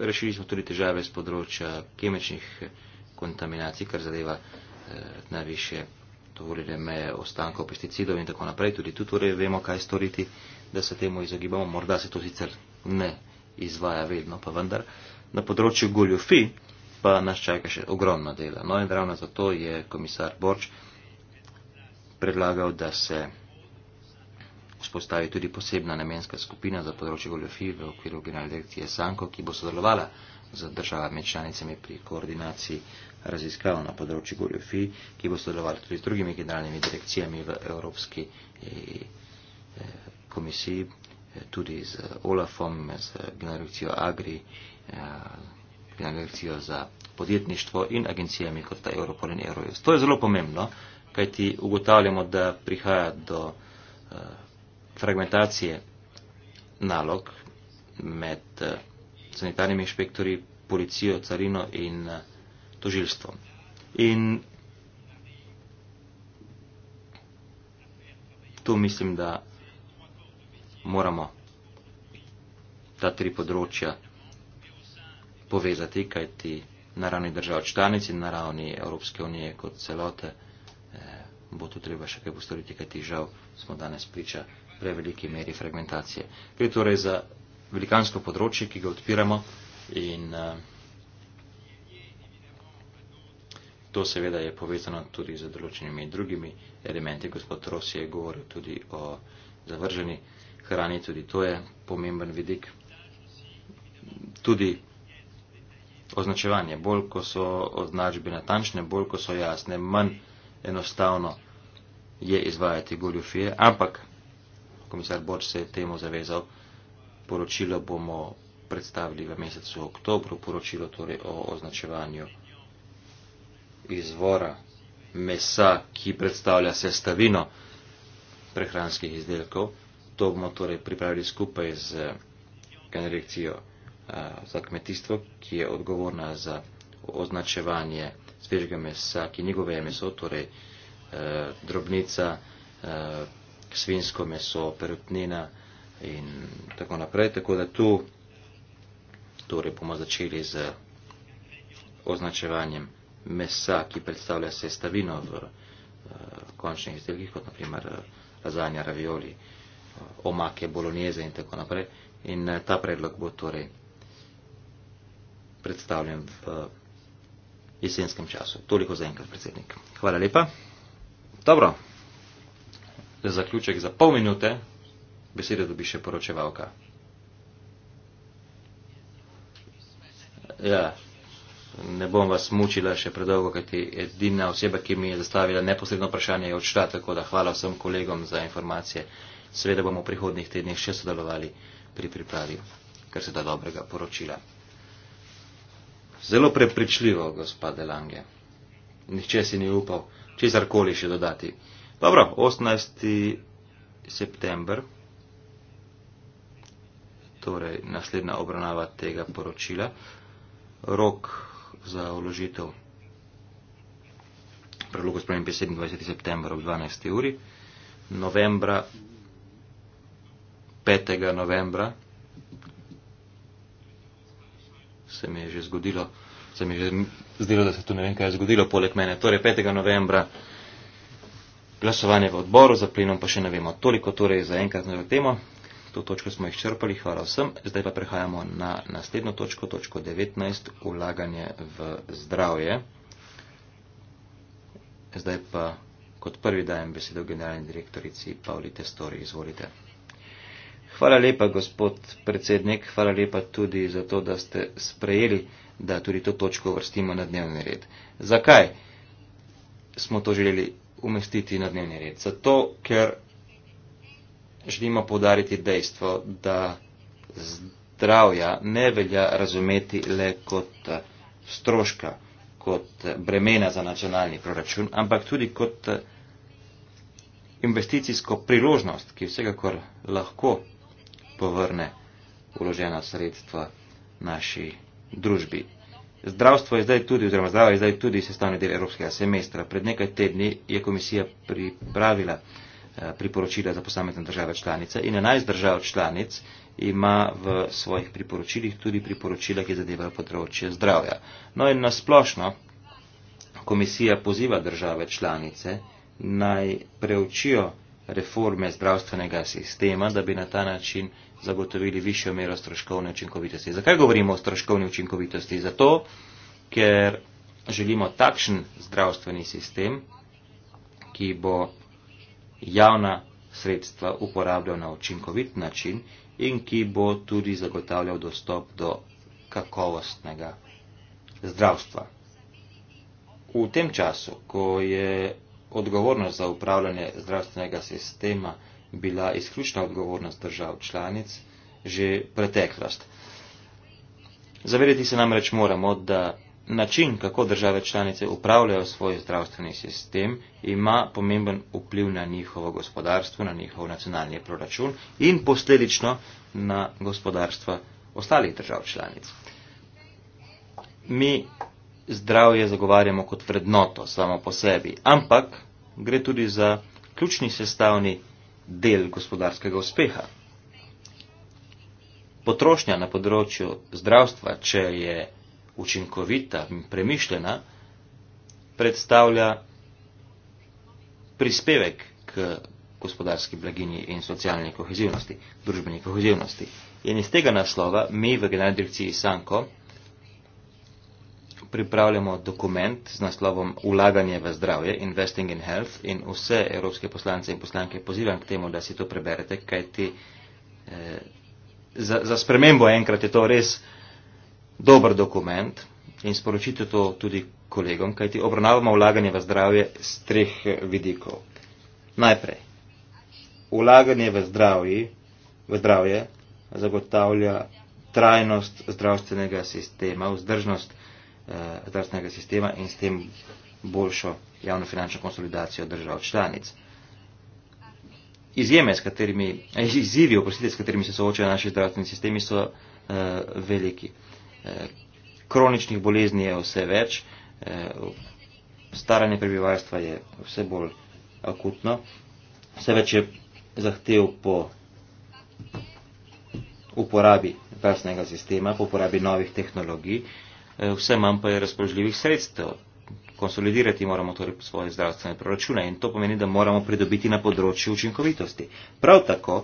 rešili smo tudi težave z področja kemičnih kontaminacij, kar zadeva e, najviše dovoljene meje ostankov pesticidov in tako naprej. Tudi tu torej vemo, kaj storiti, da se temu izogibamo. Morda se to sicer ne izvaja vedno, pa vendar na področju goljofi pa nas čaka še ogromno dela. No in ravno zato je komisar Borč predlagal, da se vzpostavi tudi posebna namenska skupina za področje goljofi v okviru generalne direkcije Sanko, ki bo sodelovala z državami članicami pri koordinaciji raziskav na področju goljofi, ki bo sodelovala tudi z drugimi generalnimi direkcijami v Evropski eh, komisiji tudi z Olafom, z generacijo Agri, eh, generacijo za podjetništvo in agencijami kot ta Europol in Eurojust. To je zelo pomembno, kajti ugotavljamo, da prihaja do eh, fragmentacije nalog med eh, sanitarnimi inšpektori, policijo, carino in tožilstvom. In tu mislim, da moramo ta tri področja povezati, kajti na ravni držav članic in na ravni Evropske unije kot celote eh, bo tu treba še kaj postoriti, kajti žal smo danes priča preveliki meri fragmentacije. Gre torej za velikansko področje, ki ga odpiramo in eh, to seveda je povezano tudi z določenimi drugimi elementi. Gospod Ros je govoril tudi o zavrženi hrani, tudi to je pomemben vidik. Tudi označevanje, bolj ko so označbe natančne, bolj ko so jasne, manj enostavno je izvajati goljofije, ampak komisar Borč se je temu zavezal, poročilo bomo predstavili v mesecu oktobru, poročilo torej o označevanju izvora mesa, ki predstavlja sestavino prehranskih izdelkov. To bomo torej pripravili skupaj z generekcijo eh, za kmetijstvo, ki je odgovorna za označevanje svežega mesa, ki njegove je meso, torej eh, drobnica, eh, svinsko meso, perutnina in tako naprej. Tako da tu torej bomo začeli z označevanjem mesa, ki predstavlja sestavino v, v končnih izdelkih, kot naprimer lazanja, ravioli omake bolonjeze in tako naprej. In eh, ta predlog bo torej predstavljen v jesenskem času. Toliko za enkrat, predsednik. Hvala lepa. Dobro, za zaključek za pol minute besede dobi še poročevalka. Ja, ne bom vas mučila še predolgo, kajti edina oseba, ki mi je zastavila neposredno vprašanje, je odšla, tako da hvala vsem kolegom za informacije. Seveda bomo v prihodnih tednih še sodelovali pri pripravi kar se da dobrega poročila. Zelo prepričljivo, gospa Delange. Nihče si ni upal česarkoli še dodati. Dobro, 18. september, torej naslednja obravnava tega poročila, rok za uložitev predlogu spremembe 27. september ob 12. uri, novembra 5. novembra, se mi je že zgodilo, se mi je že zdelo, da se tu ne vem, kaj je zgodilo poleg mene. Torej, 5. novembra glasovanje v odboru, za plenom pa še ne vemo. Toliko torej za enkrat na temo. To točko smo izčrpali, hvala vsem. Zdaj pa prehajamo na naslednjo točko, točko 19, ulaganje v zdravje. Zdaj pa kot prvi dajem besedo generalni direktorici Pavli Testori, izvolite. Hvala lepa, gospod predsednik, hvala lepa tudi za to, da ste sprejeli, da tudi to točko vrstimo na dnevni red. Zakaj smo to želeli umestiti na dnevni red? Zato, ker želimo podariti dejstvo, da zdravja ne velja razumeti le kot eh, stroška, kot eh, bremena za nacionalni proračun, ampak tudi kot eh, investicijsko priložnost, ki vsekakor lahko povrne uložena sredstva naši družbi. Zdravstvo je zdaj tudi, oziroma zdravje je zdaj tudi sestavni del evropskega semestra. Pred nekaj tedni je komisija pripravila eh, priporočila za posamezne države članice in 11 držav članic ima v svojih priporočilih tudi priporočila, ki zadevajo področje zdravja. No in nasplošno komisija poziva države članice naj preučijo reforme zdravstvenega sistema, da bi na ta način eh, zagotovili višjo mero stroškovne učinkovitosti. Zakaj govorimo o stroškovni učinkovitosti? Zato, ker želimo takšen zdravstveni sistem, ki bo javna sredstva uporabljal na učinkovit način in ki bo tudi zagotavljal dostop do kakovostnega zdravstva. V tem času, ko je odgovornost za upravljanje zdravstvenega sistema bila izključna odgovornost držav članic že preteklost. Zavedeti se namreč moramo, da način, kako države članice upravljajo svoj zdravstveni sistem, ima pomemben vpliv na njihovo gospodarstvo, na njihov nacionalni proračun in posledično na gospodarstva ostalih držav članic. Mi zdravje zagovarjamo kot vrednoto samo po sebi, ampak gre tudi za ključni sestavni del gospodarskega uspeha. Potrošnja na področju zdravstva, če je učinkovita in premišljena, predstavlja prispevek k gospodarski blaginji in socialni kohezivnosti, družbeni kohezivnosti. In iz tega naslova mi v generalni direkciji Sanko pripravljamo dokument z naslovom Ulaganje v zdravje, Investing in Health, in vse evropske poslance in poslanke pozivam k temu, da si to preberete, kaj ti eh, za, za spremembo enkrat je to res dober dokument in sporočite to tudi kolegom, kaj ti obravnavamo ulaganje v zdravje z treh eh, vidikov. Najprej, ulaganje v, zdravji, v zdravje zagotavlja trajnost zdravstvenega sistema, vzdržnost Eh, zdravstvenega sistema in s tem boljšo javno finančno konsolidacijo držav članic. Izjeme, s katerimi, eh, izzivi, oprostite, s katerimi se soočajo naši zdravstveni sistemi, so eh, veliki. Eh, kroničnih bolezni je vse več, eh, staranje prebivalstva je vse bolj akutno, vse več je zahtev po uporabi zdravstvenega sistema, po uporabi novih tehnologij, eh, Eh, vse manj pa je razpoložljivih sredstev. Konsolidirati moramo torej svoje zdravstvene proračune in to pomeni, da moramo pridobiti na področju učinkovitosti. Prav tako,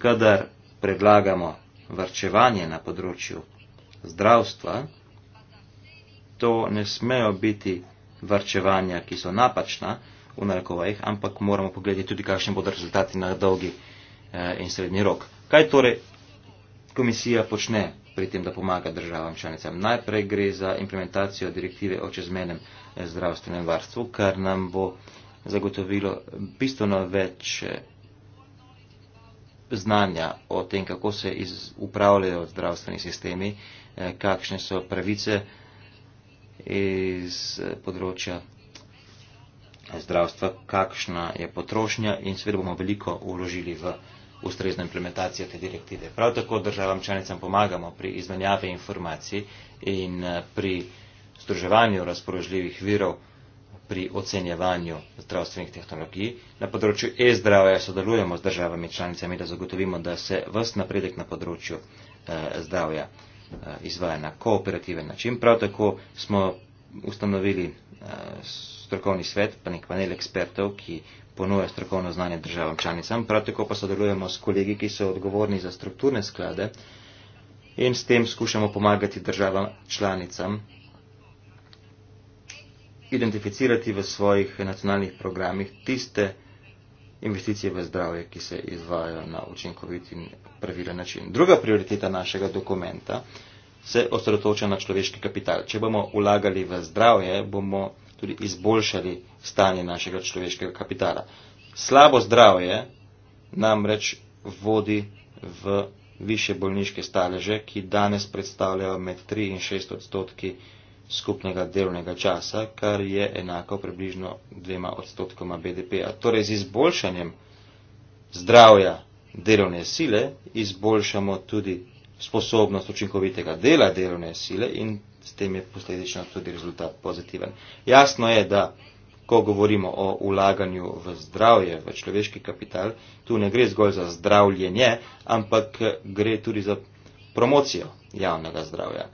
kadar predlagamo vrčevanje na področju zdravstva, to ne smejo biti vrčevanja, ki so napačna v narekovajih, ampak moramo pogledati tudi, kakšni bodo rezultati na dolgi eh, in srednji rok. Kaj torej komisija počne pri tem, da pomaga državam članicam. Najprej gre za implementacijo direktive o čezmenem eh, zdravstvenem varstvu, kar nam bo zagotovilo bistveno več eh, znanja o tem, kako se upravljajo zdravstveni sistemi, eh, kakšne so pravice iz področja zdravstva, kakšna je potrošnja in sveda bomo veliko uložili v ustrezno implementacijo te direktive. Prav tako državam članicam pomagamo pri izmenjavi informacij in eh, pri združevanju razpoložljivih virov pri ocenjevanju zdravstvenih tehnologij. Na področju e-zdravja sodelujemo z državami članicami, da zagotovimo, da se vst napredek na področju eh, zdravja eh, izvaja na kooperativen način. Prav tako smo ustanovili eh, strokovni svet, pa nek panel ekspertov, ki ponuja strokovno znanje državam članicam. Prav tako pa sodelujemo s kolegi, ki so odgovorni za strukturne sklade in s tem skušamo pomagati državam članicam identificirati v svojih nacionalnih programih tiste investicije v zdravje, ki se izvajajo na učinkovit in pravilen način. Druga prioriteta našega dokumenta se osredotoča na človeški kapital. Če bomo vlagali v zdravje, bomo tudi izboljšali stanje našega človeškega kapitala. Slabo zdravje namreč vodi v više bolniške staleže, ki danes predstavljajo med 3 in 6 odstotki skupnega delovnega časa, kar je enako približno dvema odstotkoma BDP-a. Torej, z izboljšanjem zdravja delovne sile izboljšamo tudi sposobnost učinkovitega dela delovne sile in s tem je posledično tudi rezultat pozitiven. Jasno je, da ko govorimo o ulaganju v zdravje, v človeški kapital, tu ne gre zgolj za zdravljenje, ampak gre tudi za promocijo javnega zdravja.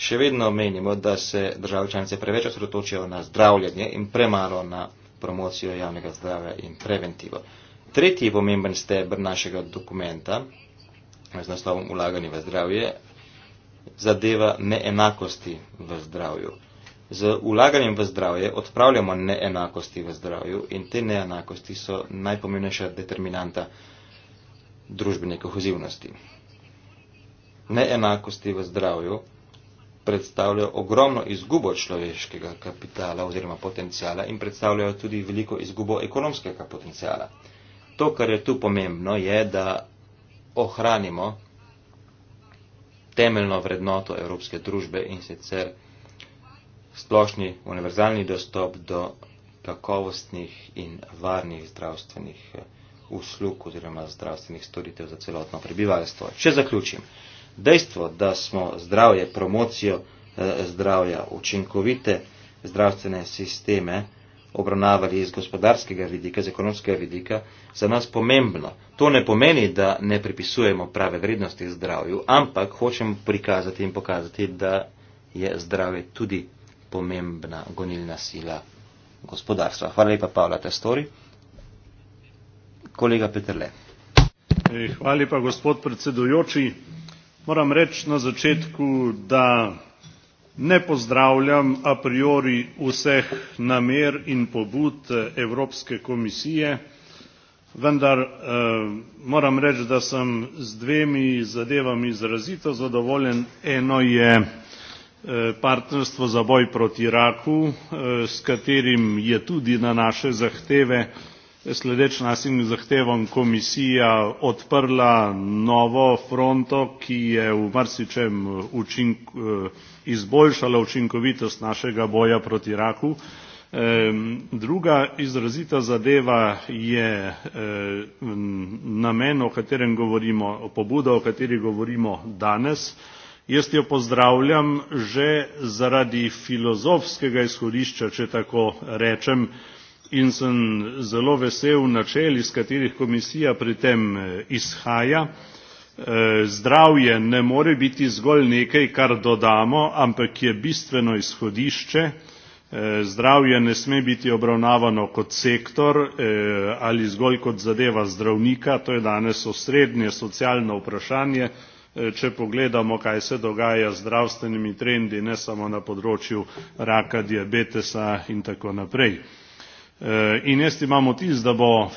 Še vedno menimo, da se države članice preveč osredotočajo na zdravljenje in premalo na promocijo javnega zdravja in preventivo. Tretji pomemben stebr našega dokumenta z naslovom ulaganje v zdravje zadeva neenakosti v zdravju. Z ulaganjem v zdravje odpravljamo neenakosti v zdravju in te neenakosti so najpomembnejša determinanta družbene kohezivnosti. Neenakosti v zdravju predstavljajo ogromno izgubo človeškega kapitala oziroma potencijala in predstavljajo tudi veliko izgubo ekonomskega potencijala. To, kar je tu pomembno, je, da ohranimo temeljno vrednoto evropske družbe in sicer splošni univerzalni dostop do kakovostnih in varnih zdravstvenih eh, uslug oziroma zdravstvenih storitev za celotno prebivalstvo. Če zaključim, dejstvo, da smo zdravje, promocijo eh, zdravja, učinkovite zdravstvene sisteme, obravnavali iz gospodarskega vidika, iz ekonomskega vidika, za nas pomembno. To ne pomeni, da ne pripisujemo prave vrednosti zdravju, ampak hočemo prikazati in pokazati, da je zdravje tudi pomembna gonilna sila gospodarstva. Hvala lepa, Pavla Testori. Kolega Peterle. Hvala lepa, gospod predsedujoči. Moram reči na začetku, da Ne pozdravljam a priori vseh namer in pobud eh, Evropske komisije, vendar eh, moram reči, da sem z dvemi zadevami izrazito zadovoljen. Eno je eh, partnerstvo za boj proti raku, eh, s katerim je tudi na naše zahteve eh, sledeč našim zahtevam komisija odprla novo fronto, ki je v marsičem učink, eh, izboljšala učinkovitost našega boja proti raku. Druga izrazita zadeva je eh, namen, o katerem govorimo, pobuda, o kateri govorimo danes. Jaz jo pozdravljam že zaradi filozofskega izhodišča, če tako rečem, in sem zelo vesel načel iz katerih komisija pri tem eh, izhaja eh, zdravje ne more biti zgolj nekaj kar dodamo ampak je bistveno izhodišče eh, zdravje ne sme biti obravnavano kot sektor ali zgolj kot zadeva zdravnika to je danes osrednje socialno vprašanje če pogledamo kaj se dogaja z zdravstvenimi trendi ne samo na področju raka diabetesa in tako naprej. Eh, in jaz imam vtis da bo,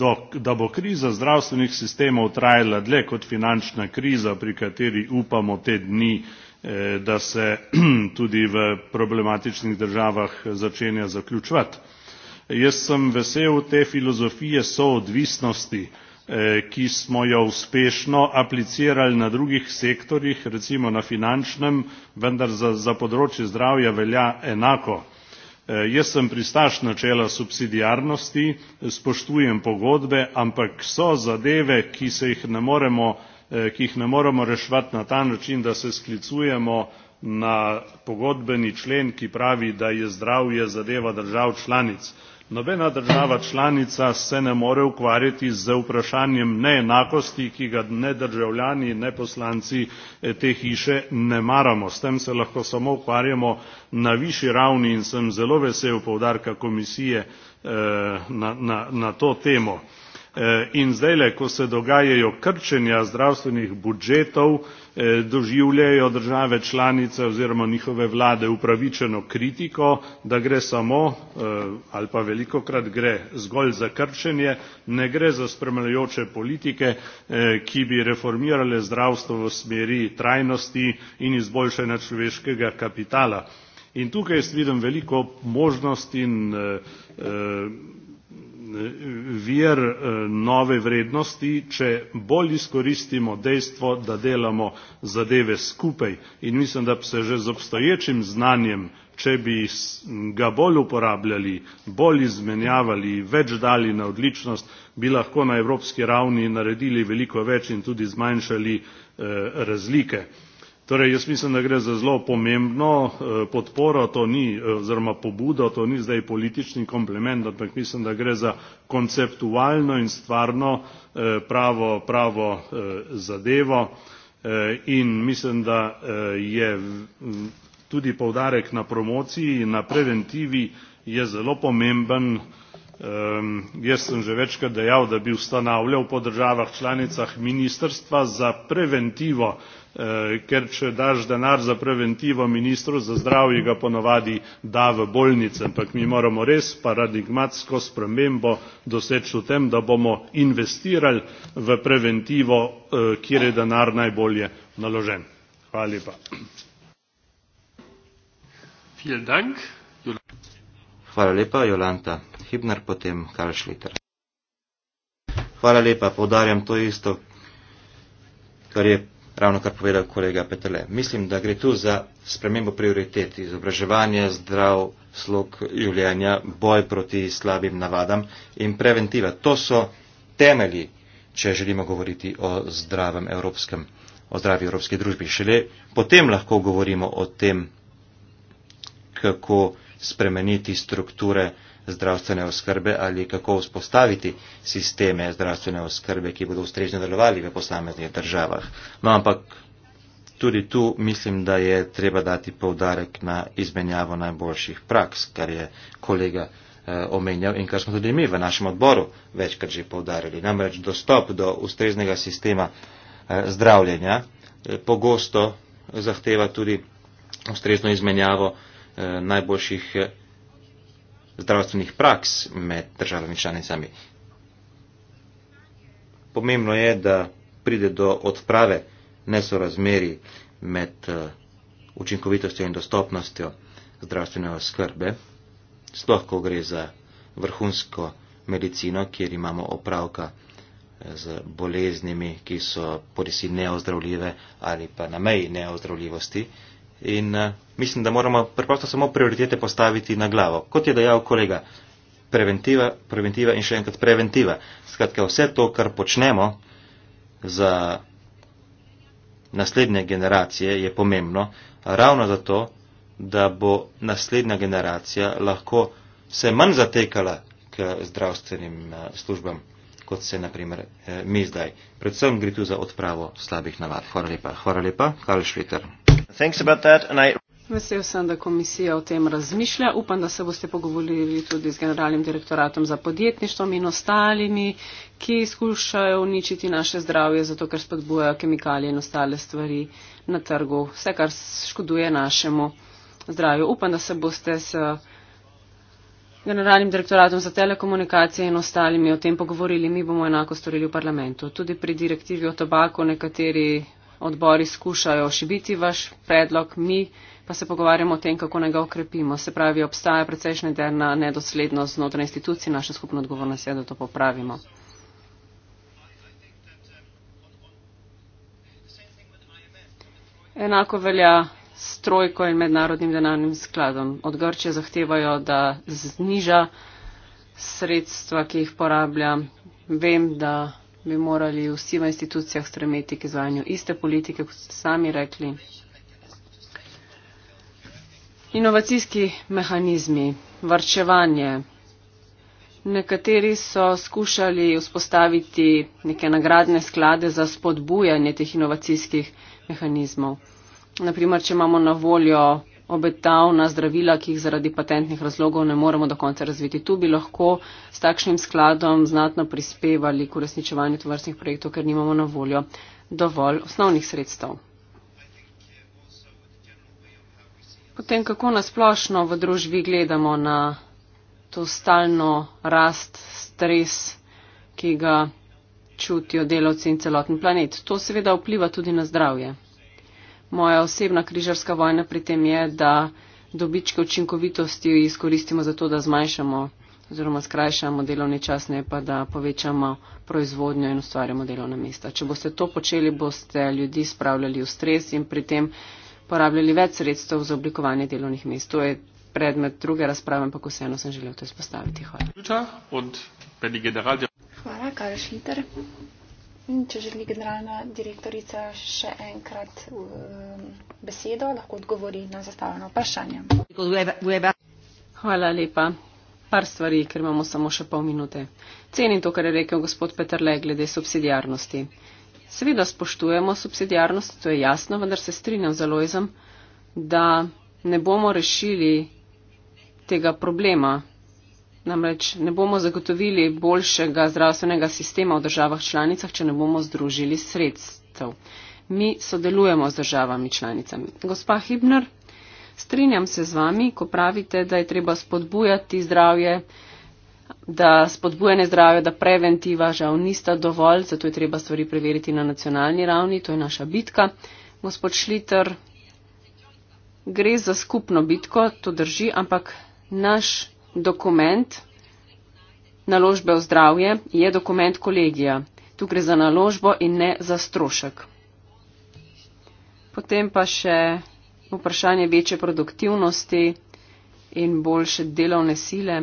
do, da bo kriza zdravstvenih sistemov trajala dlje kot finančna kriza pri kateri upamo te dni eh, da se tudi v problematičnih državah začenja zaključovati. Jaz sem vesel te filozofije soodvisnosti, eh, ki smo jo uspešno aplicirali na drugih sektorjih, recimo na finančnem, vendar za, za področje zdravja velja enako. Eh, jaz sem pristaš načela subsidiarnosti spoštujem pogodbe ampak so zadeve ki se jih ne moremo eh, ki jih ne moremo reševati na ta način da se sklicujemo na pogodbeni člen ki pravi da je zdravje zadeva držav članic. Nobena država članica se ne more ukvarjati z vprašanjem neenakosti, ki ga ne državljani, ne poslanci eh, te hiše ne maramo. S tem se lahko samo ukvarjamo na višji ravni in sem zelo vesel povdarka komisije eh, na, na, na to temo. Eh, in zdaj le, ko se dogajajo krčenja zdravstvenih budžetov, Eh, doživljajo države članice oziroma njihove vlade upravičeno kritiko da gre samo eh, ali pa velikokrat gre zgolj za krčenje ne gre za spremljajoče politike eh, ki bi reformirale zdravstvo v smeri trajnosti in izboljšanja človeškega kapitala in tukaj jaz vidim veliko možnosti in vir eh, nove vrednosti če bolj izkoristimo dejstvo da delamo zadeve skupaj in mislim da bi se že z obstoječim znanjem če bi ga bolj uporabljali bolj izmenjavali več dali na odličnost bi lahko na evropski ravni naredili veliko več in tudi zmanjšali eh, razlike torej jaz mislim da gre za zelo pomembno eh, podporo to ni eh, oziroma pobudo to ni zdaj politični kompliment ampak mislim da gre za konceptualno in stvarno eh, pravo pravo zadevo in mislim da je tudi poudarek na promociji in na preventivi je zelo pomemben ehm, jaz sem že večkrat dejal da bi ustanavljal po državah članicah ministrstva za preventivo Eh, ker če daš denar za preventivo ministru za zdravje ga ponavadi da v bolnice ampak mi moramo res paradigmatsko spremembo doseči v tem da bomo investirali v preventivo eh, kjer je denar najbolje naložen hvala lepa Hvala lepa, Jolanta. Hibner, potem Karl Schlitter. Hvala lepa, povdarjam to isto, kar je ravno kar povedal kolega Petele. Mislim, da gre tu za spremembo prioritet izobraževanja, zdrav slog življenja, boj proti slabim navadam in preventiva. To so temelji, če želimo govoriti o zdravem evropskem, o zdravi evropski družbi. Šele potem lahko govorimo o tem, kako spremeniti strukture zdravstvene oskrbe ali kako vzpostaviti sisteme zdravstvene oskrbe, ki bodo ustrezno delovali v posameznih državah. No, ampak tudi tu mislim, da je treba dati povdarek na izmenjavo najboljših praks, kar je kolega eh, omenjal in kar smo tudi mi v našem odboru večkrat že povdarili. Namreč dostop do ustreznega sistema eh, zdravljenja eh, pogosto zahteva tudi ustrezno izmenjavo najboljših zdravstvenih praks med državami članicami. Pomembno je, da pride do odprave nesorazmeri med eh, učinkovitostjo in dostopnostjo zdravstvene oskrbe, sploh ko gre za vrhunsko medicino, kjer imamo opravka eh, z boleznimi, ki so porisi neozdravljive ali pa na meji neozdravljivosti, in eh, mislim, da moramo preprosto samo prioritete postaviti na glavo. Kot je dejal kolega, preventiva, preventiva in še enkrat preventiva. Skratka, vse to, kar počnemo za naslednje generacije je pomembno, ravno zato, da bo naslednja generacija lahko se manj zatekala k zdravstvenim eh, službam, kot se naprimer eh, mi zdaj. Predvsem gre tu za odpravo slabih navad. Hvala lepa. Hvala lepa. Karl Schwitter. Vesel sem, da komisija o tem razmišlja. Upam, da se boste pogovorili tudi z generalnim direktoratom za podjetništvo in ostalimi, ki skušajo uničiti naše zdravje, zato ker spodbujajo kemikalije in ostale stvari na trgu. Vse, kar škoduje našemu zdravju. Upam, da se boste s generalnim direktoratom za telekomunikacije in ostalimi o tem pogovorili. Mi bomo enako storili v parlamentu. Tudi pri direktivi o tobaku nekateri odbori skušajo šibiti vaš predlog, mi pa se pogovarjamo o tem, kako naj ga okrepimo. Se pravi, obstaja precejšnja interna nedoslednost znotraj institucij, naša skupna odgovornost je, da to popravimo. Enako velja s trojko in mednarodnim denarnim skladom. Od Grčije zahtevajo, da zniža sredstva, ki jih porablja. Vem, da bi morali vsi v institucijah stremeti k izvajanju iste politike, kot ste sami rekli. Inovacijski mehanizmi, varčevanje. Nekateri so skušali vzpostaviti neke nagradne sklade za spodbujanje teh inovacijskih mehanizmov. Naprimer, če imamo na voljo obetavna zdravila, ki jih zaradi patentnih razlogov ne moremo do konca razviti. Tu bi lahko s takšnim skladom znatno prispevali k uresničevanju tovrstnih projektov, ker nimamo na voljo dovolj osnovnih sredstev. Potem, kako nasplošno v družbi gledamo na to stalno rast, stres, ki ga čutijo delavci in celoten planet. To seveda vpliva tudi na zdravje moja osebna križarska vojna pri tem je, da dobičke učinkovitosti izkoristimo za to, da zmanjšamo oziroma skrajšamo delovni čas, ne pa da povečamo proizvodnjo in ustvarjamo delovna mesta. Če boste to počeli, boste ljudi spravljali v stres in pri tem porabljali več sredstev za oblikovanje delovnih mest. To je predmet druge razprave, ampak vseeno sem želel to izpostaviti. Hvala. Hvala, Karl Schlitter. In če želi generalna direktorica še enkrat um, besedo, lahko odgovori na zastavljeno vprašanje. Hvala lepa. Par stvari, ker imamo samo še pol minute. Cenim to, kar je rekel gospod Petr Le glede subsidijarnosti. Seveda spoštujemo subsidijarnost, to je jasno, vendar se strinjam z Lojzem, da ne bomo rešili tega problema Namreč ne bomo zagotovili boljšega zdravstvenega sistema v državah članicah, če ne bomo združili sredstev. Mi sodelujemo z državami članicami. Gospa Hibner, strinjam se z vami, ko pravite, da je treba spodbujati zdravje, da spodbujanje zdravja, da preventiva žal nista dovolj, zato je treba stvari preveriti na nacionalni ravni, to je naša bitka. Gospod Šliter, gre za skupno bitko, to drži, ampak naš dokument naložbe v zdravje je dokument kolegija. Tu gre za naložbo in ne za strošek. Potem pa še vprašanje večje produktivnosti in boljše delovne sile.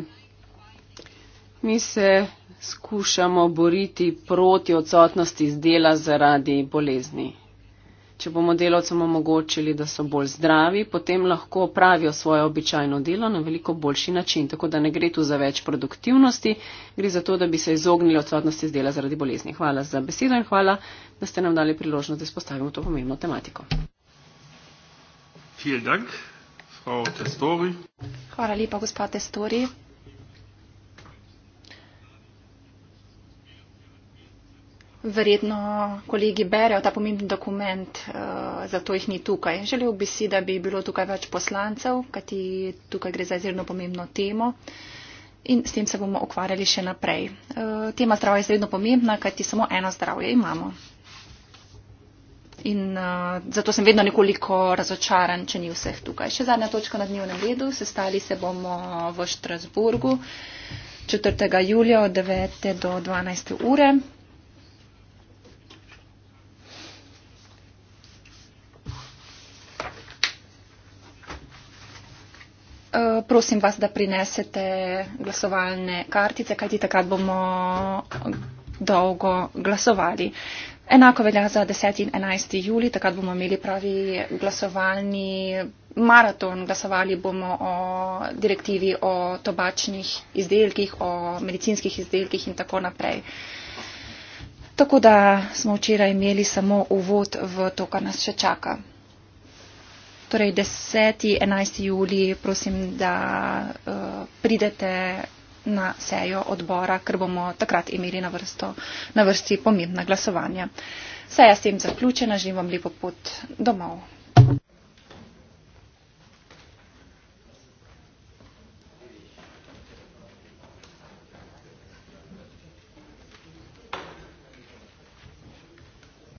Mi se skušamo boriti proti odsotnosti z dela zaradi bolezni. Če bomo delavcem omogočili, da so bolj zdravi, potem lahko pravijo svoje običajno delo na veliko boljši način. Tako da ne gre tu za več produktivnosti, gre za to, da bi se izognili odsotnosti z dela zaradi bolezni. Hvala za besedo in hvala, da ste nam dali priložnost, da spostavimo to pomembno tematiko. Hvala lepa, gospod Testori. Verjetno kolegi berejo ta pomemben dokument, eh, zato jih ni tukaj. Želel bi si, da bi bilo tukaj več poslancev, kajti tukaj gre za izredno pomembno temo in s tem se bomo ukvarjali še naprej. Eh, tema zdravja je izredno pomembna, kajti samo eno zdravje imamo. In uh, zato sem vedno nekoliko razočaran, če ni vseh tukaj. Še zadnja točka na dnevnem redu. Sestali se bomo v Štrasburgu 4. julija od 9. do 12. ure. Eh, prosim vas, da prinesete glasovalne kartice, kajti takrat bomo eh, dolgo glasovali. Enako velja za 10. in 11. juli, takrat bomo imeli pravi glasovalni maraton. Glasovali bomo o direktivi o tobačnih izdelkih, o medicinskih izdelkih in tako naprej. Tako da smo včeraj imeli samo uvod v to, kar nas še čaka. Torej 10. in 11. juli prosim, da uh, pridete na sejo odbora, ker bomo takrat imeli na, vrsto, na vrsti pomembna glasovanja. Seja s tem zaključena, želim vam lepo pot domov.